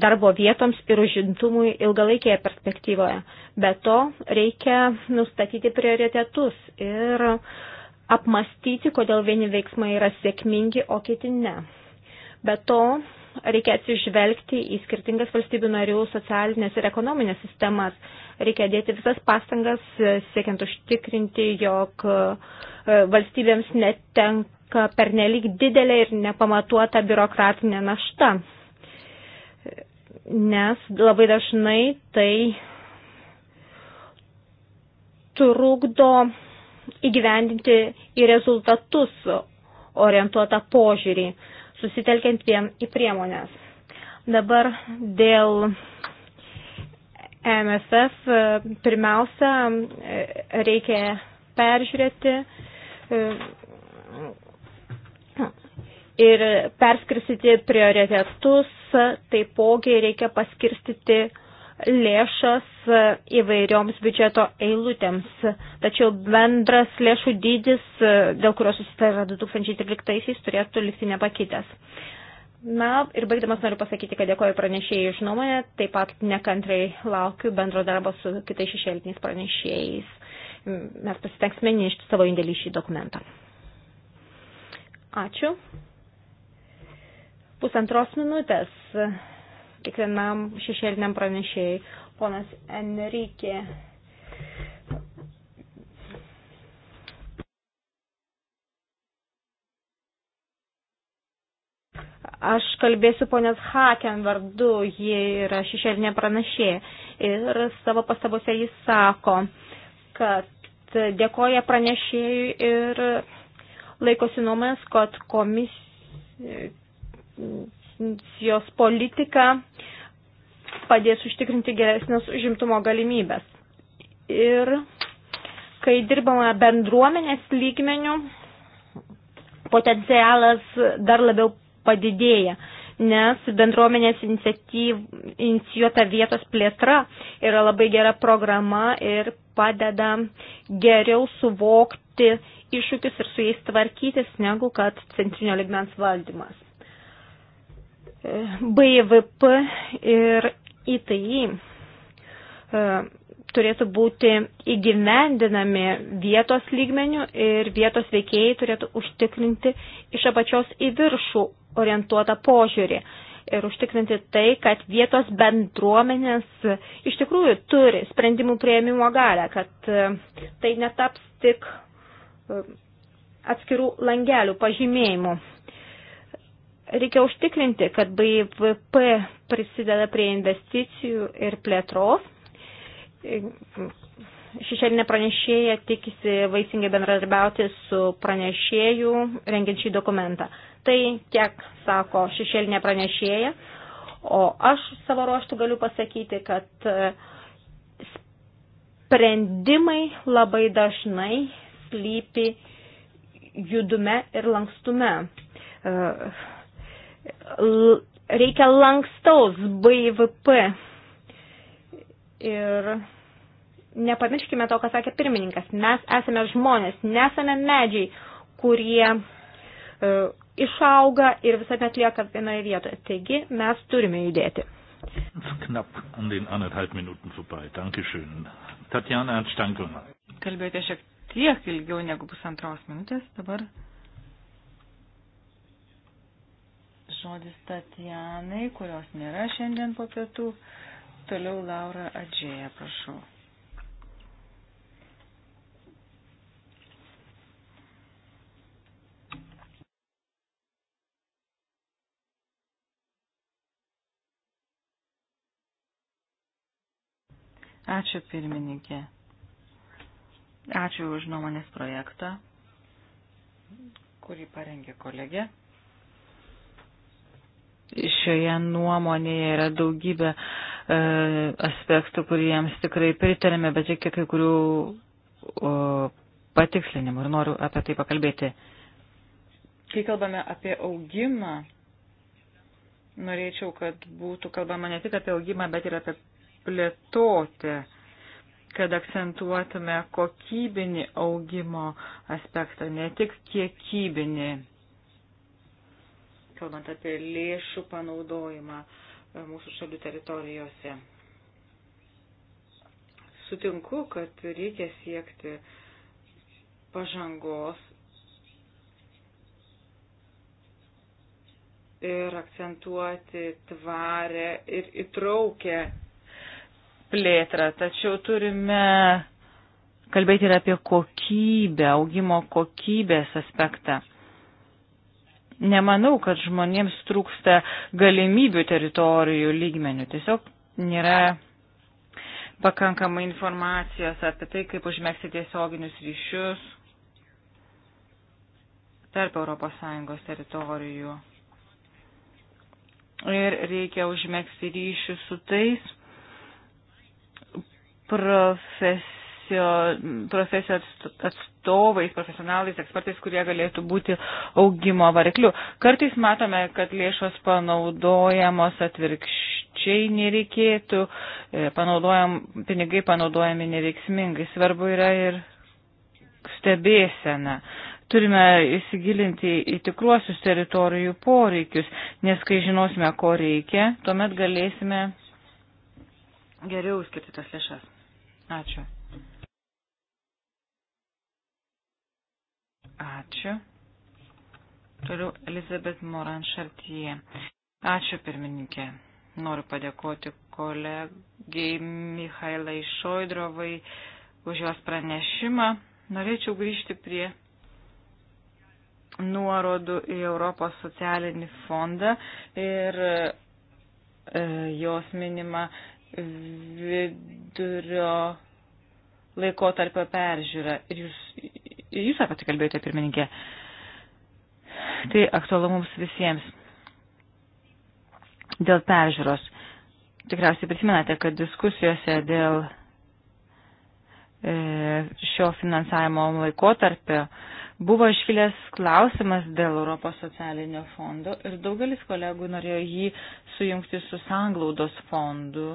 darbo vietoms ir užimtumui ilgalaikėje perspektyvoje. Be to reikia nustatyti prioritetus ir apmastyti, kodėl vieni veiksmai yra sėkmingi, o kiti ne. Be to reikia atsižvelgti į skirtingas valstybių narių socialinės ir ekonominės sistemas. Reikia dėti visas pastangas, siekiant užtikrinti, jog e, valstybėms netenka pernelyg didelė ir nepamatuota biurokratinė našta. Nes labai dažnai tai trukdo įgyvendinti į rezultatus orientuotą požiūrį susitelkiant vien į priemonės. Dabar dėl MFF pirmiausia reikia peržiūrėti ir perskirstyti prioritetus, taipogi reikia paskirstyti lėšas e, įvairioms biudžeto eilutėms. Tačiau bendras lėšų dydis, e, dėl kurio susitarė 2013-aisiais, turėtų likti nepakitęs. Na ir baigdamas noriu pasakyti, kad dėkoju pranešėjai iš nuomonę, taip pat nekantrai laukiu bendro darbo su kitais šešėliniais pranešėjais. Mes pasitengsime nešti savo indėlį į šį dokumentą. Ačiū. Pusantros minutės kiekvienam šešėliniam pranešėjai. Ponas Enrique. Aš kalbėsiu ponės Haken vardu, ji yra šešėlinė pranašė ir savo pastabose jis sako, kad dėkoja pranešėjui ir laikosi nuomonės, kad komis migracijos politika padės užtikrinti geresnės užimtumo galimybės. Ir kai dirbama bendruomenės lygmenių, potencialas dar labiau padidėja, nes bendruomenės inicijuota vietos plėtra yra labai gera programa ir padeda geriau suvokti iššūkius ir su jais tvarkytis, negu kad centrinio ligmens valdymas. BVP ir ITI e, turėtų būti įgyvendinami vietos lygmenių ir vietos veikėjai turėtų užtikrinti iš apačios į viršų orientuotą požiūrį ir užtikrinti tai, kad vietos bendruomenės iš tikrųjų turi sprendimų prieimimo galę, kad e, tai netaps tik e, atskirų langelių pažymėjimų. Reikia užtikrinti, kad BVP prisideda prie investicijų ir plėtros. Šešėlinė pranešėja tikisi vaisingai bendradarbiauti su pranešėju rengiant šį dokumentą. Tai tiek sako šešėlinė pranešėja, o aš savo ruoštų galiu pasakyti, kad e, sprendimai labai dažnai slypi judume ir lankstume. Uh, reikia lankstaus BVP. Ir nepamirškime to, ką sakė pirmininkas. Mes esame žmonės, nesame medžiai, kurie uh, išauga ir visame atlieka vienoje vietoje. Taigi mes turime judėti. Knap an um den anderthalb Minuten vorbei. Dankeschön. Tatjana Ernst-Stankel. Kalbėjote šiek tiek ilgiau negu pusantros minutės. Dabar žodis Tatjanai, kurios nėra šiandien po pietų. Toliau Laura Adžėja, prašau. Ačiū pirmininkė. Ačiū už nuomonės projektą, kurį parengė kolegė šioje nuomonėje yra daugybė e, aspektų, kuriems tikrai pritarėme, bet reikia kai kurių o, patikslinimų ir noriu apie tai pakalbėti. Kai kalbame apie augimą, norėčiau, kad būtų kalbama ne tik apie augimą, bet ir apie plėtotę, kad akcentuotume kokybinį augimo aspektą, ne tik kiekybinį kalbant apie lėšų panaudojimą e, mūsų šalių teritorijose. Sutinku, kad reikia siekti pažangos ir akcentuoti tvarę ir įtraukę plėtrą, tačiau turime kalbėti ir apie kokybę, augimo kokybės aspektą. Nemanau, kad žmonėms trūksta galimybių teritorijų lygmenių. Tiesiog nėra pakankamai informacijos apie tai, kaip užmėgsti tiesioginius ryšius tarp ES teritorijų. Ir reikia užmėgsti ryšius su tais profes, profesijų atstovais, profesionalais, ekspertais, kurie galėtų būti augimo varikliu. Kartais matome, kad lėšos panaudojamos atvirkščiai nereikėtų, e, panaudojam, pinigai panaudojami neveiksmingai. Svarbu yra ir stebėsena turime įsigilinti į tikruosius teritorijų poreikius, nes kai žinosime, ko reikia, tuomet galėsime geriau skirti tas lėšas. Ačiū. Ačiū. Toliau Elizabeth Moran Šartie. Ačiū pirmininkė. Noriu padėkoti kolegiai Mihailai Šoidrovai už jos pranešimą. Norėčiau grįžti prie nuorodų į Europos socialinį fondą ir e, jos minima vidurio laikotarpio peržiūra. Ir jūs, jūs apie tai kalbėjote, pirmininkė. Tai aktualu mums visiems. Dėl peržiūros. Tikriausiai prisimenate, kad diskusijose dėl e, šio finansavimo laikotarpio buvo iškilęs klausimas dėl Europos socialinio fondo ir daugelis kolegų norėjo jį sujungti su sanglaudos fondu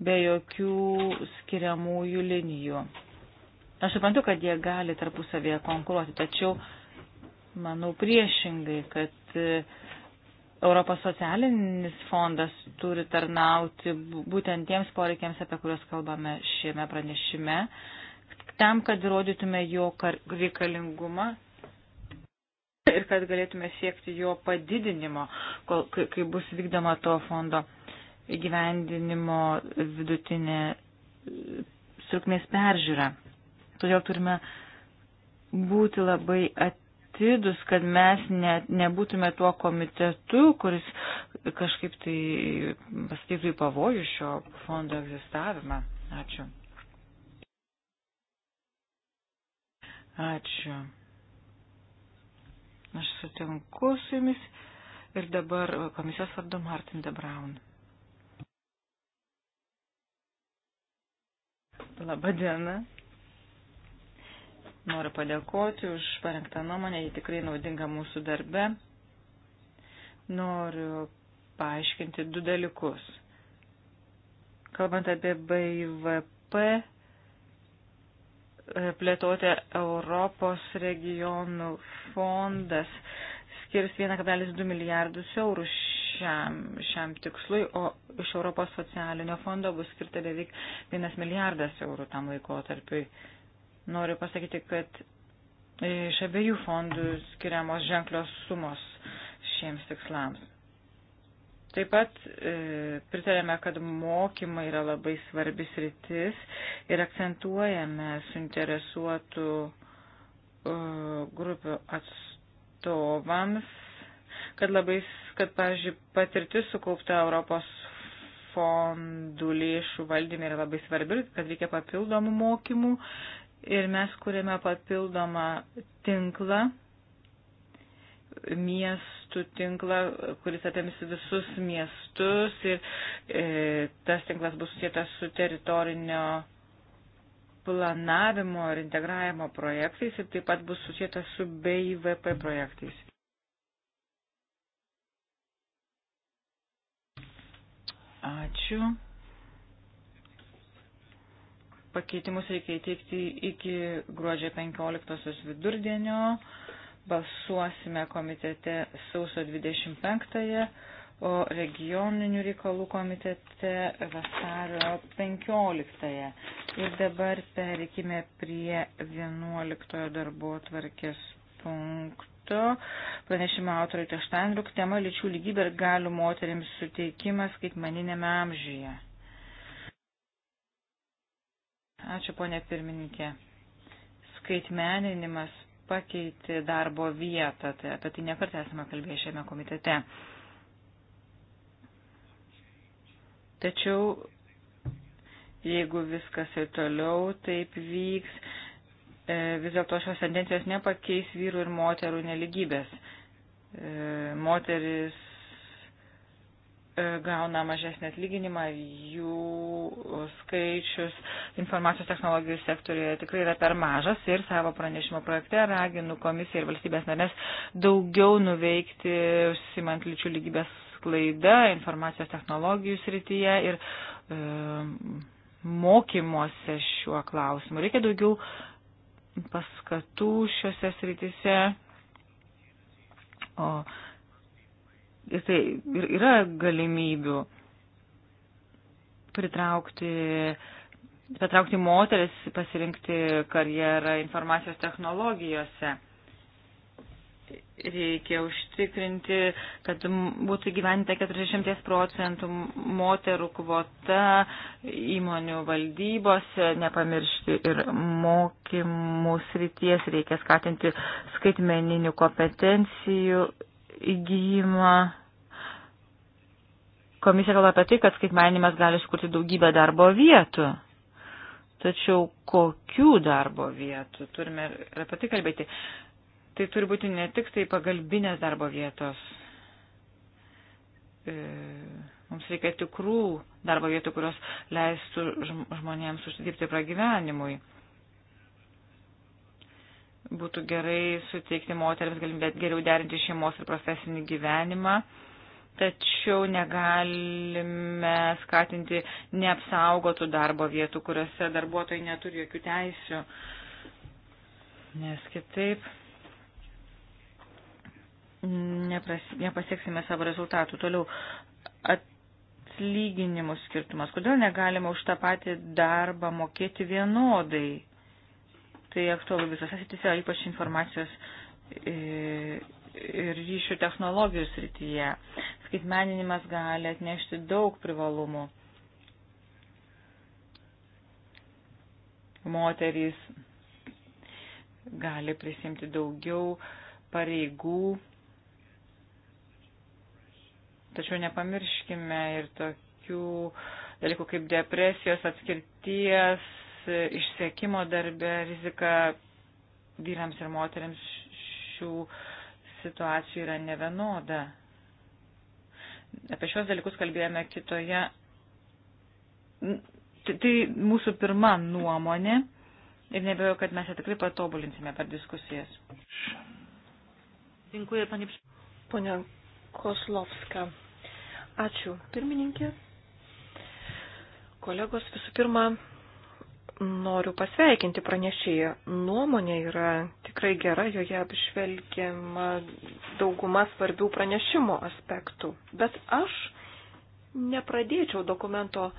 be jokių skiriamųjų linijų. Aš suprantu, kad jie gali tarpusavėje konkuruoti, tačiau manau priešingai, kad e, Europos socialinis fondas turi tarnauti būtent tiems poreikiams, apie kuriuos kalbame šiame pranešime, tam, kad įrodytume jo reikalingumą ir kad galėtume siekti jo padidinimo, kol, kai, kai bus vykdoma to fondo įgyvendinimo vidutinė e, trukmės peržiūra. Todėl turime būti labai atidus, kad mes ne, nebūtume tuo komitetu, kuris kažkaip tai pastytų į pavojų šio fondo egzistavimą. Ačiū. Ačiū. Aš sutinku su jumis ir dabar komisijos vardu Martin de Braun. Labadiena. Noriu padėkoti už parengtą nuomonę, ji tikrai naudinga mūsų darbe. Noriu paaiškinti du dalykus. Kalbant apie BIVP, plėtoti Europos regionų fondas skirs 1,2 milijardus eurų šiam, šiam tikslui, o iš Europos socialinio fondo bus skirta beveik 1 milijardas eurų tam laikotarpiui. tarpiui Noriu pasakyti, kad iš abiejų fondų skiriamos ženklios sumos šiems tikslams. Taip pat e, pritarėme, kad mokymai yra labai svarbis rytis ir akcentuojame suinteresuotų e, grupių atstovams, kad labai, kad, pavyzdžiui, patirtis sukaupta Europos fondų lėšų valdyme yra labai svarbi ir kad reikia papildomų mokymų ir mes kūrėme papildomą tinklą, miestų tinklą, kuris apims visus miestus ir e, tas tinklas bus susijęs su teritorinio planavimo ir integravimo projektais ir taip pat bus susijęs su BIVP projektais. Ačiū pakeitimus reikia įteikti iki gruodžio 15 vidurdienio, balsuosime komitete sausio 25, o regioninių reikalų komitete vasario 15. Ir dabar perikime prie 11 darbo tvarkės punkto. Pranešimo autorių Teštandruk tema lyčių lygybė ir galių moteriams suteikimas kaip maninėme amžiuje. Ačiū, ponė pirmininkė. Skaitmeninimas pakeitė darbo vietą, tai apie tai nekartą esame kalbėję šiame komitete. Tačiau, jeigu viskas ir toliau taip vyks, e, vis dėlto šios tendencijos nepakeis vyrų ir moterų neligybės. E, moteris E, gauna mažesnį atlyginimą, jų skaičius informacijos technologijų sektorijoje tikrai yra per mažas ir savo pranešimo projekte raginu komisiją ir valstybės narės daugiau nuveikti, užsimant lyčių lygybės klaida informacijos technologijų srityje ir e, mokymuose šiuo klausimu. Reikia daugiau paskatų šiuose srityse. O, e, jisai ir yra galimybių pritraukti, pritraukti moteris, pasirinkti karjerą informacijos technologijose. Reikia užtikrinti, kad būtų gyventa 40 procentų moterų kvota įmonių valdybose, nepamiršti ir mokymų srities, reikia skatinti skaitmeninių kompetencijų įgyjimą. Komisija kalba apie tai, kad skaitmeninimas gali sukurti daugybę darbo vietų. Tačiau kokių darbo vietų turime ir apie tai kalbėti. Tai turi būti ne tik tai pagalbinės darbo vietos. E, mums reikia tikrų darbo vietų, kurios leistų žmonėms užsidirbti pragyvenimui. Būtų gerai suteikti moteriams galimybę geriau derinti šeimos ir profesinį gyvenimą, tačiau negalime skatinti neapsaugotų darbo vietų, kuriuose darbuotojai neturi jokių teisių, nes kitaip nepras, nepasieksime savo rezultatų. Toliau at, atlyginimų skirtumas. Kodėl negalima už tą patį darbą mokėti vienodai? Tai aktualu visose srityse, ypač informacijos e, ir ryšių technologijų srityje. Skaitmeninimas gali atnešti daug privalumų. Moterys gali prisimti daugiau pareigų, tačiau nepamirškime ir tokių dalykų kaip depresijos, atskirties, išsiekimo darbė rizika vyrams ir moteriams šių situacijų yra nevienoda. Apie šios dalykus kalbėjome kitoje. Tai, tai mūsų pirma nuomonė ir nebejoju, kad mes ją tikrai patobulinsime per diskusijas. Dėkuoju, panė Pone Koslovska. Ačiū, pirmininkė. Kolegos, visų pirma, noriu pasveikinti pranešėją. Nuomonė yra tikrai gera, joje apžvelgiama dauguma svarbių pranešimo aspektų. Bet aš nepradėčiau dokumento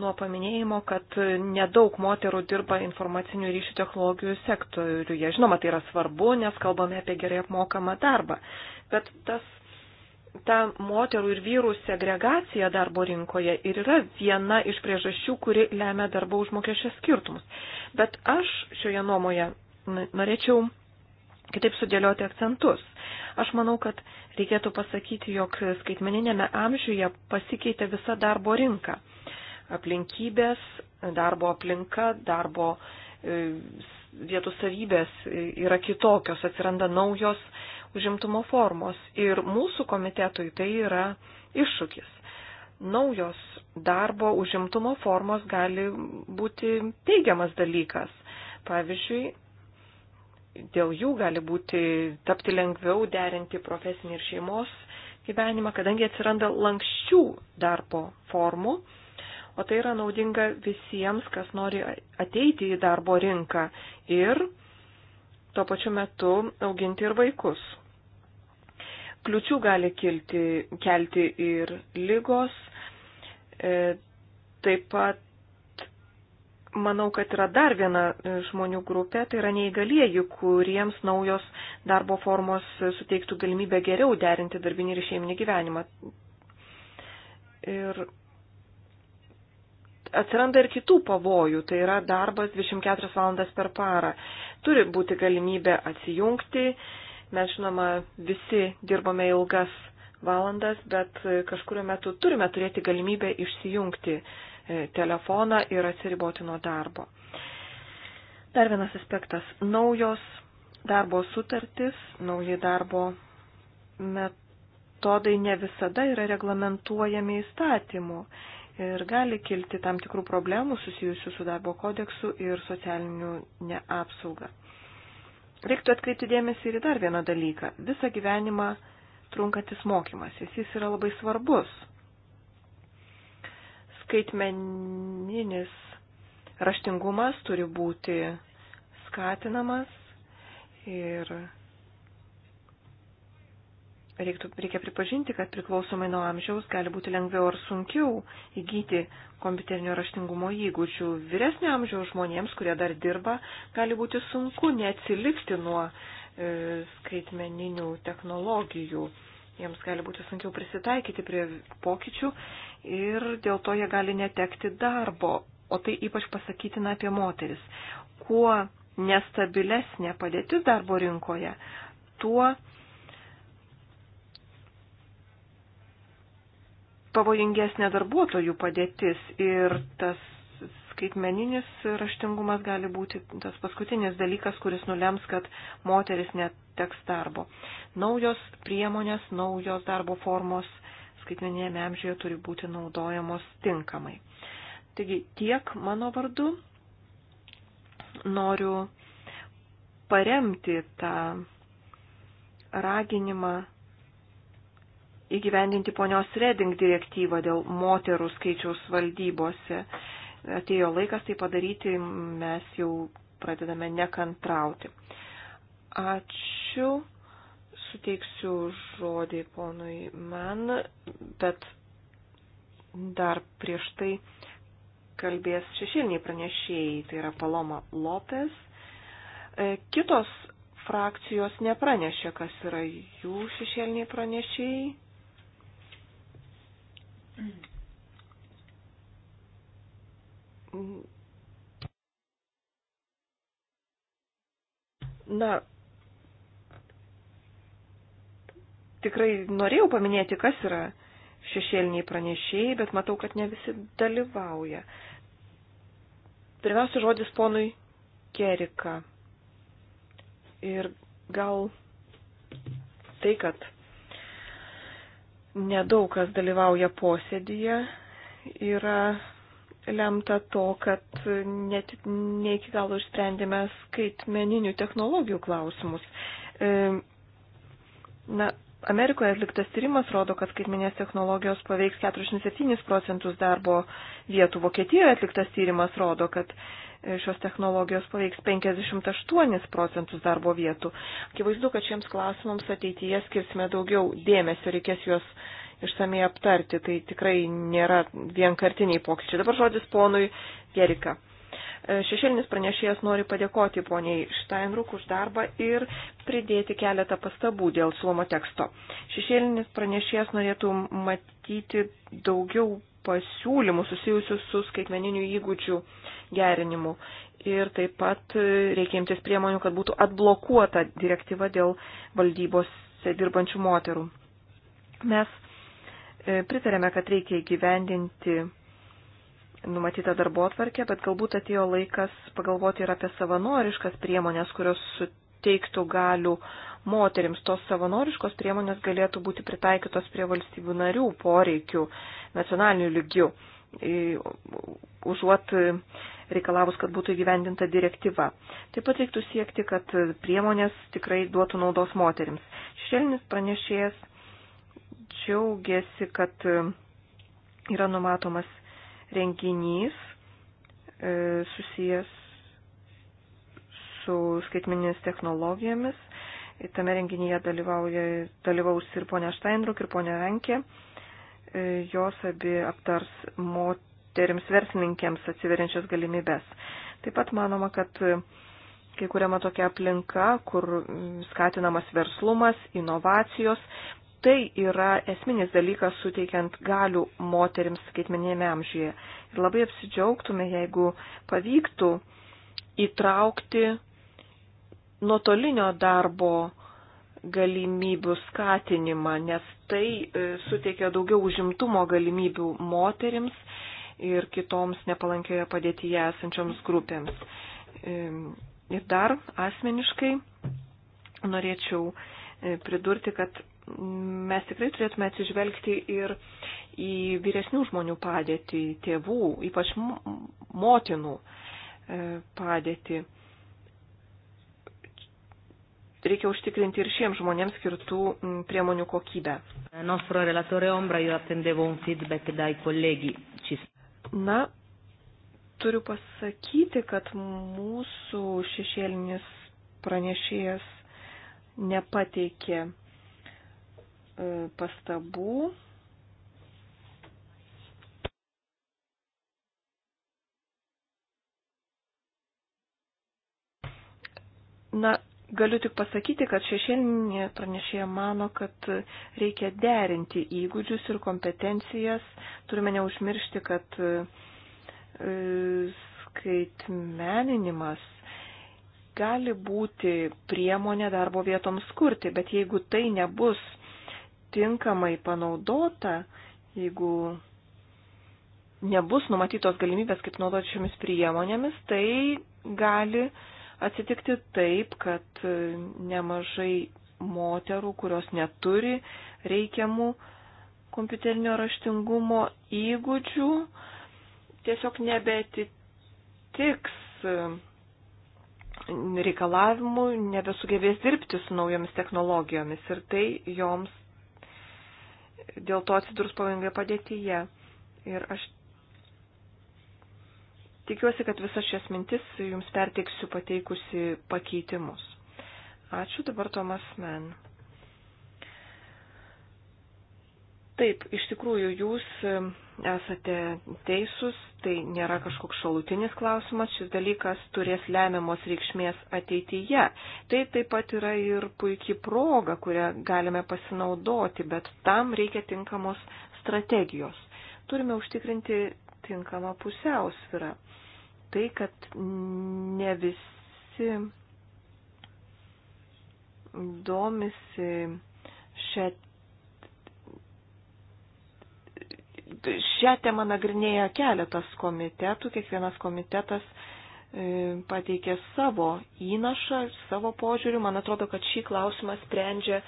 nuo paminėjimo, kad nedaug moterų dirba informacinių ryšių technologijų sektoriuje. Žinoma, tai yra svarbu, nes kalbame apie gerai apmokamą darbą. Bet tas ta moterų ir vyrų segregacija darbo rinkoje ir yra viena iš priežasčių, kuri lemia darbo užmokesčio skirtumus. Bet aš šioje nuomoje norėčiau kitaip sudėlioti akcentus. Aš manau, kad reikėtų pasakyti, jog skaitmeninėme amžiuje pasikeitė visa darbo rinka. Aplinkybės, darbo aplinka, darbo e, vietų savybės e, yra kitokios, atsiranda naujos užimtumo formos. Ir mūsų komitetui tai yra iššūkis. Naujos darbo užimtumo formos gali būti teigiamas dalykas. Pavyzdžiui, dėl jų gali būti tapti lengviau derinti profesinį ir šeimos gyvenimą, kadangi atsiranda lankščių darbo formų, o tai yra naudinga visiems, kas nori ateiti į darbo rinką ir tuo pačiu metu auginti ir vaikus kliučių gali kilti, kelti ir lygos. E, taip pat manau, kad yra dar viena e, žmonių grupė, tai yra neįgalieji, kuriems naujos darbo formos suteiktų galimybę geriau derinti darbinį ir šeiminį gyvenimą. Ir atsiranda ir kitų pavojų, tai yra darbas 24 valandas per parą. Turi būti galimybė atsijungti, Mes, žinoma, visi dirbame ilgas valandas, bet e, kažkurio metu turime turėti galimybę išsijungti e, telefoną ir atsiriboti nuo darbo. Dar vienas aspektas - naujos darbo sutartis, nauji darbo metodai ne visada yra reglamentuojami įstatymu ir gali kilti tam tikrų problemų susijusių su darbo kodeksu ir socialiniu neapsauga. Reiktų atkreipti dėmesį ir į dar vieną dalyką. Visą gyvenimą trunkantis mokymasis, jis yra labai svarbus. Skaitmeninis raštingumas turi būti skatinamas ir reiktų, reikia pripažinti, kad priklausomai nuo amžiaus gali būti lengviau ar sunkiau įgyti kompiuterinio raštingumo įgūdžių. Vyresnio amžiaus žmonėms, kurie dar dirba, gali būti sunku neatsilikti nuo e, skaitmeninių technologijų. Jiems gali būti sunkiau prisitaikyti prie pokyčių ir dėl to jie gali netekti darbo. O tai ypač pasakytina apie moteris. Kuo nestabilesnė padėtis darbo rinkoje, tuo pavojingesnė darbuotojų padėtis ir tas skaitmeninis raštingumas gali būti tas paskutinis dalykas, kuris nulems, kad moteris neteks darbo. Naujos priemonės, naujos darbo formos skaitmeninėme amžiuje turi būti naudojamos tinkamai. Taigi tiek mano vardu noriu paremti tą raginimą įgyvendinti ponios Reding direktyvą dėl moterų skaičiaus valdybose. Atėjo laikas tai padaryti, mes jau pradedame nekantrauti. Ačiū, suteiksiu žodį ponui man, bet dar prieš tai kalbės šešiliniai pranešėjai, tai yra Paloma Lopes. E, kitos frakcijos nepranešė, kas yra jų šešėliniai pranešėjai. Na, tikrai norėjau paminėti, kas yra šešėliniai pranešėjai, bet matau, kad ne visi dalyvauja. Pirmiausia, žodis ponui Kerika. Ir gal tai, kad nedaug kas dalyvauja posėdyje, yra lemta to, kad net ne iki galo išsprendėme skaitmeninių technologijų klausimus. E, na, Amerikoje atliktas tyrimas rodo, kad skaitmenės technologijos paveiks 47 procentus darbo vietų. Vokietijoje atliktas tyrimas rodo, kad šios technologijos paveiks 58 procentus darbo vietų. Akivaizdu, kad šiems klausimams ateityje skirsime daugiau dėmesio, reikės juos išsamei aptarti. Tai tikrai nėra vienkartiniai pokyčiai. Dabar žodis ponui Gerika. E, šešėlinis pranešėjas nori padėkoti poniai Steinruk už darbą ir pridėti keletą pastabų dėl siūlomo teksto. Šešėlinis pranešėjas norėtų matyti daugiau pasiūlymų susijusių su skaitmeniniu įgūdžių gerinimu. Ir taip pat reikia imtis priemonių, kad būtų atblokuota direktyva dėl valdybos dirbančių moterų. Mes e, pritarėme, kad reikia įgyvendinti numatytą darbo atvarkę, bet galbūt atėjo laikas pagalvoti ir apie savanoriškas priemonės, kurios suteiktų galių moterims. Tos savanoriškos priemonės galėtų būti pritaikytos prie valstybių narių poreikių nacionalinių lygių, užuot reikalavus, kad būtų įgyvendinta direktyva. Taip pat reiktų siekti, kad priemonės tikrai duotų naudos moterims. Šešėlinis pranešėjas džiaugiasi, kad yra numatomas renginys e, susijęs su skaitmeninės technologijomis. Tame renginyje dalyvaus ir ponia Steinruk, ir ponia Renkė. E, jos abi aptars moterims verslininkėms atsiveriančias galimybės. Taip pat manoma, kad kai kuriama tokia aplinka, kur skatinamas verslumas, inovacijos, tai yra esminis dalykas suteikiant galių moteriams skaitmeninėme amžiuje. Ir labai apsidžiaugtume, jeigu pavyktų įtraukti nuotolinio darbo galimybių skatinimą, nes tai e, suteikia daugiau užimtumo galimybių moterims ir kitoms nepalankioje padėtyje esančioms grupėms. E, ir dar asmeniškai norėčiau e, pridurti, kad mes tikrai turėtume atsižvelgti ir į vyresnių žmonių padėtį, tėvų, ypač motinų padėtį reikia užtikrinti ir šiems žmonėms skirtų priemonių kokybę. Eh, Na, turiu pasakyti, kad mūsų šešėlinis pranešėjas nepateikė e, pastabų. Na, Galiu tik pasakyti, kad šešėlinė pranešėja mano, kad reikia derinti įgūdžius ir kompetencijas. Turime neužmiršti, kad e, skaitmeninimas gali būti priemonė darbo vietoms kurti, bet jeigu tai nebus tinkamai panaudota, jeigu nebus numatytos galimybės kaip naudoti šiomis priemonėmis, tai gali atsitikti taip, kad e, nemažai moterų, kurios neturi reikiamų kompiuterinio raštingumo įgūdžių, tiesiog nebetitiks e, reikalavimų, nebesugebės dirbti su naujomis technologijomis ir tai joms dėl to atsidurs pavojingoje padėtyje. Ir aš Tikiuosi, kad visas šias mintis jums perteiksiu pateikusi pakeitimus. Ačiū dabar Tomas Men. Taip, iš tikrųjų jūs esate teisūs, tai nėra kažkoks šalutinis klausimas, šis dalykas turės lemiamos reikšmės ateityje. Tai taip pat yra ir puikiai proga, kurią galime pasinaudoti, bet tam reikia tinkamos strategijos. Turime užtikrinti tinkamą pusiausvyrą tai, kad ne visi domisi šią, šią temą nagrinėja keletas komitetų, kiekvienas komitetas e, pateikė savo įnašą, savo požiūrį. Man atrodo, kad šį klausimą sprendžia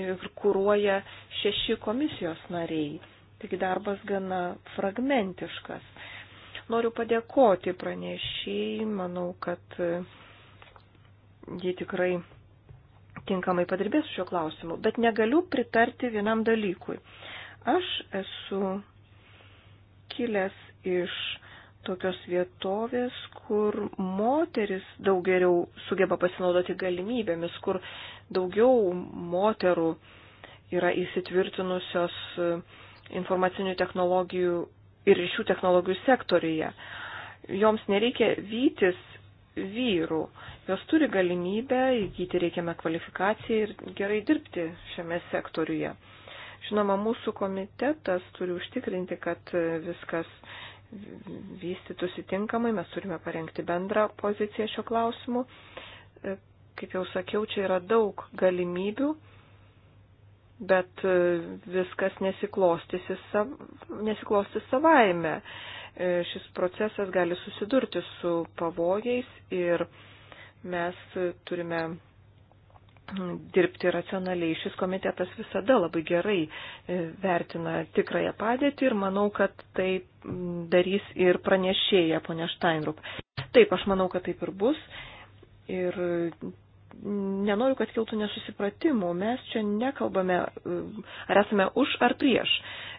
ir kūruoja šeši komisijos nariai. Taigi darbas gana fragmentiškas. Noriu padėkoti pranešiai, manau, kad e, jie tikrai tinkamai padirbės šiuo klausimu, bet negaliu pritarti vienam dalykui. Aš esu kilęs iš tokios vietovės, kur moteris daug geriau sugeba pasinaudoti galimybėmis, kur daugiau moterų yra įsitvirtinusios e, informacinių technologijų ir šių technologijų sektoriuje. Joms nereikia vytis vyrų. Jos turi galimybę įgyti reikiamą kvalifikaciją ir gerai dirbti šiame sektoriuje. Žinoma, mūsų komitetas turi užtikrinti, kad viskas vystytųsi tinkamai, mes turime parengti bendrą poziciją šio klausimu. Kaip jau sakiau, čia yra daug galimybių bet e, viskas nesiklostys savaime. E, šis procesas gali susidurti su pavojais ir mes turime dirbti racionaliai. Šis komitetas visada labai gerai e, vertina tikrąją padėtį ir manau, kad tai darys ir pranešėja ponia Steinrup. Taip, aš manau, kad taip ir bus. Ir nenoriu, kad kiltų nesusipratimų. Mes čia nekalbame, e, ar esame už ar prieš.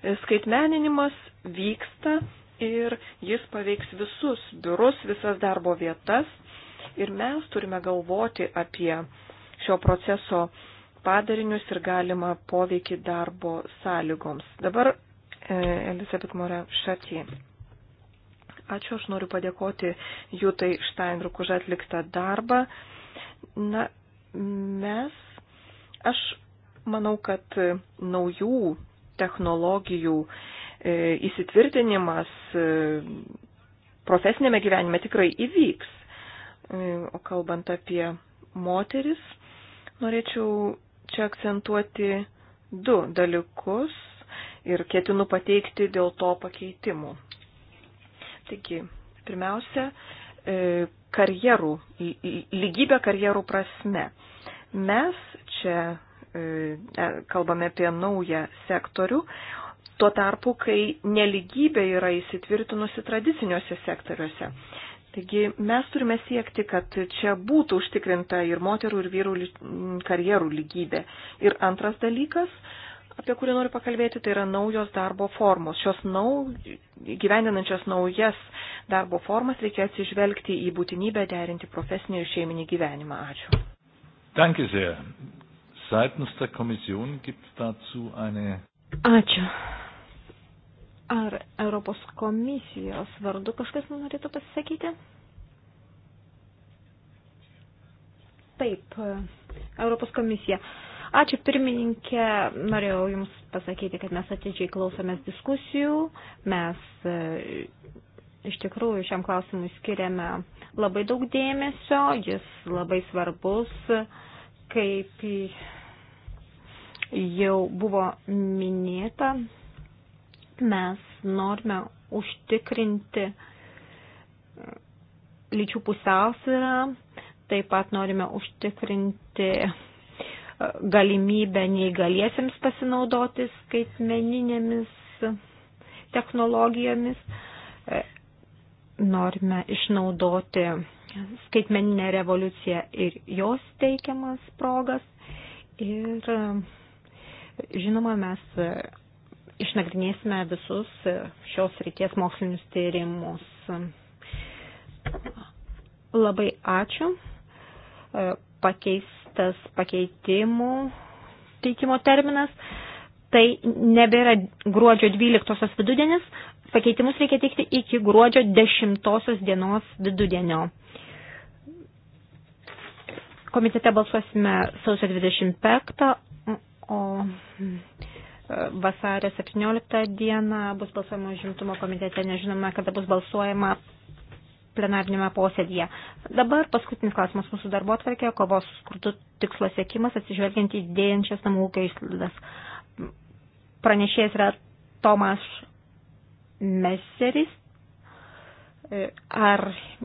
E, skaitmeninimas vyksta ir jis paveiks visus biurus, visas darbo vietas. Ir mes turime galvoti apie šio proceso padarinius ir galimą poveikį darbo sąlygoms. Dabar e, Elisabeth Morė Šatė. Ačiū, aš noriu padėkoti Jūtai Štainruk už atliktą darbą. Na, mes, aš manau, kad naujų technologijų e, įsitvirtinimas e, profesinėme gyvenime tikrai įvyks. E, o kalbant apie moteris, norėčiau čia akcentuoti du dalykus ir ketinu pateikti dėl to pakeitimų. Taigi, pirmiausia, karjerų, lygybę karjerų prasme. Mes čia e, e, kalbame apie naują sektorių, tuo tarpu, kai neligybė yra įsitvirtinusi tradiciniuose sektoriuose. Taigi mes turime siekti, kad čia būtų užtikrinta ir moterų, ir vyrų karjerų lygybė. Ir antras dalykas, apie kurį noriu pakalbėti, tai yra naujos darbo formos. Šios nau, gyveninančios naujas darbo formas reikia atsižvelgti į būtinybę derinti profesinį ir šeiminį gyvenimą. Ačiū. Danke sehr. Seitens der Kommission gibt dazu eine. Ačiū. Ar Europos komisijos vardu kažkas norėtų pasisakyti? Taip, Europos komisija. Uh, Ačiū pirmininkė, norėjau Jums pasakyti, kad mes atidžiai klausomės diskusijų, mes e, iš tikrųjų šiam klausimui skiriame labai daug dėmesio, jis labai svarbus, kaip jau buvo minėta, mes norime užtikrinti e, lyčių pusiausvyrą, taip pat norime užtikrinti galimybę neįgaliesiems pasinaudoti skaitmeninėmis technologijomis. E, norime išnaudoti skaitmeninę revoliuciją ir jos teikiamas progas. Ir e, žinoma, mes e, išnagrinėsime visus šios ryties mokslinius tyrimus. Labai ačiū. Pakeis numatytas pakeitimų teikimo terminas. Tai nebėra gruodžio 12 vidudienis, pakeitimus reikia teikti iki gruodžio 10 dienos vidudienio. Komitete balsuosime sausio 25, o mm, vasario 17 dieną bus balsuojama žimtumo komitete, nežinome, kada bus balsuojama plenarnėme posėdėje. Dabar paskutinis klausimas mūsų darbo atvarkė - kovos skurdu tikslo siekimas atsižvelgiant į dėjančias namų ūkio išlaidas. Pranešėjas yra Tomas Meseris. Ar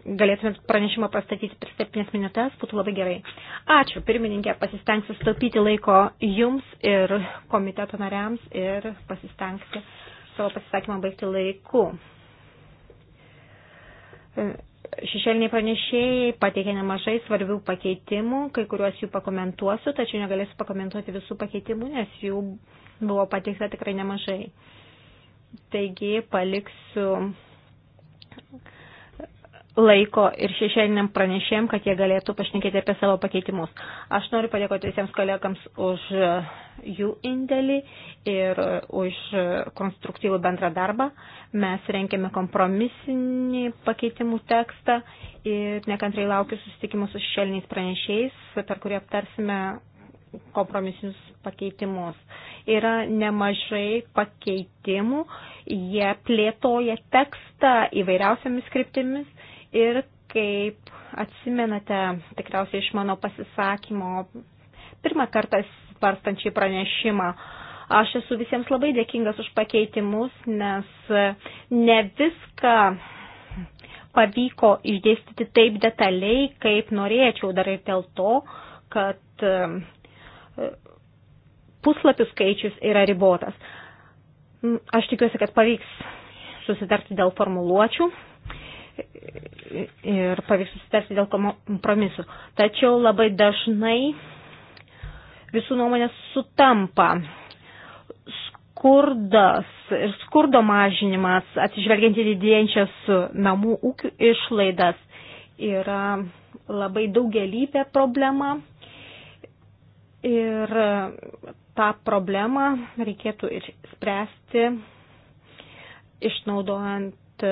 galėtumėt pranešimą pristatyti per septynės minutės, būtų labai gerai. Ačiū, pirmininkė, pasistengsiu staupyti laiko jums ir komiteto nariams ir pasistengsiu savo pasisakymą baigti laiku. Šešėliniai pranešėjai pateikė nemažai svarbių pakeitimų, kai kuriuos jų pakomentuosiu, tačiau negalėsiu pakomentuoti visų pakeitimų, nes jų buvo pateikta tikrai nemažai. Taigi paliksiu laiko ir šešėliniam pranešėjim, kad jie galėtų pašnekėti apie savo pakeitimus. Aš noriu padėkoti visiems kolegams už e, jų indėlį ir e, už e, konstruktyvų bendrą darbą. Mes renkėme kompromisinį pakeitimų tekstą ir nekantrai laukiu susitikimų su šešėliniais pranešėjais, per kurį aptarsime kompromisinius pakeitimus. Yra nemažai pakeitimų, jie plėtoja tekstą įvairiausiamis kryptimis Ir kaip atsimenate, tikriausiai iš mano pasisakymo, pirmą kartą svarstančiai pranešimą, aš esu visiems labai dėkingas už pakeitimus, nes ne viską pavyko išdėstyti taip detaliai, kaip norėčiau dar ir dėl to, kad e, puslapių skaičius yra ribotas. Aš tikiuosi, kad pavyks susitarti dėl formuluočių, ir pavyks susitarti dėl kompromisų. Tačiau labai dažnai visų nuomonės sutampa. Skurdas ir skurdo mažinimas, atsižvelgiant į didėjančias namų ūkių išlaidas, yra labai daugelybė problema. Ir tą problemą reikėtų ir spręsti, išnaudojant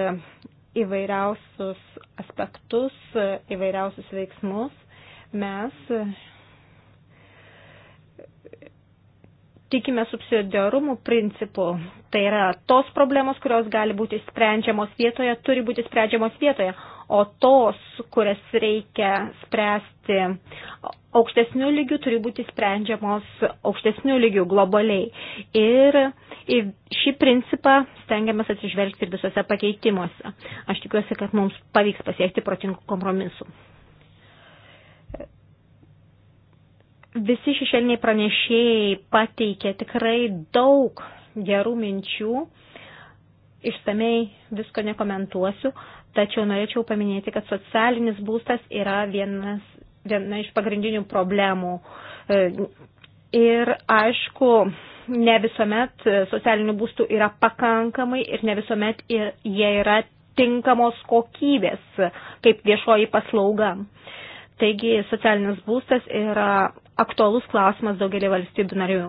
įvairiausius aspektus, įvairiausius veiksmus, mes e, tikime subsidiarumų principu. Tai yra tos problemos, kurios gali būti sprendžiamos vietoje, turi būti sprendžiamos vietoje, o tos, kurias reikia spręsti aukštesnių lygių, turi būti sprendžiamos aukštesnių lygių globaliai. Ir į šį principą stengiamės atsižvelgti ir visose pakeitimuose. Aš tikiuosi, kad mums pavyks pasiekti protingų kompromisų. Visi šešėliniai pranešėjai pateikė tikrai daug gerų minčių išsamei visko nekomentuosiu, Tačiau norėčiau paminėti, kad socialinis būstas yra vienas, viena iš pagrindinių problemų. E, ir aišku, ne visuomet socialinių būstų yra pakankamai ir ne visuomet jie yra tinkamos kokybės kaip viešoji paslauga. Taigi socialinis būstas yra aktualus klausimas daugelį valstybių narių.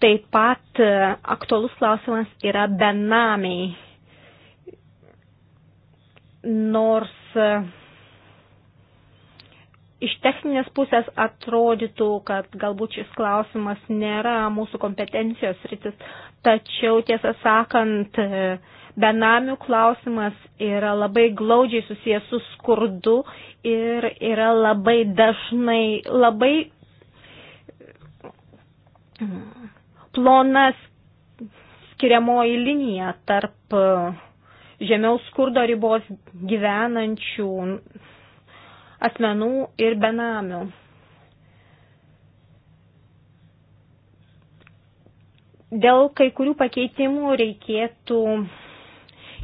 Taip pat e, aktualus klausimas yra benamiai nors e, iš techninės pusės atrodytų, kad galbūt šis klausimas nėra mūsų kompetencijos rytis, tačiau tiesą sakant, e, benamių klausimas yra labai glaudžiai susijęs su skurdu ir yra labai dažnai labai e, plonas skiriamoji linija tarp uh, žemiau skurdo ribos gyvenančių asmenų ir benamių. Dėl kai kurių pakeitimų reikėtų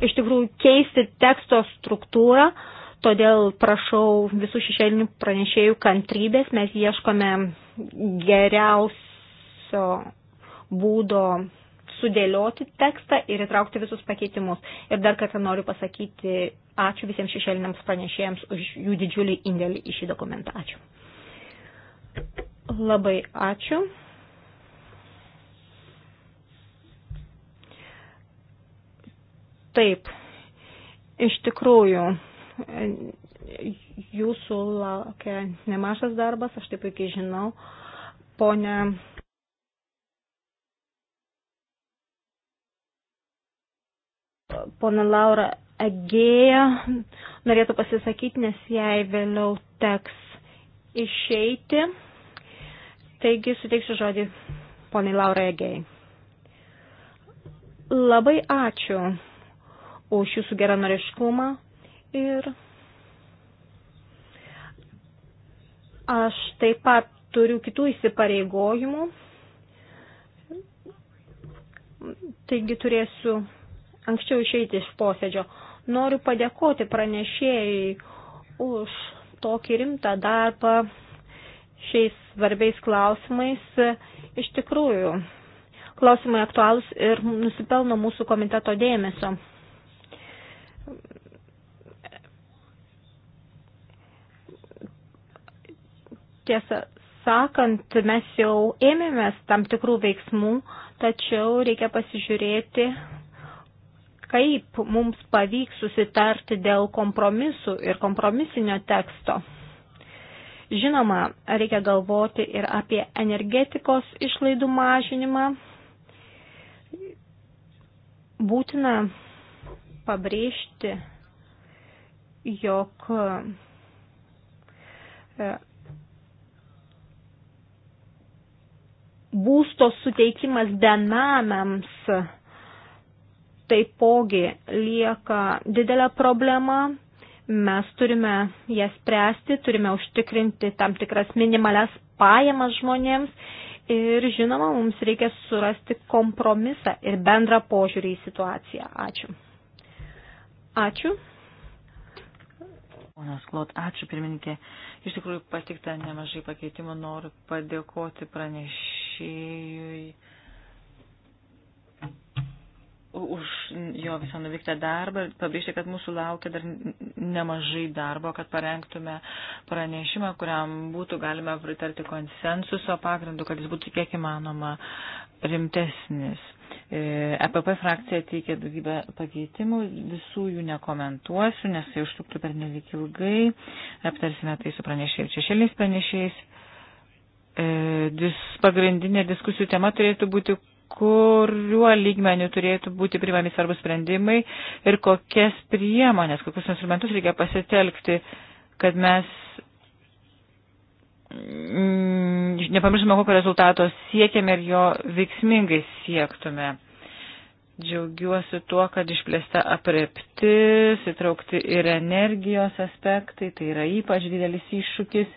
iš tikrųjų keisti teksto struktūrą, todėl prašau visų šešėlinių pranešėjų kantrybės, mes ieškome geriausio būdo sudėlioti tekstą ir įtraukti visus pakeitimus. Ir dar kartą noriu pasakyti ačiū visiems šešėliniams pranešėjams už jų didžiulį indėlį į šį dokumentą. Ačiū. Labai ačiū. Taip, iš tikrųjų, jūsų laukia nemažas darbas, aš taip puikiai žinau. Pone pona Laura Agėja norėtų pasisakyti, nes jai vėliau teks išeiti. Taigi suteiksiu žodį poniai Laurai Agėjai. Labai ačiū už jūsų geranoriškumą ir aš taip pat turiu kitų įsipareigojimų, taigi turėsiu anksčiau išeiti iš posėdžio. Noriu padėkoti pranešėjai už tokį rimtą darbą šiais svarbiais klausimais. Iš tikrųjų, klausimai aktualūs ir nusipelno mūsų komiteto dėmesio. Tiesą sakant, mes jau ėmėmės tam tikrų veiksmų, tačiau reikia pasižiūrėti, kaip mums pavyks susitarti dėl kompromisų ir kompromisinio teksto. Žinoma, reikia galvoti ir apie energetikos išlaidų mažinimą. Būtina pabrėžti, jog e, būsto suteikimas benamiams taipogi lieka didelė problema. Mes turime jas spręsti, turime užtikrinti tam tikras minimales pajamas žmonėms ir žinoma, mums reikia surasti kompromisą ir bendrą požiūrį į situaciją. Ačiū. Ačiū. Ponas Klot, ačiū pirmininkė. Iš tikrųjų patikta nemažai pakeitimų. Noriu padėkoti pranešėjui už jo visą nuvyktą darbą ir pabrėžti, kad mūsų laukia dar nemažai darbo, kad parengtume pranešimą, kuriam būtų galima pritarti konsensuso pagrindu, kad jis būtų kiek įmanoma rimtesnis. EPP e frakcija teikia daugybę pakeitimų, visų jų nekomentuosiu, nes tai užtruktų per nelik ilgai. Aptarsime tai su pranešėjais ir šešėliais pranešėjais. E, dis, pagrindinė diskusijų tema turėtų būti kuriuo lygmeniu turėtų būti primami svarbus sprendimai ir kokias priemonės, kokius instrumentus reikia pasitelkti, kad mes mm, nepamirštume, kokio rezultato siekiame ir jo veiksmingai siektume. Džiaugiuosi tuo, kad išplėsta apreptis, įtraukti ir energijos aspektai, tai yra ypač didelis iššūkis.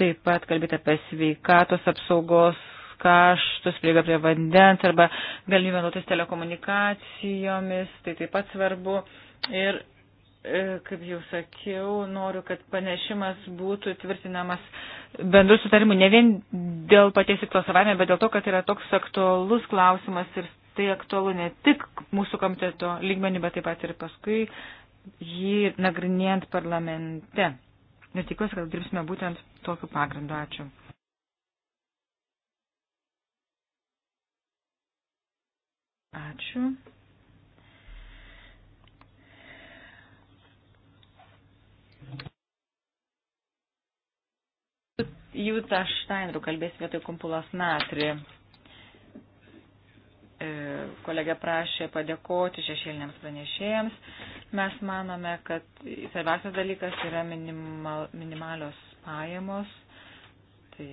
Taip pat kalbėti apie sveikatos apsaugos kaštus, prieiga prie vandens arba galimybę naudotis telekomunikacijomis, tai taip pat svarbu. Ir, e, kaip jau sakiau, noriu, kad panešimas būtų tvirtinamas bendrų sutarimų ne vien dėl paties tikto savaime, bet dėl to, kad yra toks aktualus klausimas ir tai aktualu ne tik mūsų komiteto lygmenį, bet taip pat ir paskui jį nagrinėjant parlamente. Ir tikiuosi, kad dirbsime būtent tokiu pagrindu. Ačiū. Ačiū. Jūta Štainru kalbės vietoj kumpulas Natri. E, Kolegė prašė padėkoti šešėliniams pranešėjams. Mes manome, kad svarbiausias dalykas yra minimal, minimalios pajamos Tai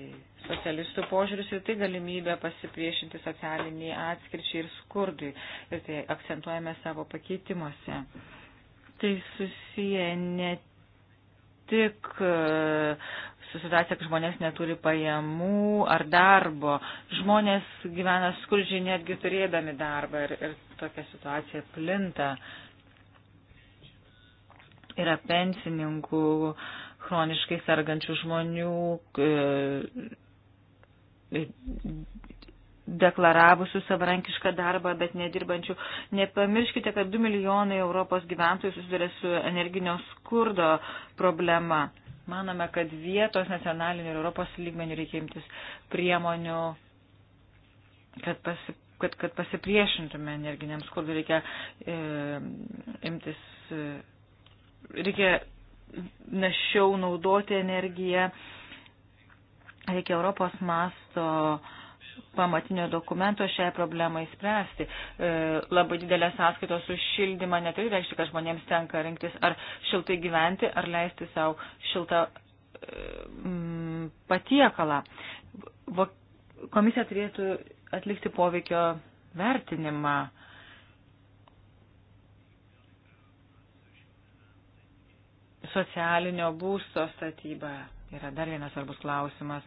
socialistų požiūris ir tai galimybė pasipriešinti socialiniai atskirčiai ir skurdui. Ir tai akcentuojame savo pakeitimuose. Tai susiję ne tik e, su situacija, kad žmonės neturi pajamų ar darbo. Žmonės gyvena skurdžiai netgi turėdami darbą ir, ir tokia situacija plinta. Yra pensininkų, uh, chroniškai sergančių žmonių, e, e, deklaravusių savarankišką darbą, bet nedirbančių. Nepamirškite, kad 2 milijonai Europos gyventojų susiduria su energinio skurdo problema. Manome, kad vietos nacionalinių ir Europos lygmenių reikia imtis priemonių, kad, pasi, kad, kad pasipriešintume energiniam skurdui, reikia e, imtis, e, reikia našiau naudoti energiją. Reikia Europos masto pamatinio dokumento šiai problemai spręsti. E, labai didelės sąskaitos už šildymą neturi reikšti, kad žmonėms tenka rinktis ar šiltai gyventi, ar leisti savo šiltą e, patiekalą. Komisija turėtų atlikti poveikio vertinimą. E, socialinio būsto statyba yra dar vienas svarbus klausimas.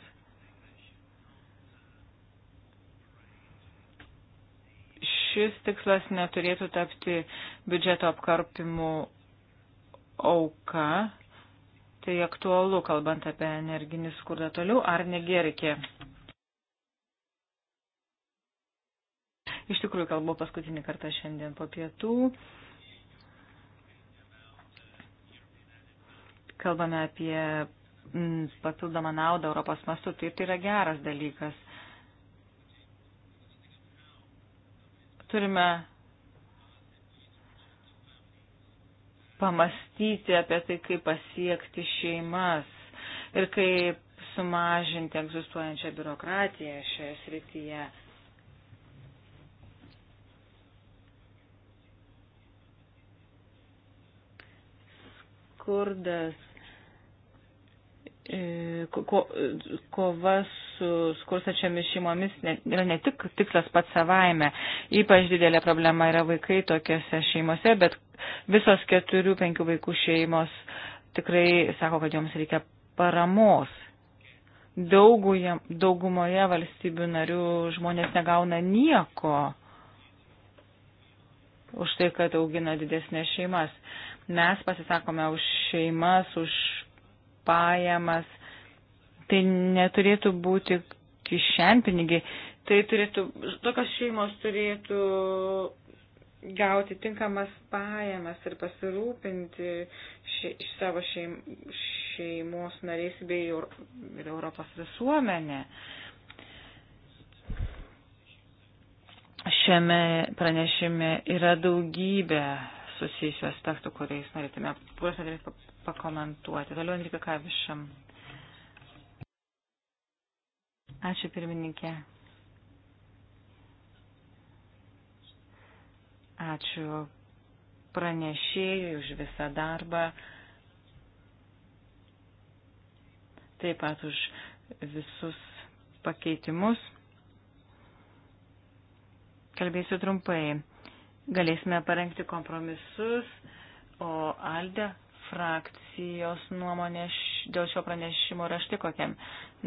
Šis tikslas neturėtų tapti biudžeto apkarpimų auka. Tai aktualu, kalbant apie energinį skurdą toliau, ar negerikė. Iš tikrųjų, kalbu paskutinį kartą šiandien po pietų. kalbame apie mm, papildomą naudą Europos mastu, tai tai yra geras dalykas. Turime pamastyti apie tai, kaip pasiekti šeimas ir kaip sumažinti egzistuojančią biurokratiją šioje srityje. Skurdas E, ko, kova su skursačiamis šeimomis yra ne tik tikslas pats savaime. Ypač didelė problema yra vaikai tokiose šeimose, bet visos keturių, penkių vaikų šeimos tikrai sako, kad joms reikia paramos. Dauguje, daugumoje valstybių narių žmonės negauna nieko už tai, kad augina didesnės šeimas. Mes pasisakome už šeimas, už pajamas. Tai neturėtų būti kišenpinigiai. Tai turėtų, tokios šeimos turėtų gauti tinkamas pajamas ir pasirūpinti še, savo šeim, šeimos nariais bei ir Europos visuomenė. Šiame pranešime yra daugybė susijusių aspektų, kuriais norėtume, kuriuos norėtume pakomentuoti. Toliau Andrika Kavišam. Ačiū pirmininkė. Ačiū pranešėjui už visą darbą. Taip pat už visus pakeitimus. Kalbėsiu trumpai galėsime parengti kompromisus, o Alde frakcijos nuomonė dėl šio pranešimo yra štai kokiam.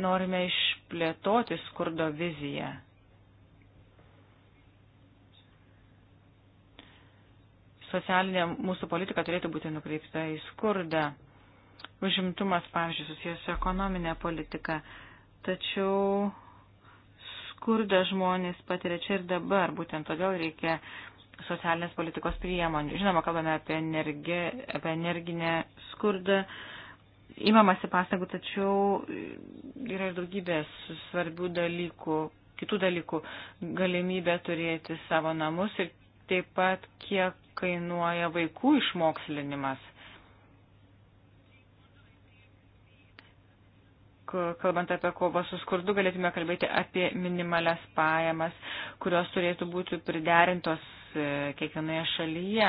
Norime išplėtoti skurdo viziją. Socialinė mūsų politika turėtų būti nukreipta į skurdą. Užimtumas, pavyzdžiui, susijęs su ekonominė politika. Tačiau skurdą žmonės patiria čia ir dabar. Būtent todėl reikia socialinės politikos priemonių. Žinoma, kalbame apie, energi, apie energinę skurdą. Įmamasi pastangų, tačiau yra ir daugybės svarbių dalykų, kitų dalykų. Galimybė turėti savo namus ir taip pat kiek kainuoja vaikų išmokslinimas. kalbant apie kovą su skurdu, galėtume kalbėti apie minimales pajamas, kurios turėtų būti priderintos E, kiekvienoje šalyje.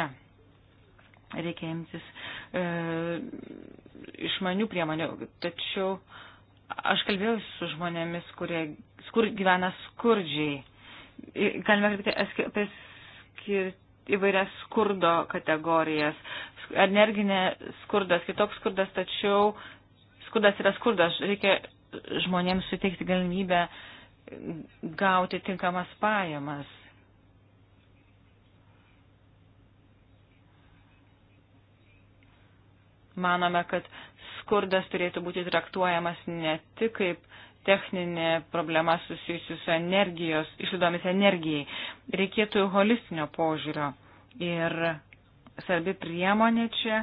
Reikia imtis e, išmanių priemonių. Tačiau aš kalbėjau su žmonėmis, kurie skur, gyvena skurdžiai. Galime kalbėti apie skirtį įvairias skurdo kategorijas. Energinė skurdas, kitoks skurdas, tačiau skurdas yra skurdas. Reikia žmonėms suteikti galimybę gauti tinkamas pajamas. Manome, kad skurdas turėtų būti traktuojamas ne tik kaip techninė problema susijusi su energijos, išlaidomis energijai. Reikėtų holistinio požiūrio. Ir svarbi priemonė čia,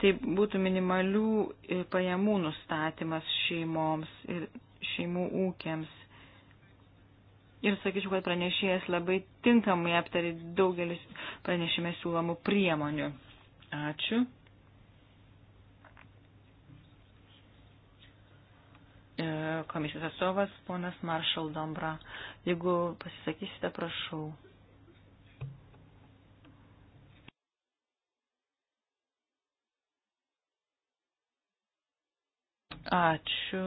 tai būtų minimalių e, pajamų nustatymas šeimoms ir šeimų ūkiams. Ir sakyčiau, kad pranešėjas labai tinkamai aptarė daugelis pranešime siūlomų priemonių. Ačiū. E, komisijos atstovas ponas Maršal Dombra. Jeigu pasisakysite, prašau. Ačiū.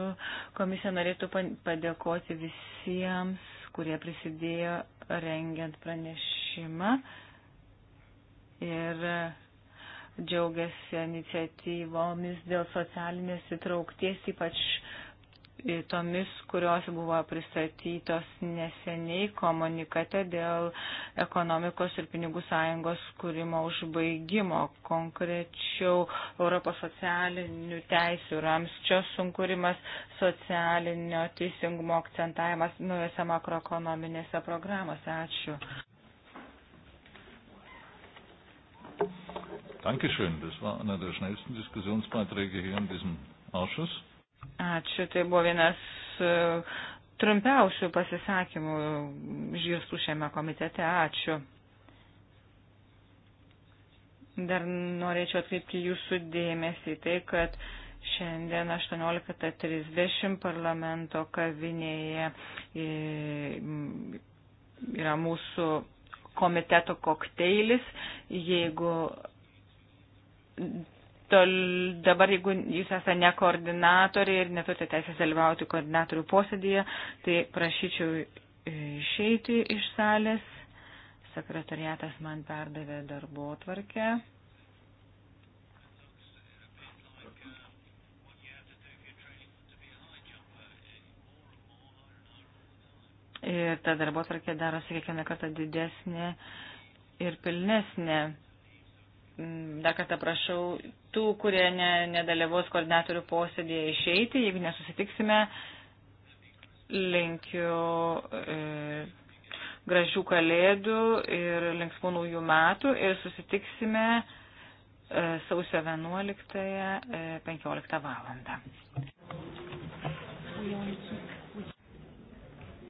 Komisija norėtų padėkoti visiems, kurie prisidėjo rengiant pranešimą ir džiaugiasi iniciatyvomis dėl socialinės įtraukties, ypač uh, tomis, kurios buvo pristatytos neseniai komunikate dėl ekonomikos ir pinigų sąjungos kūrimo užbaigimo, konkrečiau Europos socialinių teisių ramsčio sunkūrimas, socialinio teisingumo akcentavimas naujose makroekonominėse programose. Ačiū. Dankeschön, das war einer der schnellsten Diskussionsbeiträge hier in diesem Ausschuss. Ačiū, tai buvo vienas e, trumpiausių pasisakymų žirstų šiame komitete. Ačiū. Dar norėčiau atkreipti jūsų dėmesį tai, kad šiandien 18.30 parlamento kavinėje e, yra mūsų komiteto kokteilis. Jeigu tol, dabar, jeigu jūs esate ne koordinatoriai ir neturite teisės dalyvauti koordinatorių posėdėje, tai prašyčiau išeiti iš salės. Sekretariatas man perdavė darbo tvarkę. Ir ta darbo tvarkė darosi kiekvieną kartą didesnė ir pilnesnė. Mm, dar kartą prašau tų, kurie ne, nedalyvaus koordinatorių posėdėje išeiti, jeigu nesusitiksime, linkiu e, gražių kalėdų ir linksmų naujų metų ir susitiksime e, sausio 11.15 e, valandą.